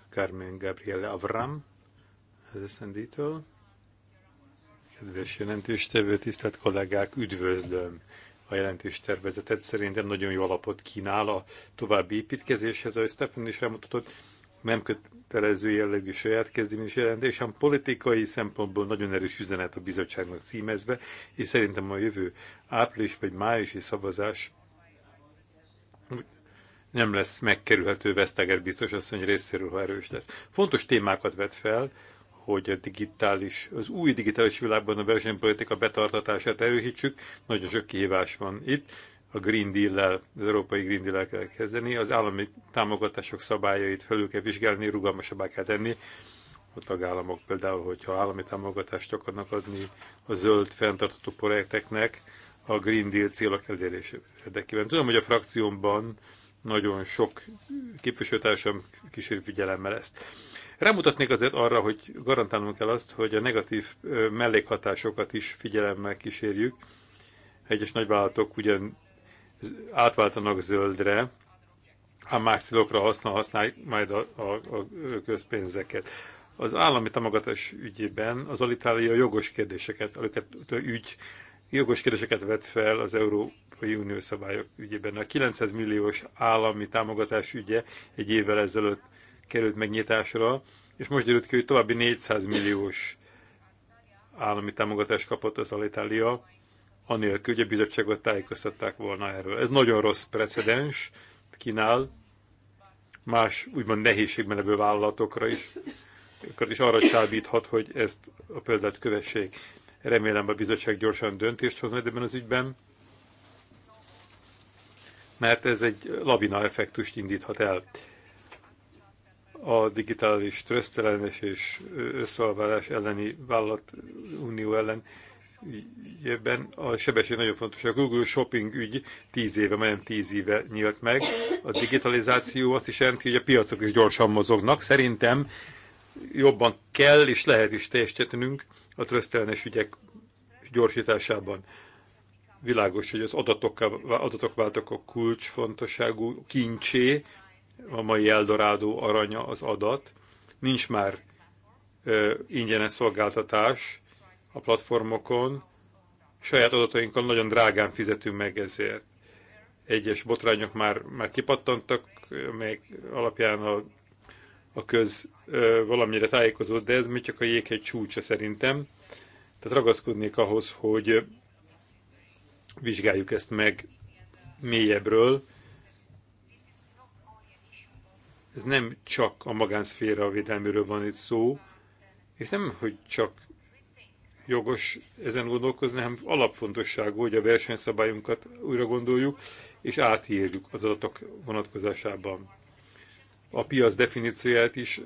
Carmen Gabriele Avram, az SND-től. Kedves jelentéstevő, tisztelt kollégák, üdvözlöm! a jelentés tervezetet. Szerintem nagyon jó alapot kínál a további építkezéshez, ahogy Stefan is elmutatott, nem kötelező jellegű saját kezdeményes jelentés, hanem politikai szempontból nagyon erős üzenet a bizottságnak címezve, és szerintem a jövő április vagy májusi szavazás nem lesz megkerülhető Vesztager biztos asszony részéről, ha erős lesz. Fontos témákat vet fel, hogy a digitális, az új digitális világban a versenypolitika betartatását erősítsük. Nagyon sok kihívás van itt. A Green Deal-lel, az Európai Green Deal-lel kell kezdeni, az állami támogatások szabályait felül kell vizsgálni, rugalmasabbá kell tenni. A tagállamok például, hogyha állami támogatást akarnak adni a zöld fenntartató projekteknek, a Green Deal célok elérése érdekében. Tudom, hogy a frakciómban nagyon sok képviselőtársam kísérő figyelemmel ezt. Rámutatnék azért arra, hogy garantálnunk kell azt, hogy a negatív mellékhatásokat is figyelemmel kísérjük. Egyes nagyvállalatok ugyan átváltanak zöldre, a más célokra használ, használják majd a, a, a közpénzeket. Az állami támogatás ügyében az Alitália jogos kérdéseket, amiket ügy, jogos kérdéseket vet fel az Európai Unió szabályok ügyében. A 900 milliós állami támogatás ügye egy évvel ezelőtt került megnyitásra, és most derült ki, hogy további 400 milliós állami támogatást kapott az Alitalia, anélkül, hogy a bizottságot tájékoztatták volna erről. Ez nagyon rossz precedens kínál más úgymond nehézségben levő vállalatokra is, és arra csábíthat, hogy ezt a példát kövessék. Remélem a bizottság gyorsan döntést hoz ebben az ügyben, mert ez egy lavina effektust indíthat el a digitális trösztelenes és összealvárás elleni unió ellen ebben a sebesség nagyon fontos. A Google Shopping ügy tíz éve, majdnem tíz éve nyílt meg. A digitalizáció azt is jelenti, hogy a piacok is gyorsan mozognak. Szerintem jobban kell és lehet is teljesítenünk a trösztelenes ügyek gyorsításában. Világos, hogy az adatok, adatok váltak a kulcsfontosságú kincsé a mai Eldorado aranya az adat. Nincs már ö, ingyenes szolgáltatás a platformokon. Saját adatainkon nagyon drágán fizetünk meg ezért. Egyes botrányok már, már kipattantak, meg alapján a, a köz ö, valamire tájékozott, de ez még csak a jéghegy csúcsa szerintem. Tehát ragaszkodnék ahhoz, hogy vizsgáljuk ezt meg mélyebbről, ez nem csak a magánszféra védelméről van itt szó, és nem, hogy csak jogos ezen gondolkozni, hanem alapfontosságú, hogy a versenyszabályunkat újra gondoljuk, és átírjuk az adatok vonatkozásában. A piac definícióját is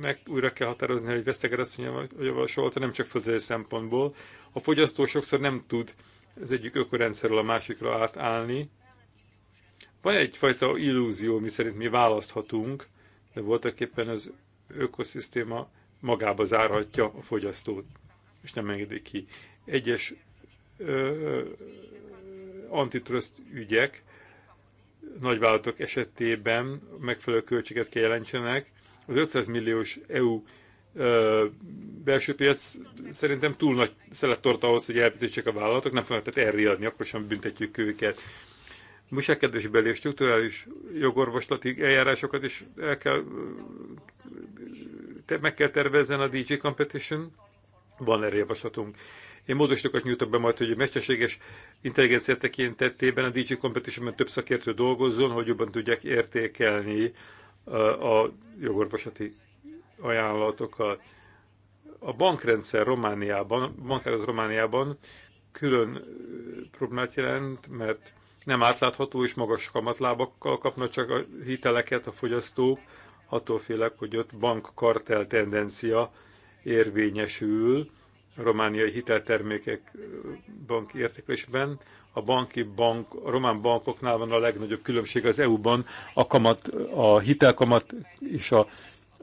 meg újra kell határozni, hogy Veszteger azt javasolta, nem csak földrajzi szempontból. A fogyasztó sokszor nem tud az egyik ökorendszerről a másikra átállni, van egyfajta illúzió, miszerint mi választhatunk, de voltak éppen az ökoszisztéma magába zárhatja a fogyasztót, és nem engedi ki. Egyes ö, antitrust ügyek nagyvállalatok esetében megfelelő költséget kell jelentsenek. Az 500 milliós EU ö, belső piac szerintem túl nagy szelettorta ahhoz, hogy elvitítsék a vállalatok, nem fognak tehát elriadni, akkor sem büntetjük őket viselkedésbeli és strukturális jogorvoslati eljárásokat is el kell, Te meg kell tervezzen a DJ Competition. Van erre javaslatunk. Én módosítókat nyújtok be majd, hogy a mesterséges intelligencia tekintetében a DJ Competition-ben több szakértő dolgozzon, hogy jobban tudják értékelni a jogorvoslati ajánlatokat. A bankrendszer Romániában, bankrendszer Romániában külön problémát jelent, mert nem átlátható és magas kamatlábakkal kapna csak a hiteleket a fogyasztók, attól félek, hogy ott bankkartel tendencia érvényesül a romániai hiteltermékek banki értékelésben. A banki bank, a román bankoknál van a legnagyobb különbség az EU-ban a kamat, a hitelkamat és a,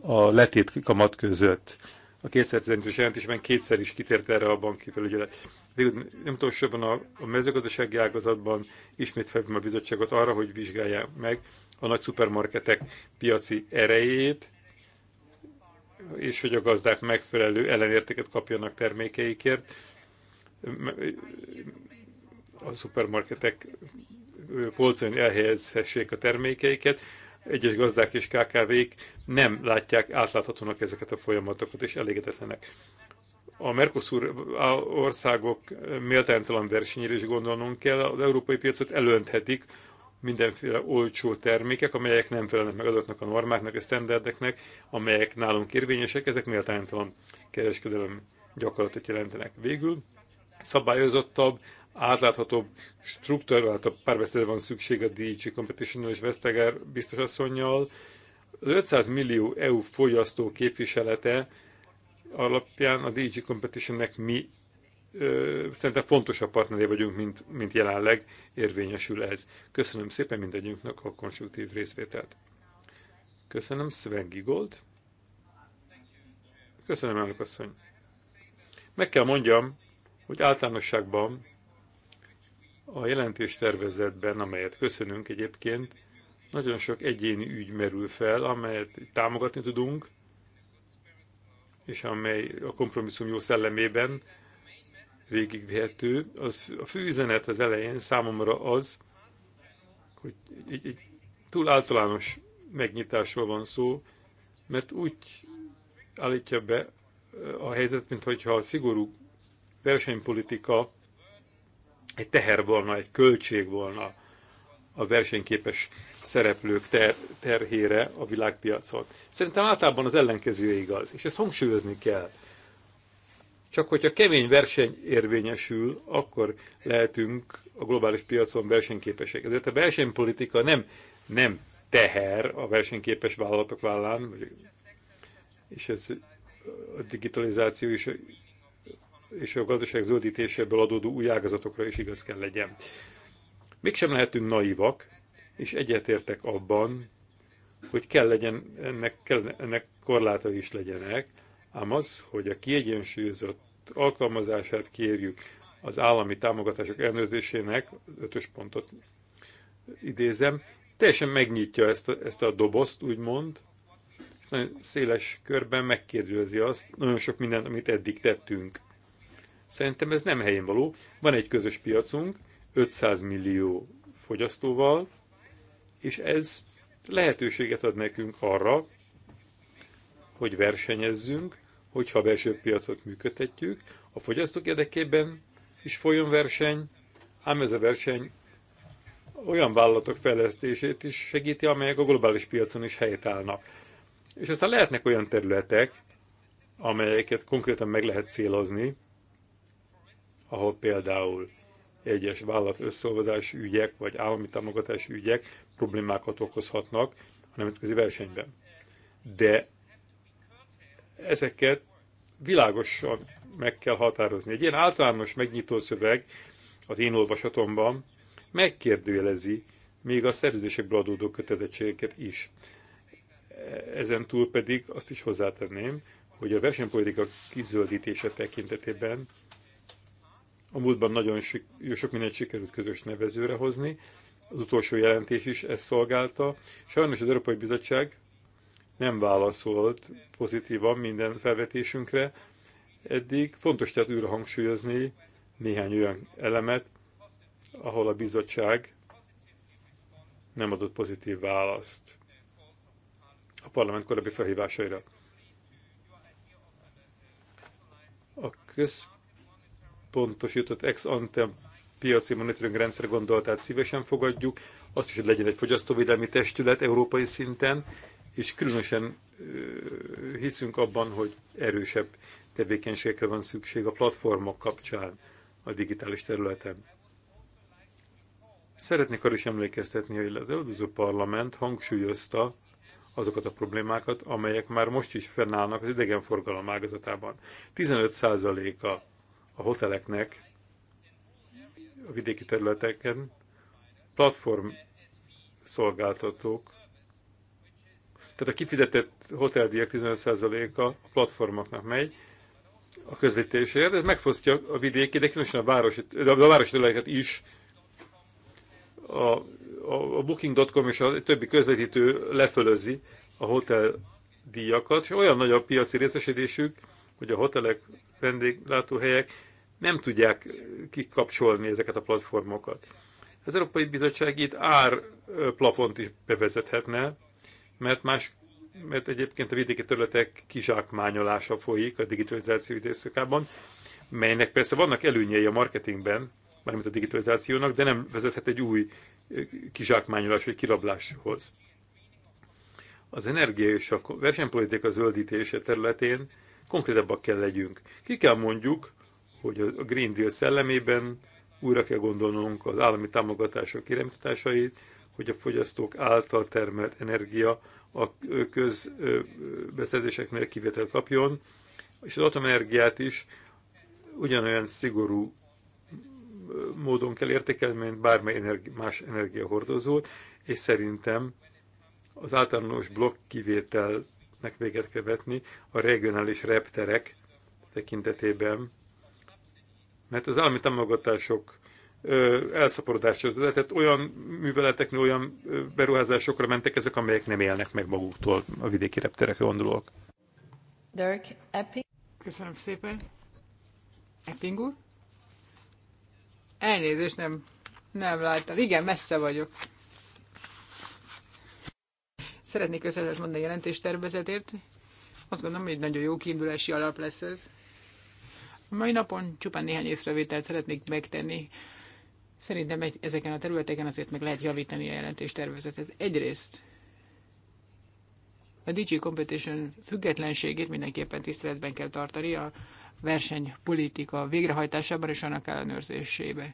a kamat között a 2015-ös jelentésben kétszer is kitért erre a banki felügyelet. Végül nem utolsóban a, a mezőgazdasági ágazatban ismét felhívom a bizottságot arra, hogy vizsgálja meg a nagy szupermarketek piaci erejét, és hogy a gazdák megfelelő ellenértéket kapjanak termékeikért. A szupermarketek polcon elhelyezhessék a termékeiket, egyes gazdák és KKV-k nem látják átláthatónak ezeket a folyamatokat, és elégedetlenek. A Mercosur országok méltánytalan versenyére is gondolnunk kell, az európai piacot elönthetik mindenféle olcsó termékek, amelyek nem felelnek meg azoknak a normáknak, a sztenderdeknek, amelyek nálunk érvényesek, ezek méltánytalan kereskedelem gyakorlatot jelentenek. Végül szabályozottabb, átláthatóbb, a párbeszédre van szükség a DG competition és Vesztegár biztosasszonynal. Az 500 millió EU fogyasztó képviselete alapján a DG nek mi ö, szerintem fontosabb partneré vagyunk, mint, mint jelenleg érvényesül ez. Köszönöm szépen mindegyünknek a konstruktív részvételt. Köszönöm, Sven Gigold. Köszönöm, elnök asszony. Meg kell mondjam, hogy általánosságban a jelentéstervezetben, amelyet köszönünk egyébként, nagyon sok egyéni ügy merül fel, amelyet támogatni tudunk, és amely a kompromisszum jó szellemében végigvihető. Az, a fő üzenet az elején számomra az, hogy egy, egy túl általános megnyitásról van szó, mert úgy állítja be a helyzet, mintha a szigorú versenypolitika egy teher volna, egy költség volna a versenyképes szereplők ter- terhére a világpiacon. Szerintem általában az ellenkezője igaz, és ezt hangsúlyozni kell. Csak hogyha kemény verseny érvényesül, akkor lehetünk a globális piacon versenyképesek. Ezért a versenypolitika nem, nem teher a versenyképes vállalatok vállán, és ez a digitalizáció is és a gazdaság zöldítéséből adódó új ágazatokra is igaz kell legyen. Mégsem lehetünk naivak, és egyetértek abban, hogy kell legyen, ennek, kell, ennek korlátai is legyenek, ám az, hogy a kiegyensúlyozott alkalmazását kérjük az állami támogatások ellenőrzésének, ötös pontot idézem, teljesen megnyitja ezt a, ezt a dobozt, úgymond, és nagyon széles körben megkérdőzi azt, nagyon sok mindent, amit eddig tettünk. Szerintem ez nem helyén való. Van egy közös piacunk, 500 millió fogyasztóval, és ez lehetőséget ad nekünk arra, hogy versenyezzünk, hogyha a belső piacot működtetjük, a fogyasztók érdekében is folyjon verseny, ám ez a verseny olyan vállalatok fejlesztését is segíti, amelyek a globális piacon is állnak. És aztán lehetnek olyan területek, amelyeket konkrétan meg lehet célozni, ahol például egyes vállalat összeolvadási ügyek vagy állami támogatási ügyek problémákat okozhatnak a nemzetközi versenyben. De ezeket világosan meg kell határozni. Egy ilyen általános megnyitó szöveg az én olvasatomban megkérdőjelezi még a szerződésekből adódó kötelezettségeket is. Ezen túl pedig azt is hozzátenném, hogy a versenypolitika kizöldítése tekintetében a múltban nagyon sok mindent sikerült közös nevezőre hozni, az utolsó jelentés is ezt szolgálta. Sajnos az Európai Bizottság nem válaszolt pozitívan minden felvetésünkre. Eddig fontos tehát újra hangsúlyozni néhány olyan elemet, ahol a bizottság nem adott pozitív választ a parlament korábbi felhívásaira. A köz pontosított ex ante piaci monitoring rendszer gondolatát szívesen fogadjuk, azt is, hogy legyen egy fogyasztóvédelmi testület európai szinten, és különösen hiszünk abban, hogy erősebb tevékenységekre van szükség a platformok kapcsán a digitális területen. Szeretnék arra is emlékeztetni, hogy az előző parlament hangsúlyozta azokat a problémákat, amelyek már most is fennállnak az idegenforgalom ágazatában. 15%-a a hoteleknek a vidéki területeken platform szolgáltatók, tehát a kifizetett hoteldíjak 15%-a a platformoknak megy a közvetésért, ez megfosztja a vidéki, de különösen a városi, de a városi területeket is a, a, a Booking.com és a többi közvetítő lefölözi a hoteldíjakat, és olyan nagy a piaci részesedésük, hogy a hotelek, vendéglátóhelyek nem tudják kikapcsolni ezeket a platformokat. Az Európai Bizottság itt ár plafont is bevezethetne, mert más mert egyébként a vidéki területek kizsákmányolása folyik a digitalizáció időszakában, melynek persze vannak előnyei a marketingben, mármint a digitalizációnak, de nem vezethet egy új kizsákmányolás vagy kirabláshoz. Az energia és a versenypolitika zöldítése területén konkrétabbak kell legyünk. Ki kell mondjuk, hogy a Green Deal szellemében újra kell gondolnunk az állami támogatások irányításait, hogy a fogyasztók által termelt energia a közbeszerzéseknél kivétel kapjon, és az atomenergiát is ugyanolyan szigorú módon kell értékelni, mint bármely energi, más energiahordozót, és szerintem az általános blokk kivételnek véget kell vetni a regionális repterek tekintetében, mert az állami támogatások elszaporodáshoz vezetett, olyan műveleteknél, olyan beruházásokra mentek ezek, amelyek nem élnek meg maguktól a vidéki repterekre gondolok. Dirk Epping. Köszönöm szépen. Epping úr? Elnézést, nem, nem láttam. Igen, messze vagyok. Szeretnék köszönetet mondani a jelentéstervezetért. Azt gondolom, hogy nagyon jó kiindulási alap lesz ez. Mai napon csupán néhány észrevételt szeretnék megtenni. Szerintem egy, ezeken a területeken azért meg lehet javítani a jelentéstervezetet. Egyrészt a DG Competition függetlenségét mindenképpen tiszteletben kell tartani a versenypolitika végrehajtásában és annak ellenőrzésébe.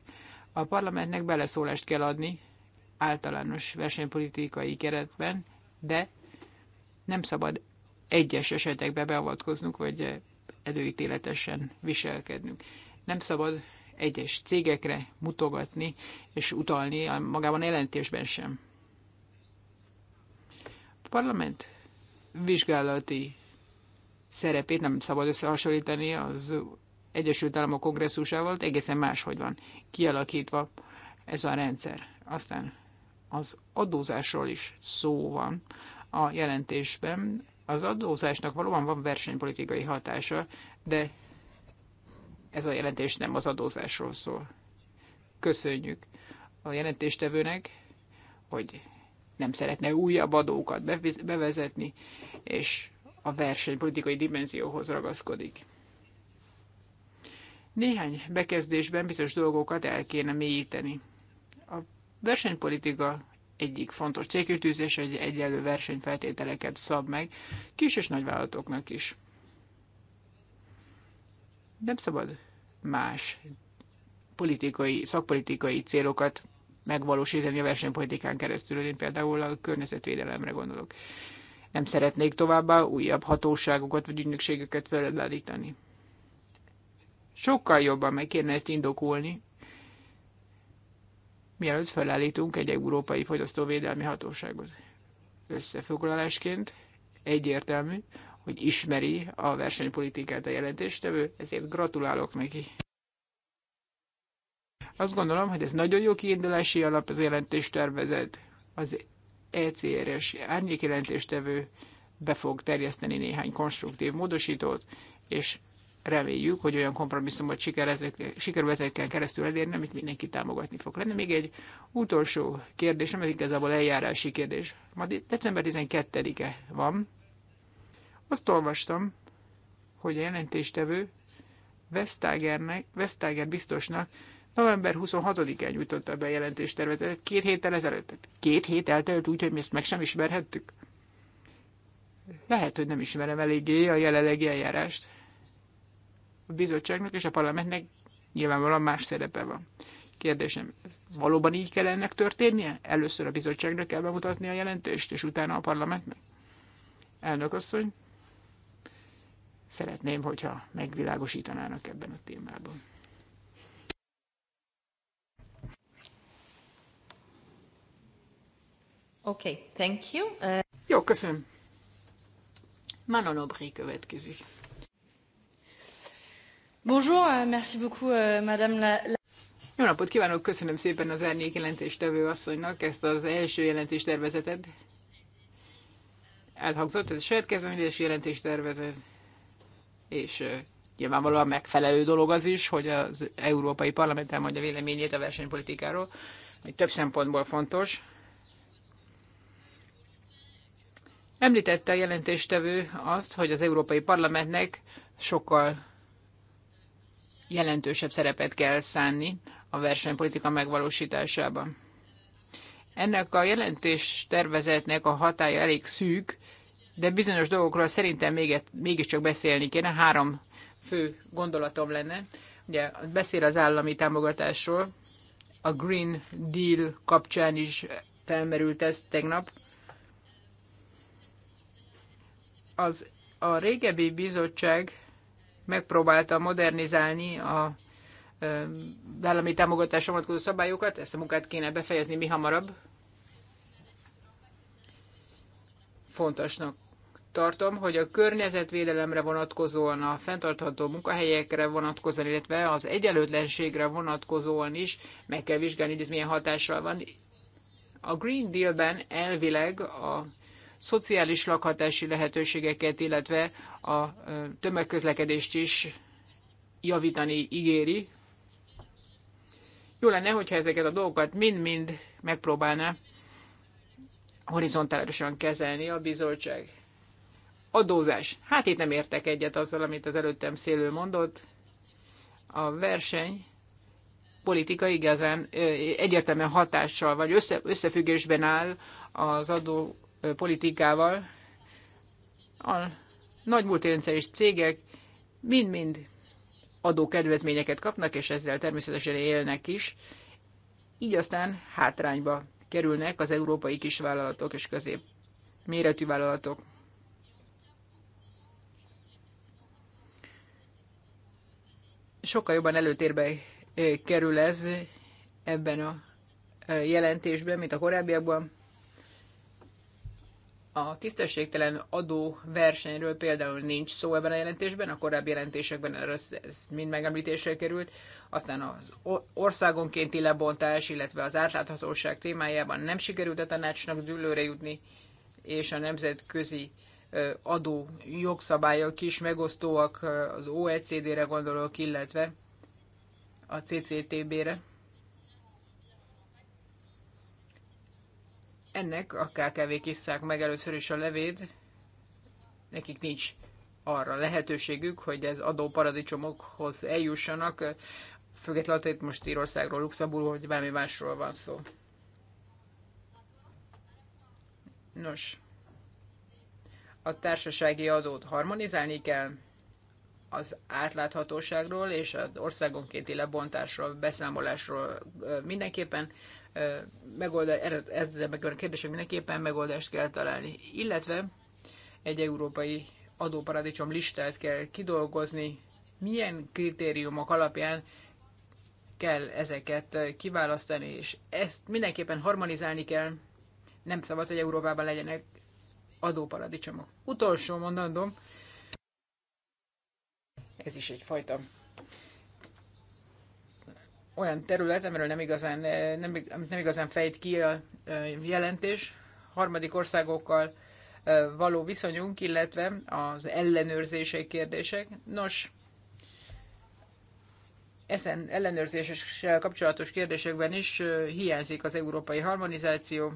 A parlamentnek beleszólást kell adni általános versenypolitikai keretben, de nem szabad egyes esetekbe beavatkoznunk, vagy előítéletesen viselkednünk. Nem szabad egyes cégekre mutogatni és utalni magában jelentésben sem. A parlament vizsgálati szerepét nem szabad összehasonlítani az Egyesült Államok kongresszusával, egészen máshogy van kialakítva ez a rendszer. Aztán az adózásról is szó van a jelentésben. Az adózásnak valóban van versenypolitikai hatása, de ez a jelentés nem az adózásról szól. Köszönjük a jelentéstevőnek, hogy nem szeretne újabb adókat bevezetni, és a versenypolitikai dimenzióhoz ragaszkodik. Néhány bekezdésben bizonyos dolgokat el kéne mélyíteni. A versenypolitika egyik fontos célkitűzés, hogy egyenlő versenyfeltételeket szab meg kis és nagyvállalatoknak is. Nem szabad más politikai, szakpolitikai célokat megvalósítani a versenypolitikán keresztül. Én például a környezetvédelemre gondolok. Nem szeretnék továbbá újabb hatóságokat vagy ügynökségeket felállítani. Sokkal jobban meg kéne ezt indokolni, mielőtt felállítunk egy európai fogyasztóvédelmi hatóságot. Összefoglalásként egyértelmű, hogy ismeri a versenypolitikát a jelentéstevő, ezért gratulálok neki. Azt gondolom, hogy ez nagyon jó kiindulási alap az tervezett. Az ECRS jelentéstevő be fog terjeszteni néhány konstruktív módosítót, és reméljük, hogy olyan kompromisszumot siker ezek, sikerül ezekkel keresztül elérni, amit mindenki támogatni fog lenni. Még egy utolsó kérdés, ez igazából eljárási kérdés. Ma december 12-e van. Azt olvastam, hogy a jelentéstevő Vestagernek, Vestager biztosnak november 26-án nyújtotta be a jelentéstervezetet, két héttel ezelőtt. Két hét eltelt úgy, hogy mi ezt meg sem ismerhettük. Lehet, hogy nem ismerem eléggé a jelenlegi eljárást a bizottságnak és a parlamentnek nyilvánvalóan más szerepe van. Kérdésem, valóban így kell ennek történnie? Először a bizottságnak kell bemutatni a jelentést, és utána a parlamentnek? Elnök asszony, szeretném, hogyha megvilágosítanának ebben a témában. Oké, okay, thank you. Uh... Jó, köszönöm. Manon Aubry következik. Bonjour, euh, merci beaucoup, euh, madame la... Jó napot kívánok, köszönöm szépen az Ernék jelentéstevő asszonynak ezt az első jelentéstervezetet. Elhangzott, ez a saját kezdeményezési jelentéstervezet, és nyilvánvalóan megfelelő dolog az is, hogy az Európai Parlament elmondja véleményét a versenypolitikáról, ami több szempontból fontos. Említette a jelentéstevő azt, hogy az Európai Parlamentnek sokkal jelentősebb szerepet kell szánni a versenypolitika megvalósításában. Ennek a jelentés tervezetnek a hatája elég szűk, de bizonyos dolgokról szerintem még, mégiscsak beszélni kéne. Három fő gondolatom lenne. Ugye beszél az állami támogatásról, a Green Deal kapcsán is felmerült ez tegnap. Az, a régebbi bizottság megpróbálta modernizálni a állami támogatásra vonatkozó szabályokat, ezt a munkát kéne befejezni mi hamarabb. Fontosnak tartom, hogy a környezetvédelemre vonatkozóan, a fenntartható munkahelyekre vonatkozóan, illetve az egyenlőtlenségre vonatkozóan is meg kell vizsgálni, hogy ez milyen hatással van. A Green Deal-ben elvileg a szociális lakhatási lehetőségeket, illetve a tömegközlekedést is javítani ígéri. Jó lenne, hogyha ezeket a dolgokat mind-mind megpróbálná horizontálisan kezelni a bizottság. Adózás. Hát itt nem értek egyet azzal, amit az előttem szélő mondott. A verseny politika igazán egyértelműen hatással vagy összefüggésben áll az adó politikával. A nagy multirendszeres cégek mind-mind adókedvezményeket kapnak, és ezzel természetesen élnek is. Így aztán hátrányba kerülnek az európai kisvállalatok és közép méretű vállalatok. Sokkal jobban előtérbe eh, kerül ez ebben a eh, jelentésben, mint a korábbiakban. A tisztességtelen adó versenyről például nincs szó ebben a jelentésben, a korábbi jelentésekben erről ez mind megemlítésre került, aztán az országonkénti lebontás, illetve az átláthatóság témájában nem sikerült a tanácsnak dűlőre jutni, és a nemzetközi adó jogszabályok is megosztóak az OECD-re gondolok, illetve a CCTB-re. Ennek a KKV-k meg először is a levéd nekik nincs arra lehetőségük, hogy ez paradicsomokhoz eljussanak, függetlenül itt most Írországról, Luxemburgról, hogy bármi másról van szó. Nos, a társasági adót harmonizálni kell, az átláthatóságról és az országonkénti lebontásról, beszámolásról mindenképpen megoldás, ezzel meg a kérdések mindenképpen megoldást kell találni. Illetve egy európai adóparadicsom listát kell kidolgozni, milyen kritériumok alapján kell ezeket kiválasztani, és ezt mindenképpen harmonizálni kell, nem szabad, hogy Európában legyenek adóparadicsomok. Utolsó mondandom, ez is egyfajta olyan terület, amiről nem igazán, eh, nem, nem igazán fejt ki a eh, jelentés, harmadik országokkal eh, való viszonyunk, illetve az ellenőrzések kérdések. Nos, ezen ellenőrzéssel kapcsolatos kérdésekben is hiányzik az európai harmonizáció.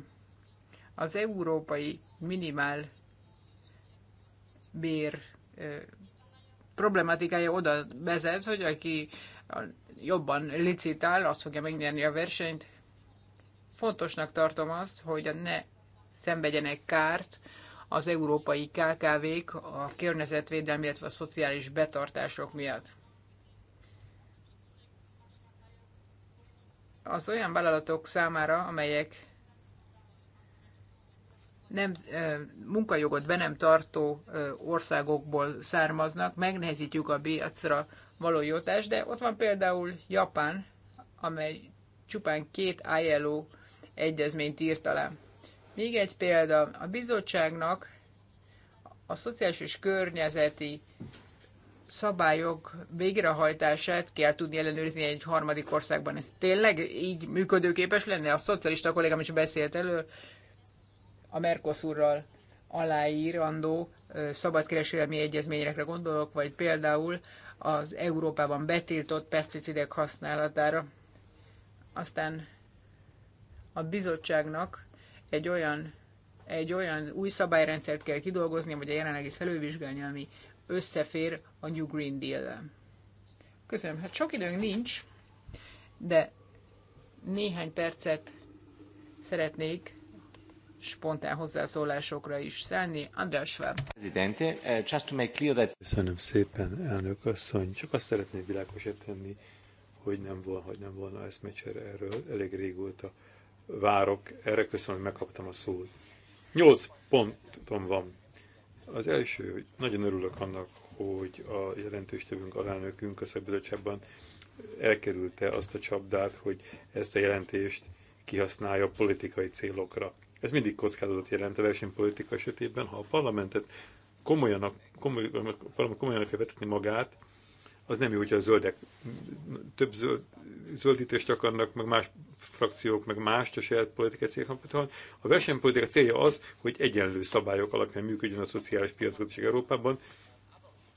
Az európai minimál bér problematikája oda vezet, hogy aki jobban licitál, az fogja megnyerni a versenyt. Fontosnak tartom azt, hogy ne szenvedjenek kárt az európai KKV-k a környezetvédelmi, illetve a szociális betartások miatt. Az olyan vállalatok számára, amelyek nem, munkajogot be nem tartó országokból származnak, megnehezítjük a piacra való jótás, de ott van például Japán, amely csupán két ILO egyezményt írt alá. Még egy példa, a bizottságnak a szociális és környezeti szabályok végrehajtását kell tudni ellenőrizni egy harmadik országban. Ez tényleg így működőképes lenne? A szocialista kollégám is beszélt elő a Mercosurral aláírandó szabadkereskedelmi egyezményekre gondolok, vagy például az Európában betiltott pesticidek használatára. Aztán a bizottságnak egy olyan, egy olyan új szabályrendszert kell kidolgozni, vagy a is felülvizsgálni, ami összefér a New Green Deal-lel. Köszönöm. Hát sok időnk nincs, de néhány percet szeretnék spontán hozzászólásokra is szállni. András Schwab. Eh, köszönöm szépen, elnök asszony. Csak azt szeretném világosat tenni, hogy nem volna, hogy nem volna eszmecsere erről. Elég régóta várok. Erre köszönöm, hogy megkaptam a szót. Nyolc pontom van. Az első, hogy nagyon örülök annak, hogy a jelentős tövünk alelnökünk a szakbizottságban elkerülte azt a csapdát, hogy ezt a jelentést kihasználja politikai célokra. Ez mindig kockázatot jelent a versenypolitika esetében, ha a parlamentet komolyan, komolyan, komolyan kell vetetni magát, az nem jó, hogyha a zöldek több zöld, zöldítést akarnak, meg más frakciók, meg más a saját politikai célkapcsolatban. A versenypolitika célja az, hogy egyenlő szabályok alapján működjön a szociális piacgazdaság Európában.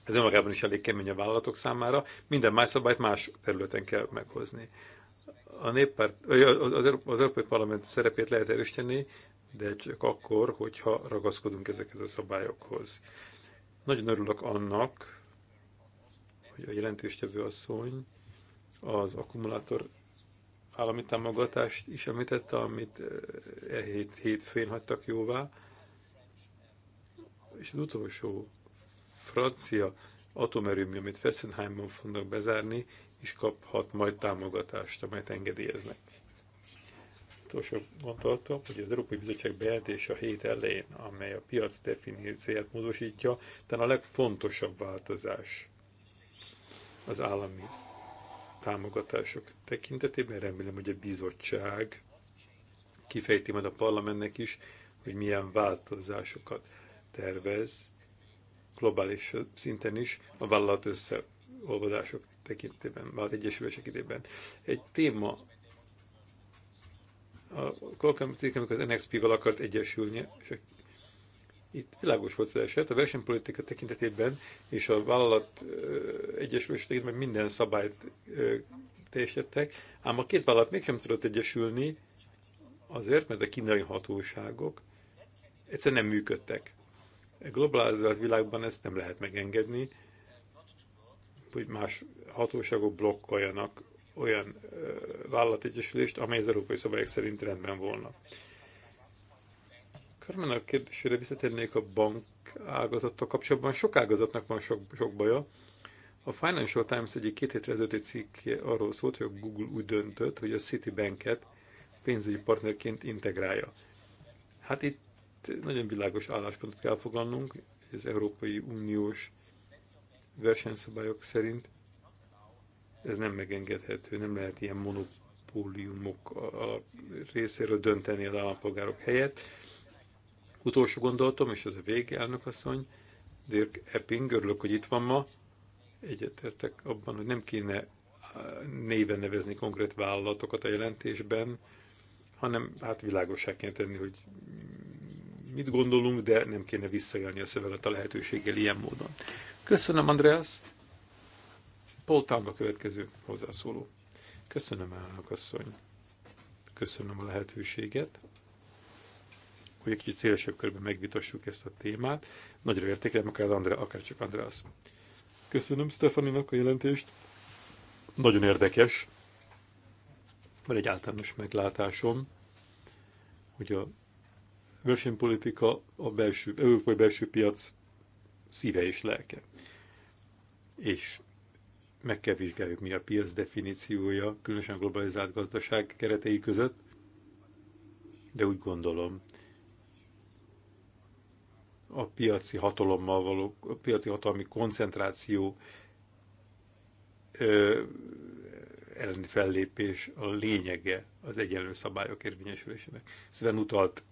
Ez önmagában is elég kemény a vállalatok számára. Minden más szabályt más területen kell meghozni. A néppárt, az Európai Parlament szerepét lehet erősíteni, de csak akkor, hogyha ragaszkodunk ezekhez a szabályokhoz. Nagyon örülök annak, hogy a jelentéstevő asszony az akkumulátor állami támogatást is említette, amit e hét, hétfőn hagytak jóvá. És az utolsó francia atomerőmű, amit Fessenheimban fognak bezárni, is kaphat majd támogatást, amelyet engedélyeznek. Utolsó gondolatom, hogy az Európai Bizottság bejelentése a hét elején, amely a piac definíciát módosítja, talán a legfontosabb változás az állami támogatások tekintetében. Remélem, hogy a bizottság kifejti majd a parlamentnek is, hogy milyen változásokat tervez globális szinten is a vállalat összeolvadások tekintetében, vált egyesülések idében. Egy téma, a Qualcomm cég, amikor az nxp val akart egyesülni, és itt világos volt az eset, a versenypolitika tekintetében és a vállalat egyesülés tekintetében minden szabályt teljesítettek, ám a két vállalat mégsem tudott egyesülni, azért, mert a kínai hatóságok egyszerűen nem működtek. A globalizált világban ezt nem lehet megengedni, hogy más hatóságok blokkoljanak olyan vállalategyesülést, amely az európai szabályok szerint rendben volna. Körben a kérdésére visszatérnék a bank ágazattal kapcsolatban. Sok ágazatnak van sok, sok baja. A Financial Times egyik két hétre ezelőtti cikk arról szólt, hogy a Google úgy döntött, hogy a Citibanket pénzügyi partnerként integrálja. Hát itt nagyon világos álláspontot kell foglalnunk, hogy az Európai Uniós versenyszabályok szerint ez nem megengedhető, nem lehet ilyen monopóliumok részéről dönteni az állampolgárok helyett. Utolsó gondolatom, és ez a vége, elnökasszony, Dirk Epping, örülök, hogy itt van ma, egyetértek abban, hogy nem kéne néven nevezni konkrét vállalatokat a jelentésben, hanem hát világosá kéne tenni, hogy mit gondolunk, de nem kéne visszaélni a szövelet a lehetőséggel ilyen módon. Köszönöm, Andreas. Paul a következő hozzászóló. Köszönöm, elnök asszony. Köszönöm a lehetőséget, hogy egy kicsit szélesebb körben megvitassuk ezt a témát. Nagyra értékelem, akár, André, akár csak András. Köszönöm Stefaninak a jelentést. Nagyon érdekes. Van egy általános meglátásom, hogy a versenypolitika a belső, európai belső piac szíve és lelke. És meg kell vizsgáljuk, mi a piac definíciója, különösen globalizált gazdaság keretei között, de úgy gondolom, a piaci hatalommal való, a piaci hatalmi koncentráció elleni fellépés a lényege az egyenlő szabályok érvényesülésének. Sven utalt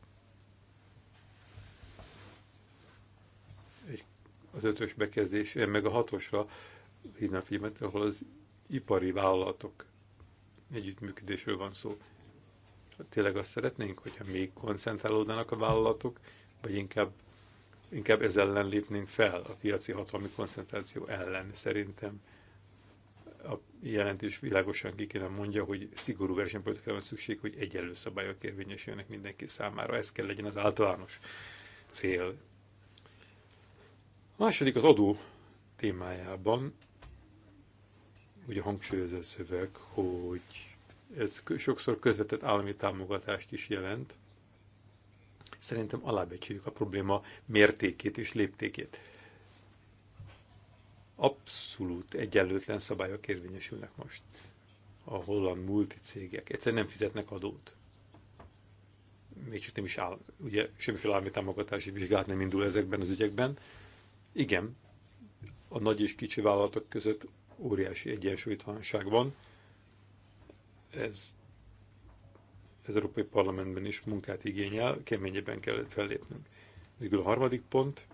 az ötös bekezdés, eh, meg a hatosra hívnám filmet, ahol az ipari vállalatok együttműködésről van szó. Tényleg azt szeretnénk, hogyha még koncentrálódnának a vállalatok, vagy inkább, inkább ez ellen lépnénk fel, a piaci hatalmi koncentráció ellen szerintem. A jelentés világosan ki kéne mondja, hogy szigorú versenypolitikára van szükség, hogy egyenlő szabályok érvényesüljenek mindenki számára. Ez kell legyen az általános cél második az adó témájában ugye hangsúlyozza a szöveg, hogy ez sokszor közvetett állami támogatást is jelent. Szerintem alábecsüljük a probléma mértékét és léptékét. Abszolút egyenlőtlen szabályok érvényesülnek most. A holland multicégek egyszerűen nem fizetnek adót. Még csak nem is áll, ugye semmiféle állami támogatási vizsgálat nem indul ezekben az ügyekben igen, a nagy és kicsi vállalatok között óriási egyensúlytalanság van. Ez, az Európai Parlamentben is munkát igényel, keményebben kell fellépnünk. Végül a harmadik pont,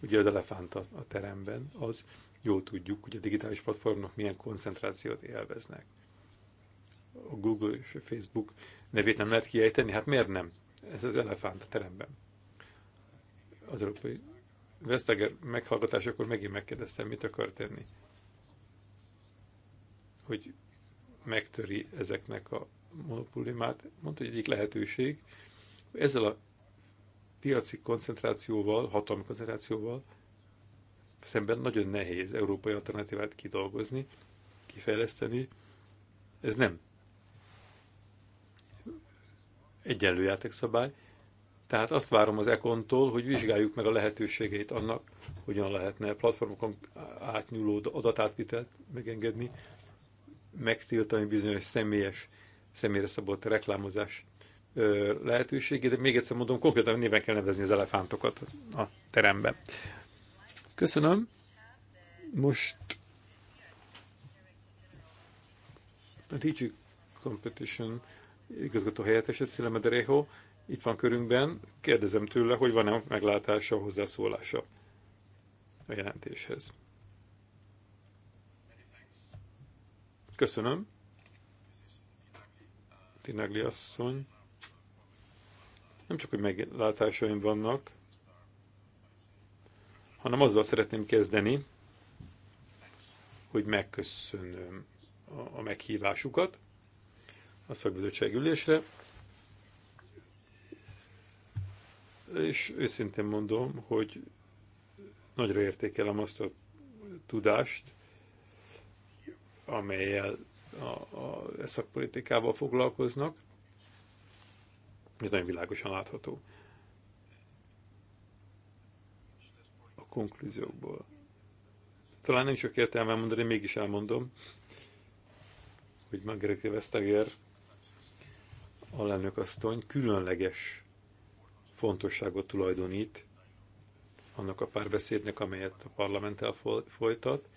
ugye az elefánt a, a teremben, az jól tudjuk, hogy a digitális platformok milyen koncentrációt élveznek. A Google és a Facebook nevét nem lehet kiejteni, hát miért nem? Ez az elefánt a teremben. Az Európai Veszteger meghallgatásakor megint megkérdeztem, mit akar tenni. Hogy megtöri ezeknek a monopólimát. Mondta, hogy egyik lehetőség, hogy ezzel a piaci koncentrációval, hatalmi koncentrációval szemben nagyon nehéz európai alternatívát kidolgozni, kifejleszteni. Ez nem egyenlő játékszabály, tehát azt várom az EK-tól, hogy vizsgáljuk meg a lehetőségeit annak, hogyan lehetne platformokon átnyúló adatátvitelt megengedni, megtiltani bizonyos személyes, személyre szabott reklámozás lehetőségét, de még egyszer mondom, konkrétan néven kell nevezni az elefántokat a teremben. Köszönöm. Most a DG Competition igazgató helyettes, Szileme itt van körünkben, kérdezem tőle, hogy van-e meglátása, hozzászólása a jelentéshez. Köszönöm. Tinagli asszony. Nem csak, hogy meglátásaim vannak, hanem azzal szeretném kezdeni, hogy megköszönöm a meghívásukat a szakbizottság ülésre, és őszintén mondom, hogy nagyra értékelem azt a tudást, amelyel a, a e szakpolitikával foglalkoznak. Ez nagyon világosan látható. A konklúziókból. Talán nem sok értelme mondani, mégis elmondom, hogy Margaret Vestager, alelnök asszony különleges fontosságot tulajdonít annak a párbeszédnek, amelyet a parlamenttel folytat,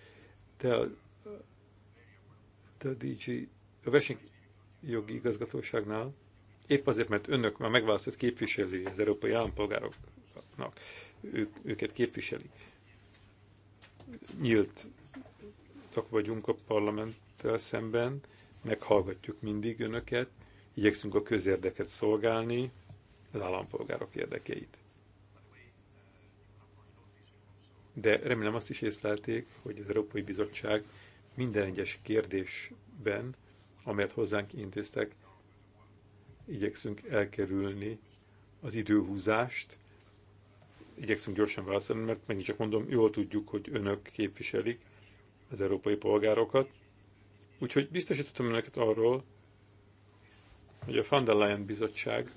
de a, de a DG, a versenyjogi igazgatóságnál, épp azért, mert önök már megválasztott képviselői az európai állampolgároknak, ők, őket képviseli. Nyílt vagyunk a parlamenttel szemben, meghallgatjuk mindig önöket, igyekszünk a közérdeket szolgálni, az állampolgárok érdekeit. De remélem azt is észlelték, hogy az Európai Bizottság minden egyes kérdésben, amelyet hozzánk intéztek, igyekszünk elkerülni az időhúzást, igyekszünk gyorsan válaszolni, mert megint csak mondom, jól tudjuk, hogy önök képviselik az európai polgárokat. Úgyhogy biztosítottam önöket arról, hogy a Van der Leyen bizottság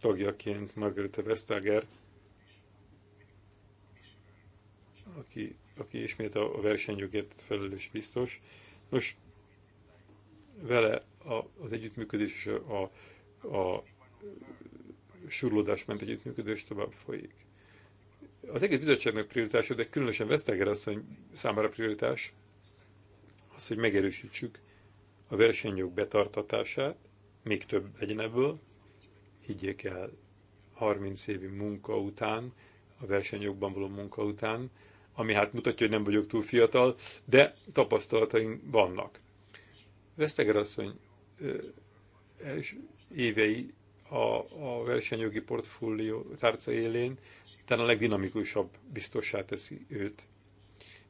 tagjaként Margarita Vestager, aki, aki ismét a versenyjogért felelős biztos. Nos, vele a, az együttműködés és a, a, a surlódásment együttműködés tovább folyik. Az egész bizottságnak prioritása, de különösen Vesztager asszony számára prioritás, az, hogy megerősítsük a versenyjog betartatását, még több legyen ebből, higgyék el, 30 évi munka után, a versenyokban való munka után, ami hát mutatja, hogy nem vagyok túl fiatal, de tapasztalataim vannak. Veszteger asszony évei a, a versenyjogi portfólió tárca élén talán a legdinamikusabb biztossá teszi őt.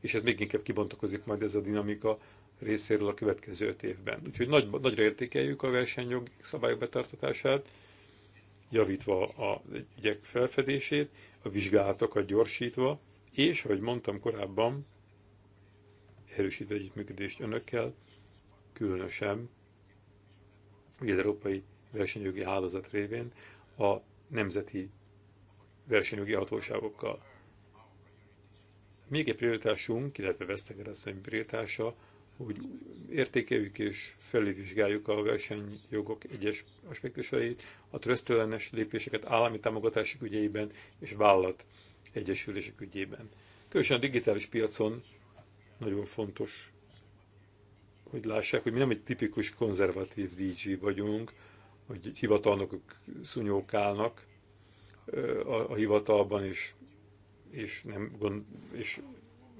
És ez még inkább kibontakozik majd ez a dinamika részéről a következő öt évben. Úgyhogy nagy, nagyra értékeljük a versenyjog szabályok betartatását, javítva a ügyek felfedését, a vizsgálatokat gyorsítva, és, ahogy mondtam korábban, erősítve együttműködést önökkel, különösen ugye az Európai Versenyjogi Hálózat révén a nemzeti versenyjogi hatóságokkal. Még egy prioritásunk, illetve Veszteger prioritása hogy értékeljük és felülvizsgáljuk a versenyjogok egyes aspektusait, a trösztelenes lépéseket állami támogatások ügyeiben és vállalat egyesülések ügyében. Különösen a digitális piacon nagyon fontos, hogy lássák, hogy mi nem egy tipikus konzervatív DJ vagyunk, hogy hivatalnokok szunyókálnak a, a hivatalban, és, és, nem, gond, és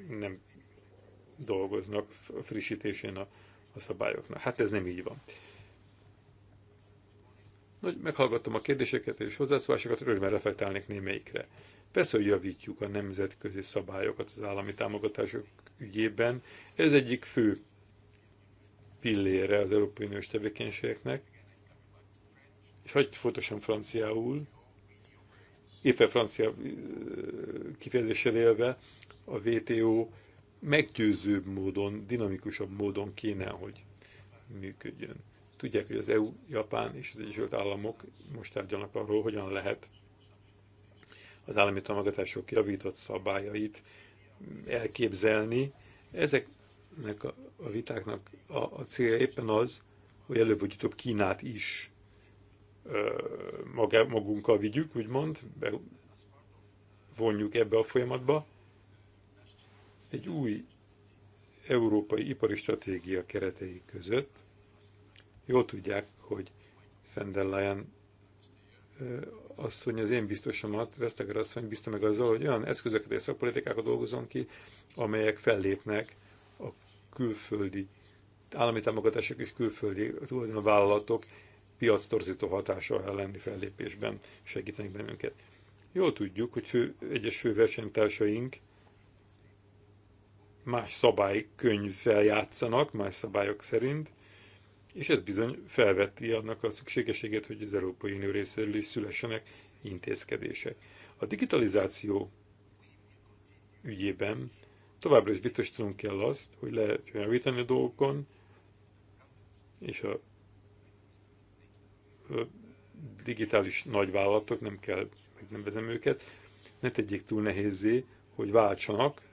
nem dolgoznak a frissítésén a, a szabályoknak. Hát ez nem így van. Nagy, meghallgattam a kérdéseket és hozzászólásokat, örömmel reflektálnék némelyikre. Persze, hogy javítjuk a nemzetközi szabályokat az állami támogatások ügyében. Ez egyik fő pillére az Európai Uniós tevékenységeknek. És hagyd fontosan franciául, éppen francia kifejezéssel élve, a WTO meggyőzőbb módon, dinamikusabb módon kéne, hogy működjön. Tudják, hogy az EU, Japán és az Egyesült Államok most tárgyalnak arról, hogyan lehet az állami támogatások javított szabályait elképzelni. Ezeknek a vitáknak a, célja éppen az, hogy előbb vagy utóbb Kínát is magunkkal vigyük, úgymond, vonjuk ebbe a folyamatba, egy új európai ipari stratégia keretei között. Jól tudják, hogy Fenderlein asszony, az én biztosomat, Veszteger asszony bízta meg azzal, hogy olyan eszközöket és szakpolitikákat dolgozom ki, amelyek fellépnek a külföldi állami támogatások és külföldi tulajdonvállalatok piac torzító hatása elleni fellépésben segítenek bennünket. Jól tudjuk, hogy fő, egyes fő versenytársaink más szabálykönyvvel játszanak, más szabályok szerint, és ez bizony felveti annak a szükségességét, hogy az Európai Unió részéről is szülessenek intézkedések. A digitalizáció ügyében továbbra is biztosítanunk kell azt, hogy lehet javítani a dolgokon, és a digitális nagyvállalatok, nem kell, megnevezem őket, ne tegyék túl nehézé, hogy váltsanak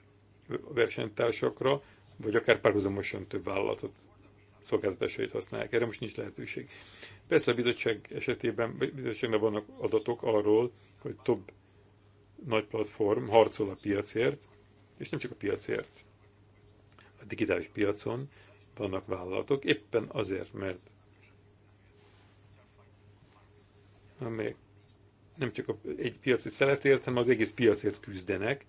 versenytársakra, vagy akár párhuzamosan több vállalatot szolgáltatásait használják. Erre most nincs lehetőség. Persze a bizottság esetében, bizottságnak vannak adatok arról, hogy több nagy platform harcol a piacért, és nem csak a piacért. A digitális piacon vannak vállalatok, éppen azért, mert nem csak egy piaci szeletért, hanem az egész piacért küzdenek,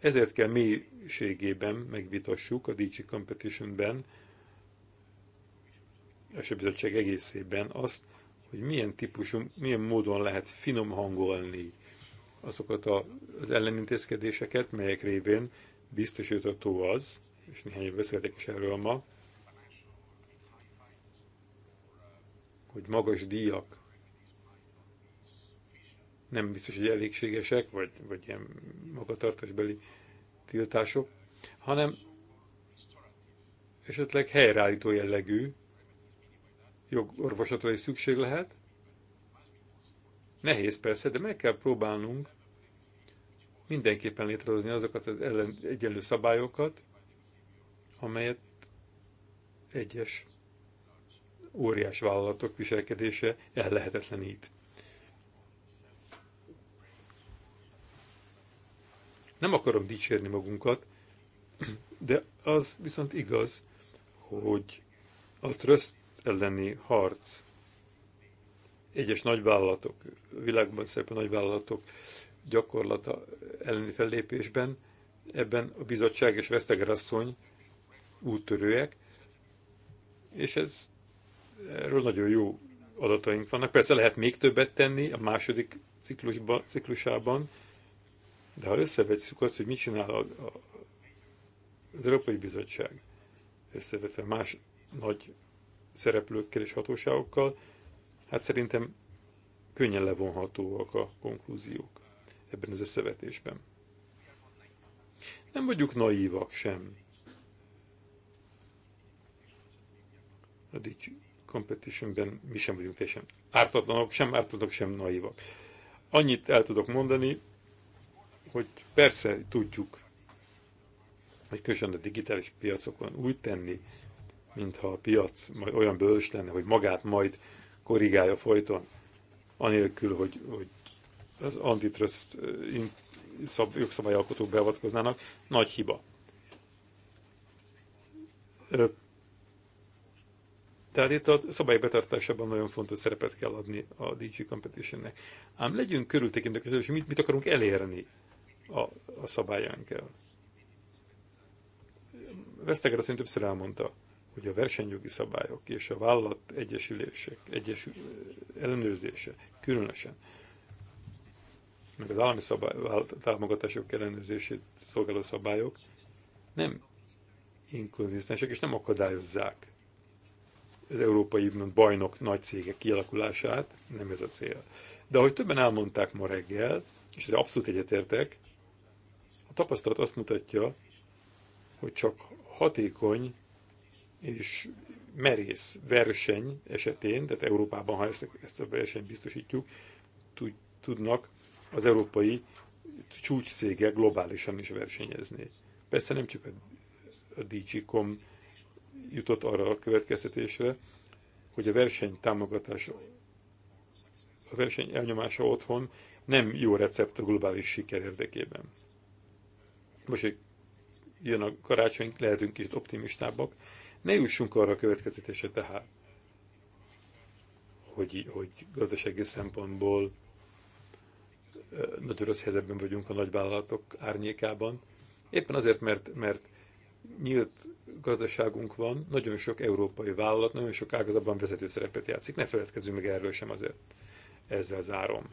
ezért kell mélységében megvitassuk a DG Competition-ben, és a e bizottság egészében azt, hogy milyen típusú, milyen módon lehet finom hangolni azokat a, az ellenintézkedéseket, melyek révén biztosítható az, és néhány beszéltek is erről ma, hogy magas díjak nem biztos, hogy elégségesek, vagy, vagy ilyen magatartásbeli tiltások, hanem esetleg helyreállító jellegű jogorvoslatra is szükség lehet. Nehéz persze, de meg kell próbálnunk mindenképpen létrehozni azokat az ellen, egyenlő szabályokat, amelyet egyes óriás vállalatok viselkedése ellehetetlenít. Nem akarom dicsérni magunkat, de az viszont igaz, hogy a tröszt elleni harc egyes nagyvállalatok, világban szerepel nagyvállalatok gyakorlata elleni fellépésben, ebben a bizottság és vesztegerasszony úttörőek, és ez erről nagyon jó adataink vannak. Persze lehet még többet tenni a második ciklusba, ciklusában, de ha összevetjük azt, hogy mit csinál a, a, az Európai Bizottság, összevetve más nagy szereplőkkel és hatóságokkal, hát szerintem könnyen levonhatóak a konklúziók ebben az összevetésben. Nem vagyunk naívak sem. A competition Competitionben mi sem vagyunk teljesen ártatlanok, sem ártatlanok, sem naívak. Annyit el tudok mondani, hogy persze tudjuk, hogy különösen a digitális piacokon úgy tenni, mintha a piac majd olyan bölcs lenne, hogy magát majd korrigálja folyton, anélkül, hogy, hogy az antitrust eh, jogszabályalkotók beavatkoznának, nagy hiba. Ö, tehát itt a szabály betartásában nagyon fontos szerepet kell adni a DG Competitionnek. Ám legyünk körültekintők, és mit, mit akarunk elérni a, a kell. Vesztegre azt többször elmondta, hogy a versenyjogi szabályok és a vállalat egyesülések, egyes ellenőrzése, különösen, meg az állami szabály, támogatások ellenőrzését szolgáló szabályok nem inkonzisztensek és nem akadályozzák az európai bajnok nagy cégek kialakulását, nem ez a cél. De ahogy többen elmondták ma reggel, és ez abszolút egyetértek, tapasztalat azt mutatja, hogy csak hatékony és merész verseny esetén, tehát Európában, ha ezt, ezt a versenyt biztosítjuk, tudnak az európai csúcsszégek globálisan is versenyezni. Persze nem csak a, a DG.com jutott arra a következtetésre, hogy a verseny támogatása, a verseny elnyomása otthon nem jó recept a globális siker érdekében most, hogy jön a karácsony, lehetünk kicsit optimistábbak, ne jussunk arra a következtetése tehát, hogy, hogy gazdasági szempontból nagyon rossz helyzetben vagyunk a nagyvállalatok árnyékában. Éppen azért, mert, mert nyílt gazdaságunk van, nagyon sok európai vállalat, nagyon sok ágazatban vezető szerepet játszik. Ne feledkezzünk meg erről sem azért. Ezzel zárom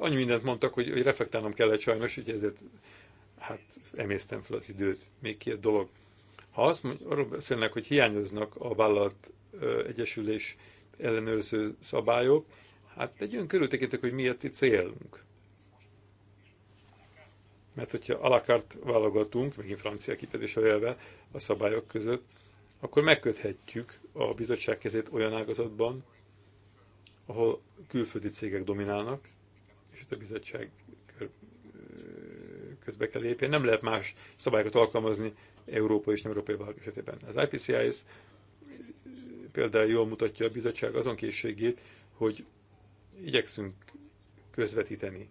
annyi mindent mondtak, hogy, hogy reflektálnom kellett sajnos, hogy ezért hát emésztem fel az időt. Még két dolog. Ha azt mondja, arról beszélnek, hogy hiányoznak a vállalat egyesülés ellenőrző szabályok, hát egy olyan körültekintek, hogy miért itt célunk. Mert hogyha alakart válogatunk, megint francia a jelve, a szabályok között, akkor megköthetjük a bizottság kezét olyan ágazatban, ahol külföldi cégek dominálnak, és a bizottság közbe kell lépni. Nem lehet más szabályokat alkalmazni európai és nem európai vállalak esetében. Az IPCIS például jól mutatja a bizottság azon készségét, hogy igyekszünk közvetíteni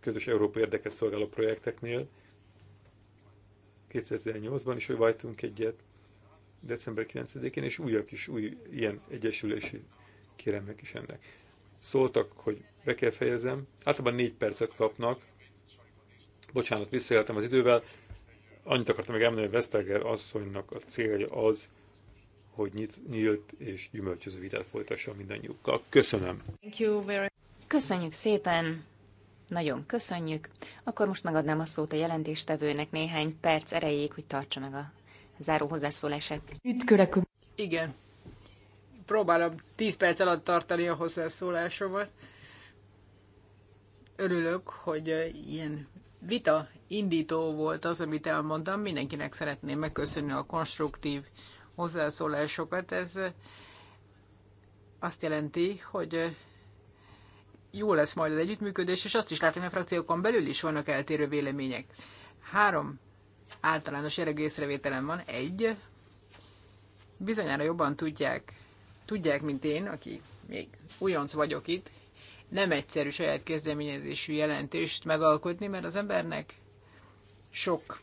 közös európai érdeket szolgáló projekteknél. 2008-ban is vajtunk egyet, december 9-én, és újak is, új ilyen egyesülési kéremek is ennek szóltak, hogy be kell fejezem. Általában négy percet kapnak. Bocsánat, visszaéltem az idővel. Annyit akartam meg említeni, hogy Vesztager asszonynak a célja az, hogy nyit, nyílt és gyümölcsöző videót folytassa mindannyiukkal. Köszönöm. Köszönjük szépen. Nagyon köszönjük. Akkor most megadnám a szót a jelentéstevőnek néhány perc erejéig, hogy tartsa meg a záró hozzászólását. Igen, próbálom 10 perc alatt tartani a hozzászólásomat. Örülök, hogy ilyen vita indító volt az, amit elmondtam. Mindenkinek szeretném megköszönni a konstruktív hozzászólásokat. Ez azt jelenti, hogy jó lesz majd az együttműködés, és azt is látom, hogy a frakciókon belül is vannak eltérő vélemények. Három általános jellegű észrevételem van. Egy, bizonyára jobban tudják Tudják, mint én, aki még újonc vagyok itt, nem egyszerű saját kezdeményezésű jelentést megalkotni, mert az embernek sok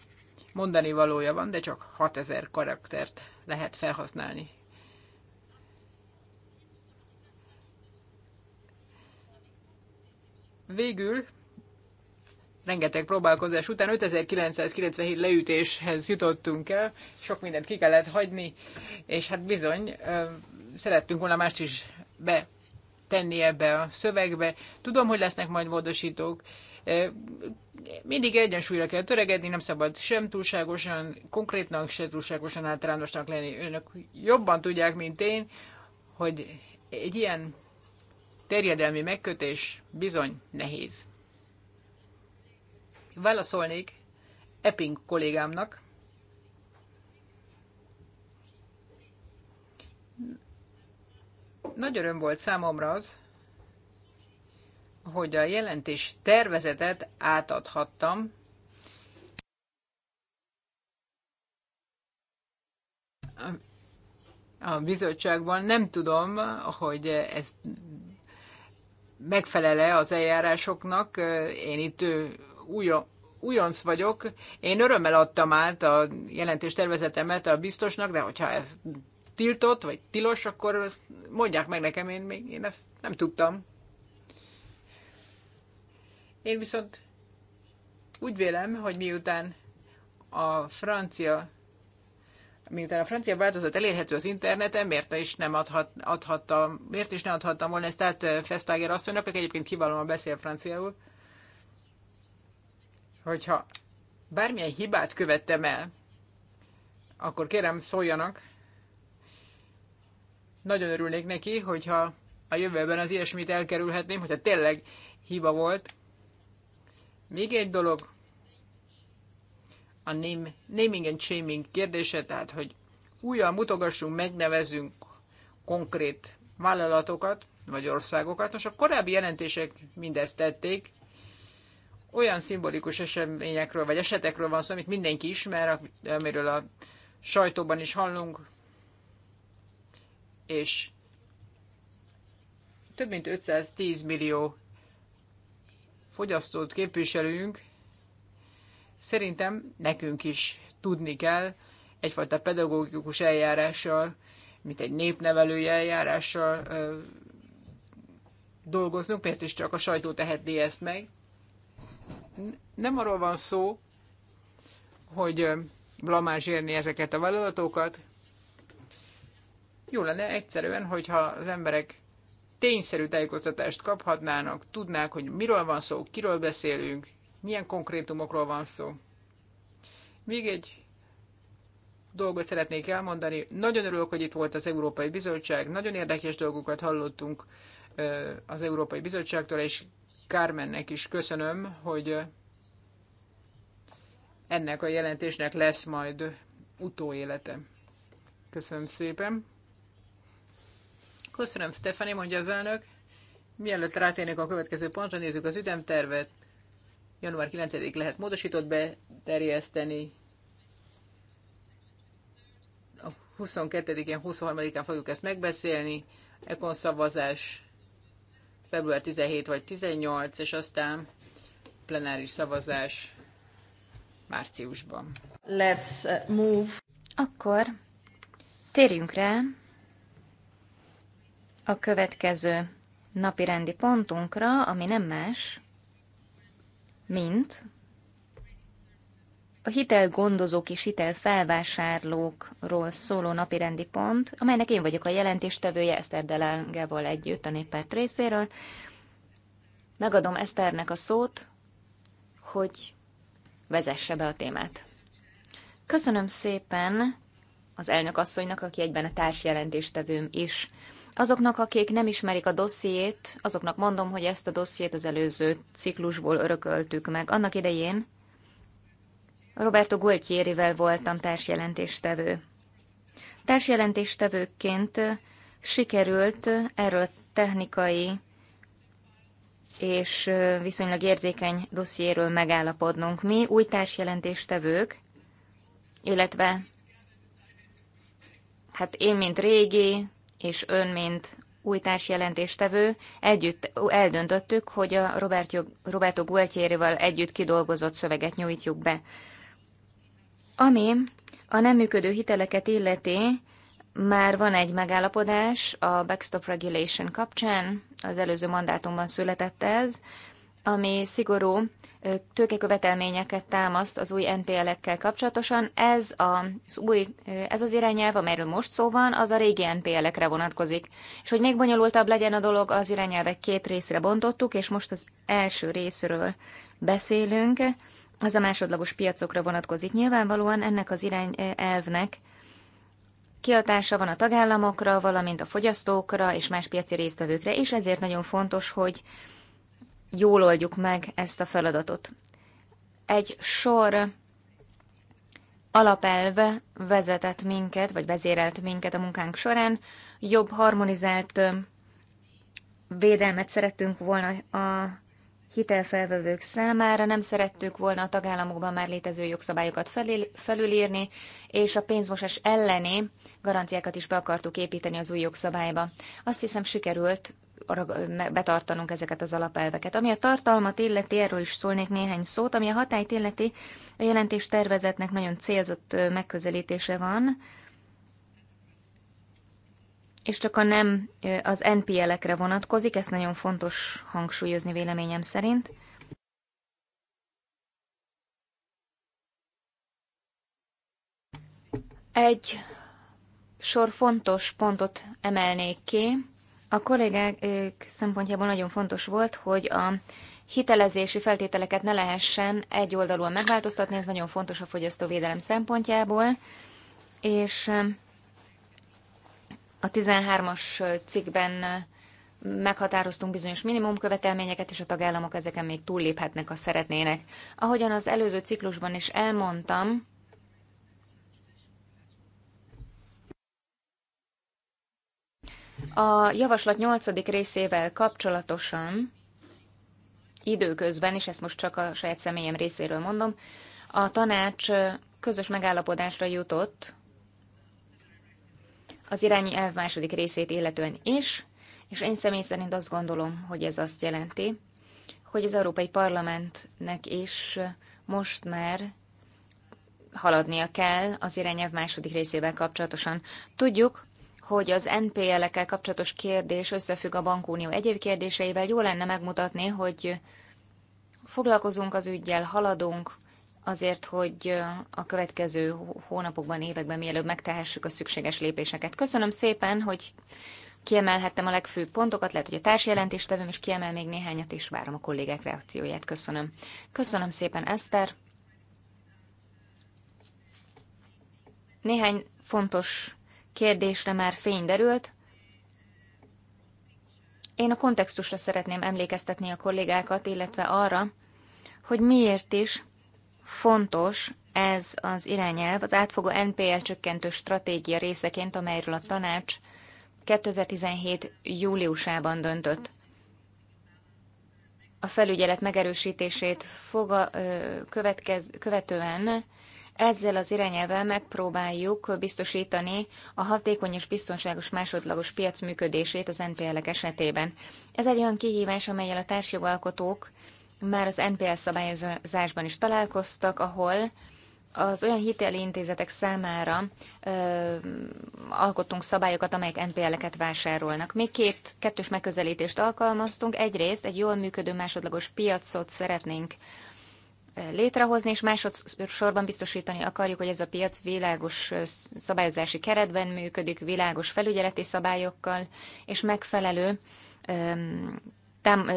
mondani valója van, de csak 6000 karaktert lehet felhasználni. Végül rengeteg próbálkozás után 5997 leütéshez jutottunk el, sok mindent ki kellett hagyni, és hát bizony szerettünk volna mást is betenni ebbe a szövegbe. Tudom, hogy lesznek majd módosítók. Mindig egyensúlyra kell töregedni, nem szabad sem túlságosan konkrétnak, sem túlságosan általánosnak lenni. Önök jobban tudják, mint én, hogy egy ilyen terjedelmi megkötés bizony nehéz. Válaszolnék Epping kollégámnak, Nagy öröm volt számomra az, hogy a jelentés tervezetet átadhattam a bizottságban. Nem tudom, hogy ez megfelele az eljárásoknak. Én itt újon, újonc vagyok. Én örömmel adtam át a jelentés tervezetemet a biztosnak, de hogyha ez tiltott, vagy tilos, akkor ezt mondják meg nekem, én még én ezt nem tudtam. Én viszont úgy vélem, hogy miután a francia miután a francia változat elérhető az interneten, miért is nem adhat, adhattam, miért is ne adhattam volna ezt át Festager eh, asszonynak, aki egyébként kiválóan beszél franciául, hogyha bármilyen hibát követtem el, akkor kérem szóljanak, nagyon örülnék neki, hogyha a jövőben az ilyesmit elkerülhetném, hogyha tényleg hiba volt. Még egy dolog, a name, naming and shaming kérdése, tehát hogy újra mutogassunk, megnevezünk konkrét vállalatokat, vagy országokat. Most a korábbi jelentések mindezt tették, olyan szimbolikus eseményekről, vagy esetekről van szó, amit mindenki ismer, amiről a sajtóban is hallunk, és több mint 510 millió fogyasztót képviselünk, szerintem nekünk is tudni kell egyfajta pedagógikus eljárással, mint egy népnevelő eljárással ö, dolgoznunk, mert is csak a sajtó teheti ezt meg. Nem arról van szó, hogy blamázsérni ezeket a vállalatokat, jó lenne egyszerűen, hogyha az emberek tényszerű tájékoztatást kaphatnának, tudnák, hogy miről van szó, kiről beszélünk, milyen konkrétumokról van szó. Még egy dolgot szeretnék elmondani. Nagyon örülök, hogy itt volt az Európai Bizottság, nagyon érdekes dolgokat hallottunk az Európai Bizottságtól, és Kármennek is köszönöm, hogy ennek a jelentésnek lesz majd utóélete. Köszönöm szépen. Köszönöm, Stefani, mondja az elnök. Mielőtt rátérnék a következő pontra, nézzük az ütemtervet. Január 9-ig lehet módosított beterjeszteni. A 22-én, 23-án fogjuk ezt megbeszélni. Ekon szavazás február 17 vagy 18, és aztán plenáris szavazás márciusban. Let's uh, move. Akkor térjünk rá a következő napi rendi pontunkra, ami nem más, mint a hitelgondozók és hitelfelvásárlókról szóló napirendi pont, amelynek én vagyok a jelentéstevője Eszter Delengával együtt a néppárt részéről. Megadom Eszternek a szót, hogy vezesse be a témát. Köszönöm szépen az elnök asszonynak, aki egyben a társjelentéstevőm is. Azoknak, akik nem ismerik a dossziét, azoknak mondom, hogy ezt a dossziét az előző ciklusból örököltük meg. Annak idején Roberto Gualtierivel voltam társjelentéstevő. Társjelentéstevőként sikerült erről a technikai és viszonylag érzékeny dossziéről megállapodnunk. Mi új társjelentéstevők, illetve hát én, mint régi és ön, mint új társjelentéstevő, együtt eldöntöttük, hogy a Robert Roberto, Gualtieri-val együtt kidolgozott szöveget nyújtjuk be. Ami a nem működő hiteleket illeti, már van egy megállapodás a Backstop Regulation kapcsán, az előző mandátumban született ez, ami szigorú tőkekövetelményeket támaszt az új NPL-ekkel kapcsolatosan. Ez, az új, ez az irányelv, amelyről most szó van, az a régi NPL-ekre vonatkozik. És hogy még bonyolultabb legyen a dolog, az irányelvek két részre bontottuk, és most az első részről beszélünk. Az a másodlagos piacokra vonatkozik. Nyilvánvalóan ennek az irányelvnek kiatása van a tagállamokra, valamint a fogyasztókra és más piaci résztvevőkre, és ezért nagyon fontos, hogy jól oldjuk meg ezt a feladatot. Egy sor alapelve vezetett minket, vagy vezérelt minket a munkánk során. Jobb harmonizált védelmet szerettünk volna a hitelfelvevők számára, nem szerettük volna a tagállamokban már létező jogszabályokat felül, felülírni, és a pénzmosás elleni garanciákat is be akartuk építeni az új jogszabályba. Azt hiszem sikerült betartanunk ezeket az alapelveket. Ami a tartalmat illeti, erről is szólnék néhány szót, ami a hatályt illeti, a jelentés tervezetnek nagyon célzott megközelítése van, és csak a nem az NPL-ekre vonatkozik, ezt nagyon fontos hangsúlyozni véleményem szerint. Egy sor fontos pontot emelnék ki, a kollégák szempontjából nagyon fontos volt, hogy a hitelezési feltételeket ne lehessen egy oldalúan megváltoztatni, ez nagyon fontos a fogyasztóvédelem szempontjából, és a 13-as cikkben meghatároztunk bizonyos minimum követelményeket, és a tagállamok ezeken még túlléphetnek, ha szeretnének. Ahogyan az előző ciklusban is elmondtam, A javaslat nyolcadik részével kapcsolatosan időközben, és ezt most csak a saját személyem részéről mondom, a tanács közös megállapodásra jutott az irányi elv második részét illetően is, és én személy szerint azt gondolom, hogy ez azt jelenti, hogy az Európai Parlamentnek is most már haladnia kell az irányelv második részével kapcsolatosan. Tudjuk, hogy az NPL-ekkel kapcsolatos kérdés összefügg a bankunió egyéb kérdéseivel. Jó lenne megmutatni, hogy foglalkozunk az ügyjel, haladunk, azért, hogy a következő hónapokban, években mielőbb megtehessük a szükséges lépéseket. Köszönöm szépen, hogy kiemelhettem a legfőbb pontokat, lehet, hogy a tevem, és kiemel még néhányat, és várom a kollégák reakcióját. Köszönöm. Köszönöm szépen, Eszter. Néhány fontos kérdésre már fény derült. Én a kontextusra szeretném emlékeztetni a kollégákat, illetve arra, hogy miért is fontos ez az irányelv az átfogó NPL csökkentő stratégia részeként, amelyről a tanács 2017. júliusában döntött. A felügyelet megerősítését foga, következ, követően ezzel az irányelvel megpróbáljuk biztosítani a hatékony és biztonságos másodlagos piac működését az NPL-ek esetében. Ez egy olyan kihívás, amelyel a társjogalkotók már az NPL szabályozásban is találkoztak, ahol az olyan hiteli intézetek számára ö, alkottunk szabályokat, amelyek NPL-eket vásárolnak. Még két kettős megközelítést alkalmaztunk. Egyrészt egy jól működő másodlagos piacot szeretnénk létrehozni, és másodszorban biztosítani akarjuk, hogy ez a piac világos szabályozási keretben működik, világos felügyeleti szabályokkal, és megfelelő tám,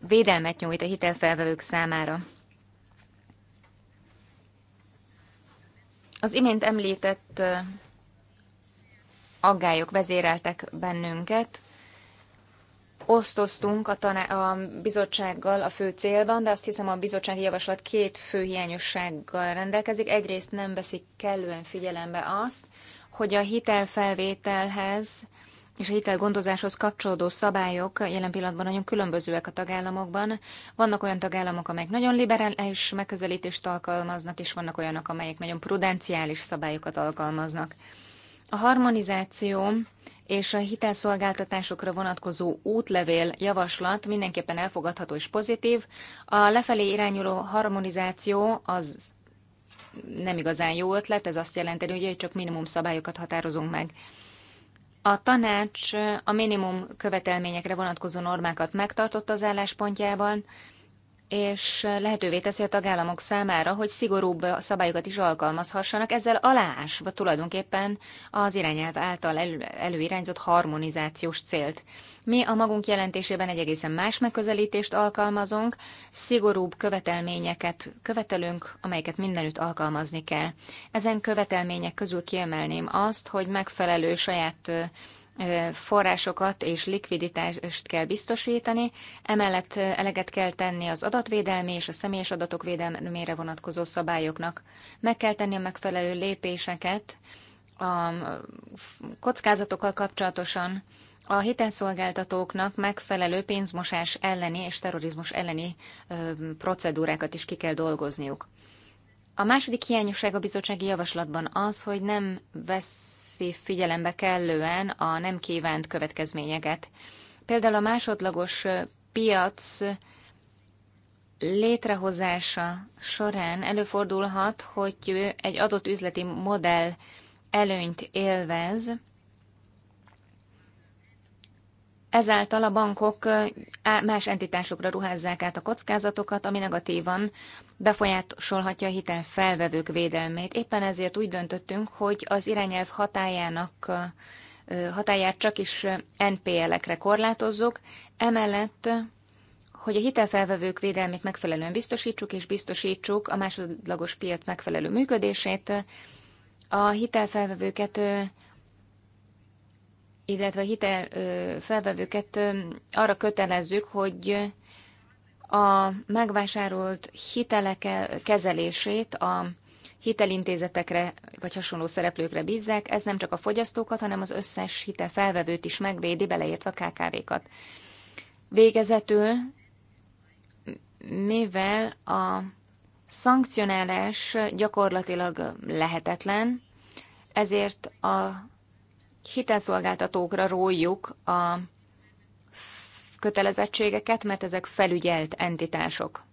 védelmet nyújt a hitelfelvevők számára. Az imént említett aggályok vezéreltek bennünket, osztoztunk a, taná- a bizottsággal a fő célban, de azt hiszem a bizottsági javaslat két fő hiányossággal rendelkezik. Egyrészt nem veszik kellően figyelembe azt, hogy a hitelfelvételhez és a hitelgondozáshoz kapcsolódó szabályok jelen pillanatban nagyon különbözőek a tagállamokban. Vannak olyan tagállamok, amelyek nagyon liberális megközelítést alkalmaznak, és vannak olyanok, amelyek nagyon prudenciális szabályokat alkalmaznak. A harmonizáció és a hitelszolgáltatásokra vonatkozó útlevél javaslat mindenképpen elfogadható és pozitív. A lefelé irányuló harmonizáció az nem igazán jó ötlet, ez azt jelenti, hogy csak minimum szabályokat határozunk meg. A tanács a minimum követelményekre vonatkozó normákat megtartott az álláspontjában, és lehetővé teszi a tagállamok számára, hogy szigorúbb szabályokat is alkalmazhassanak, ezzel aláásva tulajdonképpen az irányelv által elő, előirányzott harmonizációs célt. Mi a magunk jelentésében egy egészen más megközelítést alkalmazunk, szigorúbb követelményeket követelünk, amelyeket mindenütt alkalmazni kell. Ezen követelmények közül kiemelném azt, hogy megfelelő saját forrásokat és likviditást kell biztosítani, emellett eleget kell tenni az adatvédelmi és a személyes adatok védelmére vonatkozó szabályoknak. Meg kell tenni a megfelelő lépéseket a kockázatokkal kapcsolatosan, a hitelszolgáltatóknak megfelelő pénzmosás elleni és terrorizmus elleni procedúrákat is ki kell dolgozniuk. A második hiányosság a bizottsági javaslatban az, hogy nem veszi figyelembe kellően a nem kívánt következményeket. Például a másodlagos piac létrehozása során előfordulhat, hogy egy adott üzleti modell előnyt élvez, Ezáltal a bankok más entitásokra ruházzák át a kockázatokat, ami negatívan befolyásolhatja a hitel felvevők védelmét. Éppen ezért úgy döntöttünk, hogy az irányelv hatájának hatáját csak is NPL-ekre korlátozzuk, emellett hogy a hitelfelvevők védelmét megfelelően biztosítsuk, és biztosítsuk a másodlagos piac megfelelő működését, a hitelfelvevőket illetve a hitel felvevőket arra kötelezzük, hogy a megvásárolt hitelek kezelését a hitelintézetekre vagy hasonló szereplőkre bízzák, ez nem csak a fogyasztókat, hanem az összes hitelfelvevőt is megvédi, beleértve a KKV-kat. Végezetül, mivel a szankcionálás gyakorlatilag lehetetlen, ezért a hitelszolgáltatókra róljuk a kötelezettségeket, mert ezek felügyelt entitások.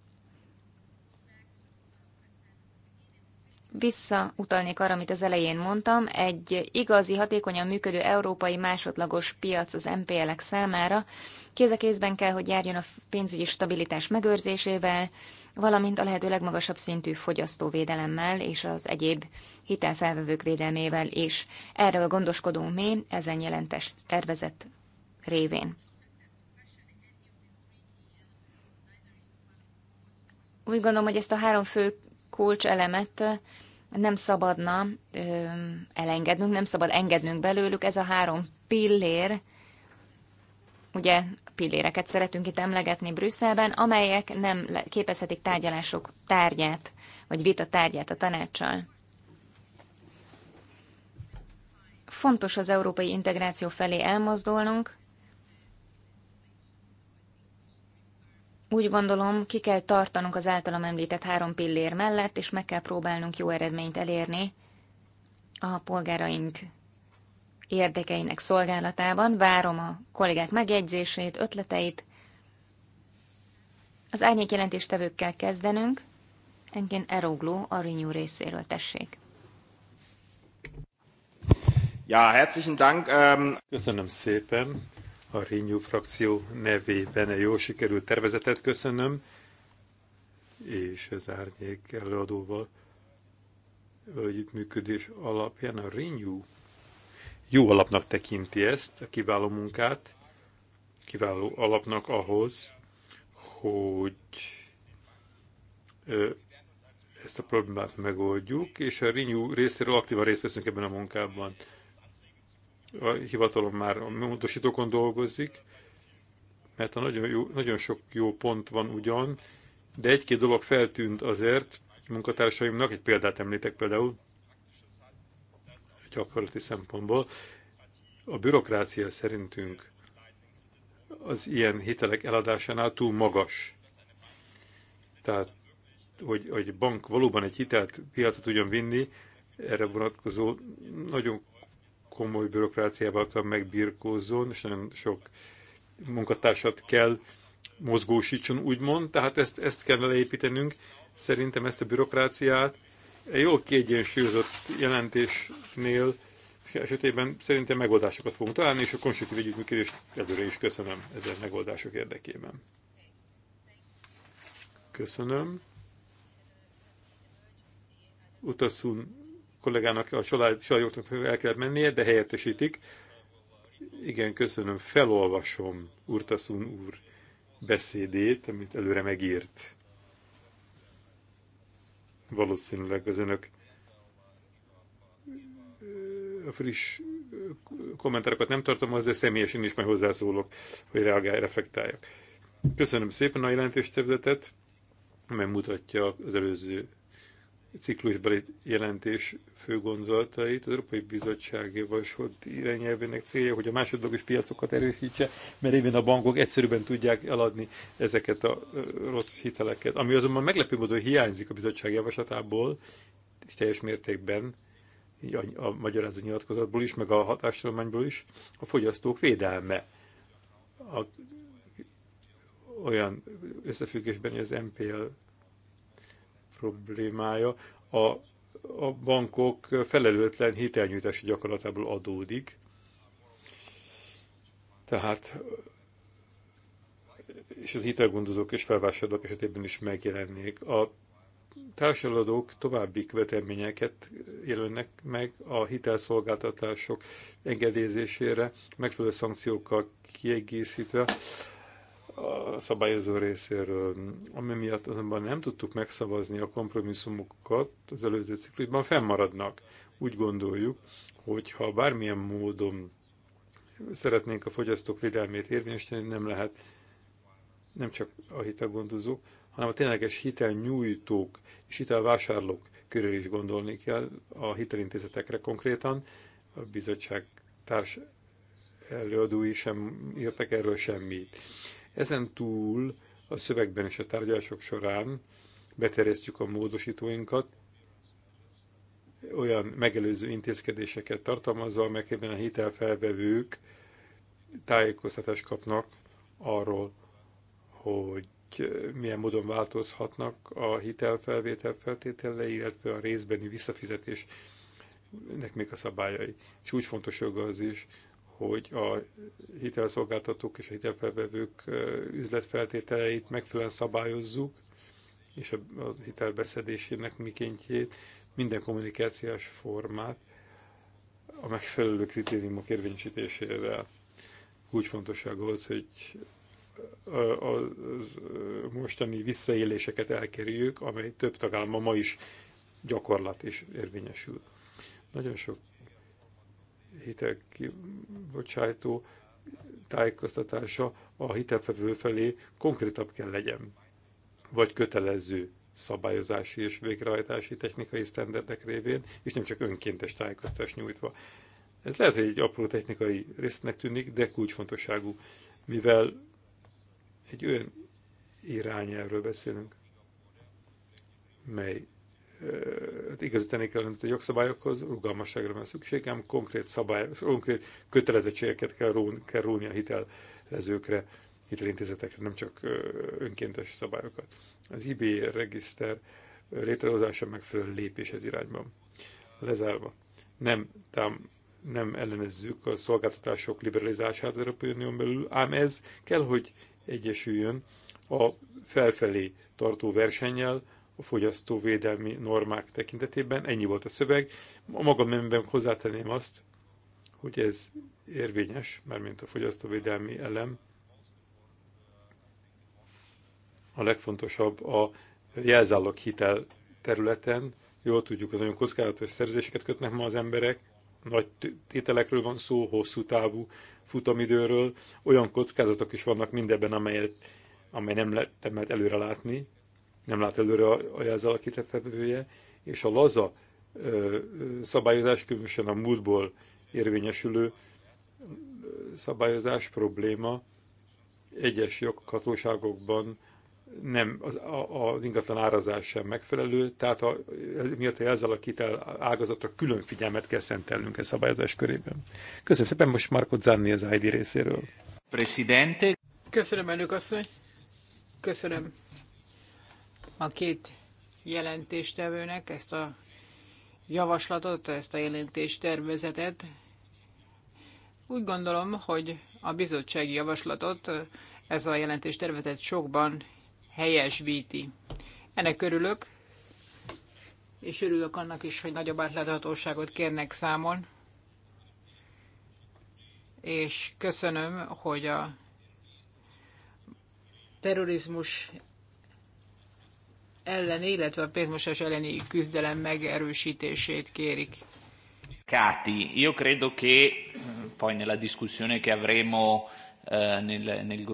Visszautalnék arra, amit az elején mondtam, egy igazi, hatékonyan működő európai másodlagos piac az MPL-ek számára Kéz a kézben kell, hogy járjon a pénzügyi stabilitás megőrzésével, valamint a lehető legmagasabb szintű fogyasztóvédelemmel és az egyéb hitelfelvevők védelmével is. Erről gondoskodunk mi ezen jelentes tervezett révén. Úgy gondolom, hogy ezt a három fő kulcselemet nem szabadna ö, elengednünk, nem szabad engednünk belőlük. Ez a három pillér Ugye pilléreket szeretünk itt emlegetni Brüsszelben, amelyek nem képezhetik tárgyalások tárgyát, vagy vita tárgyát a tanácssal. Fontos az európai integráció felé elmozdulnunk, Úgy gondolom, ki kell tartanunk az általam említett három pillér mellett, és meg kell próbálnunk jó eredményt elérni a polgáraink érdekeinek szolgálatában. Várom a kollégák megjegyzését, ötleteit. Az jelentéstevőkkel kezdenünk. Enként Erogló a Renew részéről tessék. Ja, herzlichen Dank. Um... Köszönöm szépen. A Renew frakció nevében egy jó sikerült tervezetet köszönöm, és az árnyék előadóval együttműködés alapján a Renew jó alapnak tekinti ezt, a kiváló munkát, kiváló alapnak ahhoz, hogy ezt a problémát megoldjuk, és a Renew részéről aktívan részt veszünk ebben a munkában. A hivatalom már a módosítókon dolgozik, mert a nagyon, jó, nagyon sok jó pont van ugyan, de egy-két dolog feltűnt azért munkatársaimnak, egy példát említek például, gyakorlati szempontból. A bürokrácia szerintünk az ilyen hitelek eladásánál túl magas. Tehát, hogy, hogy bank valóban egy hitelt piacra tudjon vinni, erre vonatkozó nagyon komoly bürokráciával kell megbirkózzon, és nagyon sok munkatársat kell mozgósítson, úgymond, tehát ezt, ezt kell leépítenünk, szerintem ezt a bürokráciát, jó kiegyensúlyozott jelentésnél esetében szerintem megoldásokat fogunk találni, és a konstruktív együttműködést előre is köszönöm ezen megoldások érdekében. Köszönöm. Utaszun kollégának a család, el kellett mennie, de helyettesítik. Igen, köszönöm. Felolvasom Urtaszun úr beszédét, amit előre megírt valószínűleg az önök friss kommentárokat nem tartom, de személyesen is majd hozzászólok, hogy reagálj, reflektáljak. Köszönöm szépen a jelentéstevzetet, mert mutatja az előző ciklusbeli jelentés fő gondolatait. Az Európai Bizottság javasolt irányelvének célja, hogy a másodlagos piacokat erősítse, mert évén a bankok egyszerűbben tudják eladni ezeket a rossz hiteleket. Ami azonban meglepő módon hiányzik a bizottság javaslatából, és teljes mértékben, a, magyarázó nyilatkozatból is, meg a hatástalományból is, a fogyasztók védelme. A, olyan összefüggésben, hogy az MPL problémája a, a bankok felelőtlen hitelnyújtási gyakorlatából adódik. Tehát és az hitelgondozók és felvásárlók esetében is megjelennék. A társadalmadók további követelményeket jelennek meg a hitelszolgáltatások engedélyezésére, megfelelő szankciókkal kiegészítve a szabályozó részéről, ami miatt azonban nem tudtuk megszavazni a kompromisszumokat az előző ciklusban, fennmaradnak. Úgy gondoljuk, hogy ha bármilyen módon szeretnénk a fogyasztók védelmét érvényesíteni, nem lehet nem csak a hitelgondozók, hanem a tényleges hitelnyújtók és hitelvásárlók körül is gondolni kell, a hitelintézetekre konkrétan. A bizottság társ előadói sem írtak erről semmit. Ezen túl a szövegben és a tárgyalások során beterjesztjük a módosítóinkat, olyan megelőző intézkedéseket tartalmazva, amelyekben a hitelfelvevők tájékoztatást kapnak arról, hogy milyen módon változhatnak a hitelfelvétel feltételei, illetve a részbeni visszafizetésnek még a szabályai. És úgy fontos joga az is, hogy a hitelszolgáltatók és a hitelfelvevők üzletfeltételeit megfelelően szabályozzuk, és a, hitelbeszedésének mikéntjét, minden kommunikációs formát a megfelelő kritériumok érvényesítésével kulcsfontosság az, hogy az mostani visszaéléseket elkerüljük, amely több tagállamban ma is gyakorlat és érvényesül. Nagyon sok hitelkibocsátó tájékoztatása a hitelfevő felé konkrétabb kell legyen, vagy kötelező szabályozási és végrehajtási technikai sztenderdek révén, és nem csak önkéntes tájékoztatást nyújtva. Ez lehet, hogy egy apró technikai résznek tűnik, de kulcsfontosságú, mivel egy olyan irányelvről beszélünk, mely Hát igazítani kellene a jogszabályokhoz, rugalmasságra van szükségem, konkrét, szabály, konkrét kötelezettségeket kell, rón, kell róni a hitelezőkre, hitelintézetekre, nem csak önkéntes szabályokat. Az IB regiszter létrehozása megfelelő lépés ez irányban. Lezárva. Nem, tám, nem ellenezzük a szolgáltatások liberalizását az Európai Unión belül, ám ez kell, hogy egyesüljön a felfelé tartó versennyel, a fogyasztóvédelmi normák tekintetében. Ennyi volt a szöveg. A magam nemben hozzátenném azt, hogy ez érvényes, mármint a fogyasztóvédelmi elem. A legfontosabb a jelzálog hitel területen. Jól tudjuk, hogy nagyon kockázatos szerzéseket kötnek ma az emberek, nagy tételekről van szó, hosszú távú futamidőről, olyan kockázatok is vannak mindebben, amelyet, amely nem lehet előre látni, nem lát előre a jelzzel a kitefevője, és a laza szabályozás, különösen a múltból érvényesülő szabályozás probléma egyes joghatóságokban nem, az, a, az ingatlan árazás sem megfelelő, tehát a, miatt a ezzel a kitel ágazatra külön figyelmet kell szentelnünk e szabályozás körében. Köszönöm szépen, most Marko Zanni az ID részéről. Presidente. Köszönöm, elnök asszony. Köszönöm a két jelentéstevőnek ezt a javaslatot, ezt a jelentéstervezetet. Úgy gondolom, hogy a bizottsági javaslatot ez a jelentéstervezet sokban helyesbíti. Ennek örülök, és örülök annak is, hogy nagyobb átláthatóságot kérnek számon. És köszönöm, hogy a terrorizmus elleni, illetve a pénzmosás elleni küzdelem megerősítését kérik. Kati, io credo che poi nella discussione che avremo eh, nel, nel...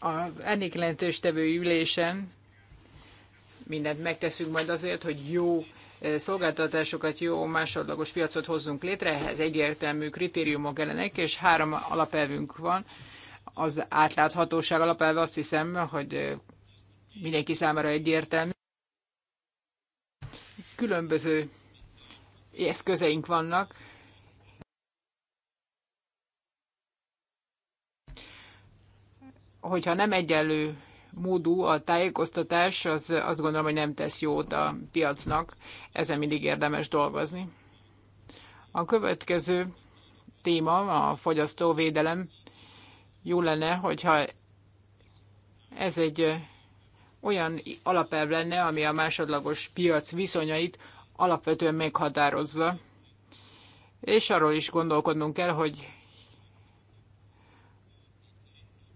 A ennek lentőstevő ülésen mindent megteszünk majd azért, hogy jó eh, szolgáltatásokat, jó másodlagos piacot hozzunk létre, ehhez egyértelmű kritériumok ellenek, és három alapelvünk van. Az átláthatóság alapelve azt hiszem, hogy eh, mindenki számára egyértelmű. Különböző eszközeink vannak. Hogyha nem egyenlő módú a tájékoztatás, az azt gondolom, hogy nem tesz jót a piacnak. Ezen mindig érdemes dolgozni. A következő téma a fogyasztóvédelem. Jó lenne, hogyha ez egy olyan alapelv lenne, ami a másodlagos piac viszonyait alapvetően meghatározza. És arról is gondolkodnunk kell, hogy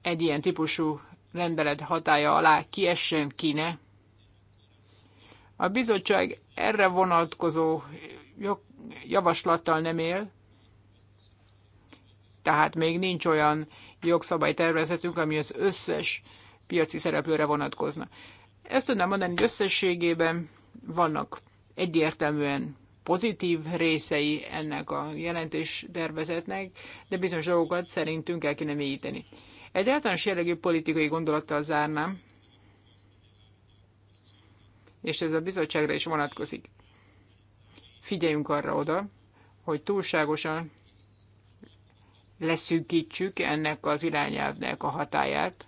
egy ilyen típusú rendelet hatája alá kiessen kine. A bizottság erre vonatkozó javaslattal nem él, tehát még nincs olyan jogszabálytervezetünk, ami az összes piaci szereplőre vonatkozna. Ezt tudnám mondani, hogy összességében vannak egyértelműen pozitív részei ennek a jelentés tervezetnek, de bizonyos dolgokat szerintünk el kéne mélyíteni. Egy általános jellegű politikai gondolattal zárnám, és ez a bizottságra is vonatkozik. Figyeljünk arra oda, hogy túlságosan leszűkítsük ennek az irányelvnek a hatáját,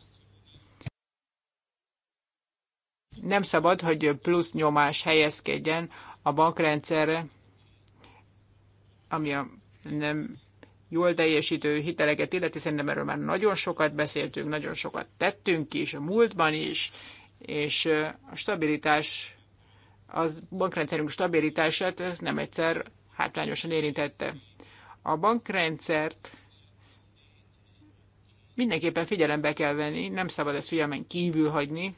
nem szabad, hogy plusz nyomás helyezkedjen a bankrendszerre, ami a nem jól teljesítő hiteleket illeti, szerintem erről már nagyon sokat beszéltünk, nagyon sokat tettünk is, a múltban is, és a stabilitás, az bankrendszerünk stabilitását ez nem egyszer hátrányosan érintette. A bankrendszert mindenképpen figyelembe kell venni, nem szabad ezt figyelmen kívül hagyni,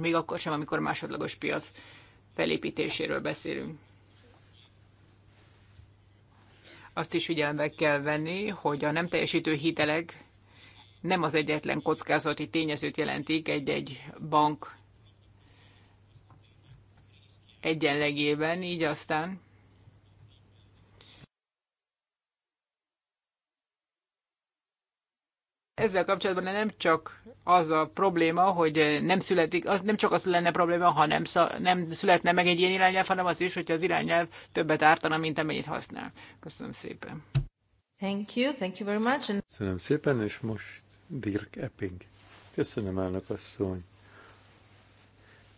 még akkor sem, amikor másodlagos piac felépítéséről beszélünk. Azt is figyelembe kell venni, hogy a nem teljesítő hitelek nem az egyetlen kockázati tényezőt jelentik egy-egy bank egyenlegében, így aztán ezzel kapcsolatban nem csak az a probléma, hogy nem születik, az nem csak az lenne probléma, ha nem, nem születne meg egy ilyen irányelv, hanem az is, hogy az irányelv többet ártana, mint amennyit használ. Köszönöm szépen. Thank you, thank you very much. And... Köszönöm szépen, és most Dirk Epping. Köszönöm, elnök asszony.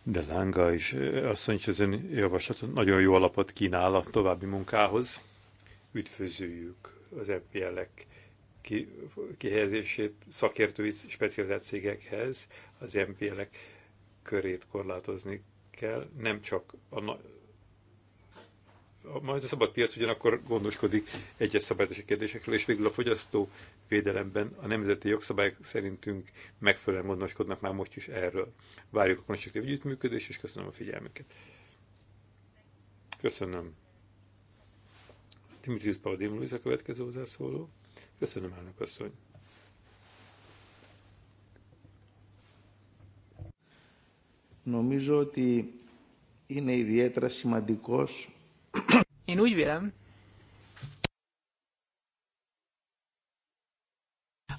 De Lánga is asszony hogy az ön javaslat nagyon jó alapot kínál a további munkához. Üdvözöljük az FPL-ek kihelyezését szakértői specializált cégekhez az MPL-ek körét korlátozni kell, nem csak a, na- a majd a szabad piac ugyanakkor gondoskodik egyes szabályozási kérdésekről, és végül a fogyasztó védelemben a nemzeti jogszabályok szerintünk megfelelően gondoskodnak már most is erről. Várjuk a konstruktív együttműködést, és köszönöm a figyelmüket. Köszönöm. Dimitrius Papadimoulis a következő hozzászóló. Köszönöm, elnök asszony. Én úgy vélem,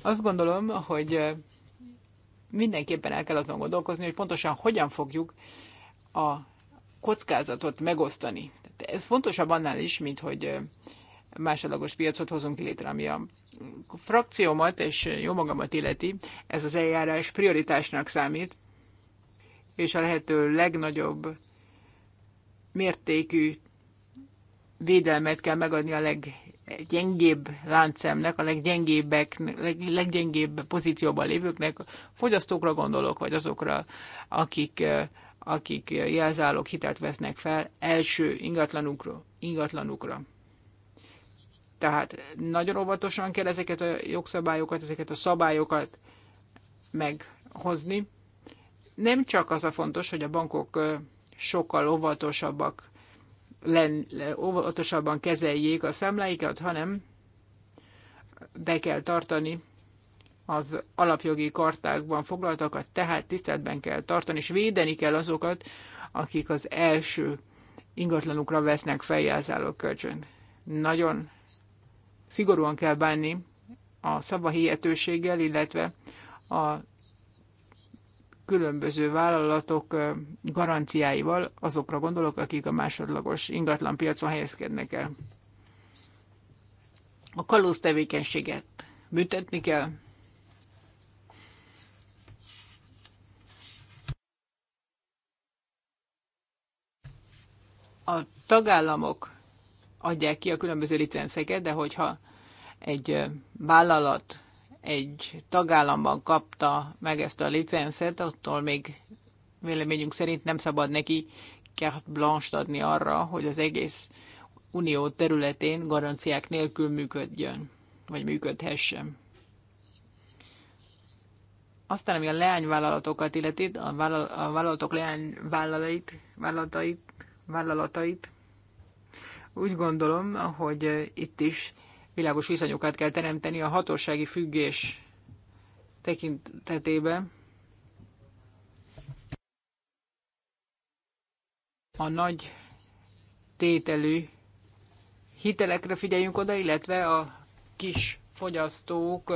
azt gondolom, hogy mindenképpen el kell azon gondolkozni, hogy pontosan hogyan fogjuk a kockázatot megosztani. Tehát ez fontosabb annál is, mint hogy másodlagos piacot hozunk létre, ami a frakciómat és jó magamat illeti, ez az eljárás prioritásnak számít, és a lehető legnagyobb mértékű védelmet kell megadni a leggyengébb láncemnek, a leggyengébbek, leg, leggyengébb pozícióban lévőknek, fogyasztókra gondolok, vagy azokra, akik, eh, akik jelzálók hitelt vesznek fel első ingatlanukra. ingatlanukra. Tehát nagyon óvatosan kell ezeket a jogszabályokat, ezeket a szabályokat meghozni. Nem csak az a fontos, hogy a bankok sokkal óvatosabbak óvatosabban kezeljék a számláikat, hanem be kell tartani az alapjogi kartákban foglaltakat, tehát tiszteletben kell tartani, és védeni kell azokat, akik az első ingatlanukra vesznek feljelzáló kölcsön. Nagyon Szigorúan kell bánni a hihetőséggel, illetve a különböző vállalatok garanciáival, azokra gondolok, akik a másodlagos piacon helyezkednek el. A kalóz tevékenységet büntetni kell, a tagállamok adják ki a különböző licenszeket, de hogyha egy vállalat egy tagállamban kapta meg ezt a licenszet, attól még véleményünk szerint nem szabad neki carte blanche adni arra, hogy az egész unió területén garanciák nélkül működjön, vagy működhessen. Aztán, ami a leányvállalatokat illeti, a, vállal, a vállalatok leányvállalatait, vállalatait, vállalatait, úgy gondolom, hogy itt is világos viszonyokat kell teremteni a hatósági függés tekintetében. A nagy tételű hitelekre figyeljünk oda, illetve a kis fogyasztók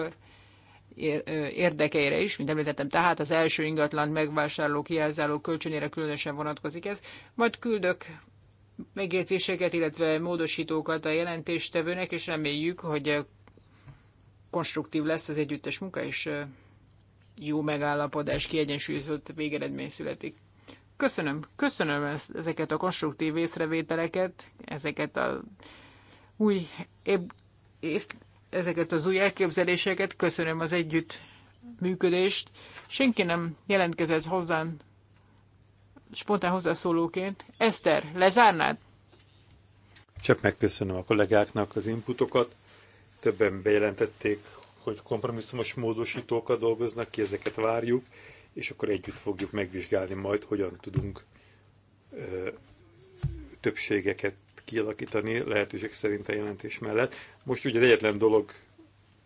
érdekeire is, mint említettem, tehát az első ingatlan megvásárló, kijelzáló kölcsönére különösen vonatkozik ez. Majd küldök megjegyzéseket, illetve módosítókat a jelentéstevőnek, és reméljük, hogy eh, konstruktív lesz az együttes munka, és eh, jó megállapodás, kiegyensúlyozott végeredmény születik. Köszönöm, köszönöm ezeket a konstruktív észrevételeket, ezeket a új év, és ezeket az új elképzeléseket, köszönöm az együtt működést. Senki nem jelentkezett hozzám spontán hozzászólóként. Eszter, lezárnád? Csak megköszönöm a kollégáknak az inputokat. Többen bejelentették, hogy kompromisszumos módosítókat dolgoznak ki, ezeket várjuk, és akkor együtt fogjuk megvizsgálni majd, hogyan tudunk ö, többségeket kialakítani lehetőség szerint a jelentés mellett. Most ugye egyetlen dolog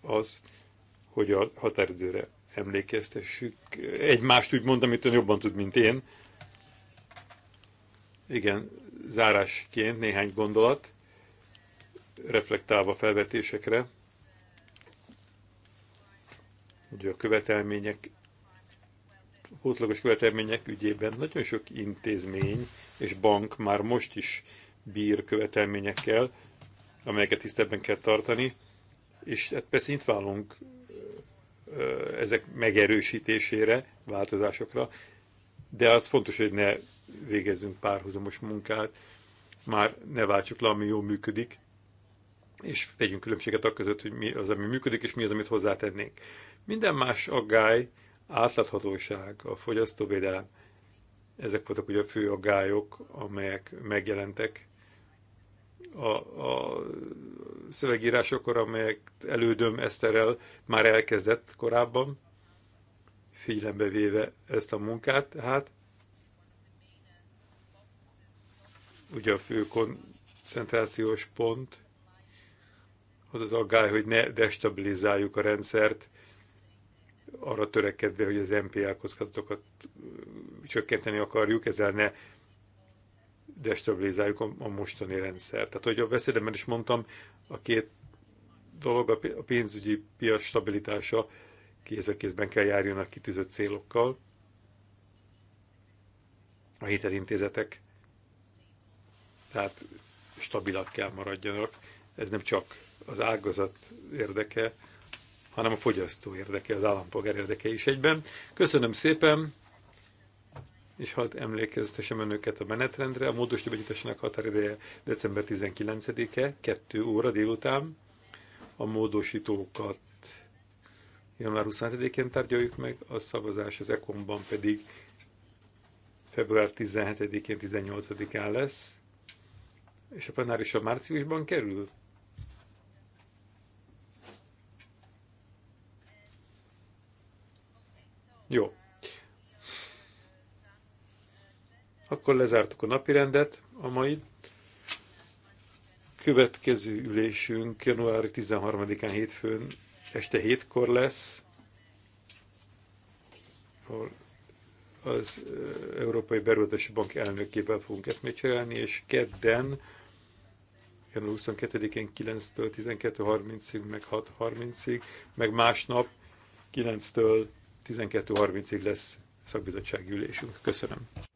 az, hogy a határidőre emlékeztessük egymást, úgy mondom, amit ön jobban tud, mint én, igen, zárásként néhány gondolat, reflektálva felvetésekre, hogy a követelmények, pótlagos követelmények ügyében nagyon sok intézmény és bank már most is bír követelményekkel, amelyeket tisztebben kell tartani, és hát persze itt válunk ezek megerősítésére, változásokra, de az fontos, hogy ne végezzünk párhuzamos munkát, már ne váltsuk le, ami jól működik, és tegyünk különbséget a között, hogy mi az, ami működik, és mi az, amit hozzátennénk. Minden más aggály, átláthatóság, a fogyasztóvédelem, ezek voltak ugye a fő aggályok, amelyek megjelentek a, a szövegírásokor, amelyek elődöm Eszterrel már elkezdett korábban, figyelembe véve ezt a munkát, hát ugye a fő koncentrációs pont, az az aggály, hogy ne destabilizáljuk a rendszert, arra törekedve, hogy az MPL kockázatokat csökkenteni akarjuk, ezzel ne destabilizáljuk a, mostani rendszert. Tehát, hogy a beszédemben is mondtam, a két dolog, a pénzügyi piac stabilitása kéz a kézben kell járjon a kitűzött célokkal. A hitelintézetek tehát stabilak kell maradjanak. Ez nem csak az ágazat érdeke, hanem a fogyasztó érdeke, az állampolgár érdeke is egyben. Köszönöm szépen, és hadd emlékeztessem önöket a menetrendre. A módosítóbenyújtásának határideje december 19-e, 2 óra délután. A módosítókat január 27-én tárgyaljuk meg, a szavazás az ekonban pedig február 17-én, 18-án lesz. És a plenárisra márciusban kerül? Jó. Akkor lezártuk a napirendet, a mai következő ülésünk január 13-án hétfőn este hétkor lesz, ahol az Európai Beruházási Bank elnökével fogunk eszmét cserélni, és kedden január 22-én 9-től 12.30-ig, meg 6.30-ig, meg másnap 9-től 12.30-ig lesz szakbizottsági ülésünk. Köszönöm.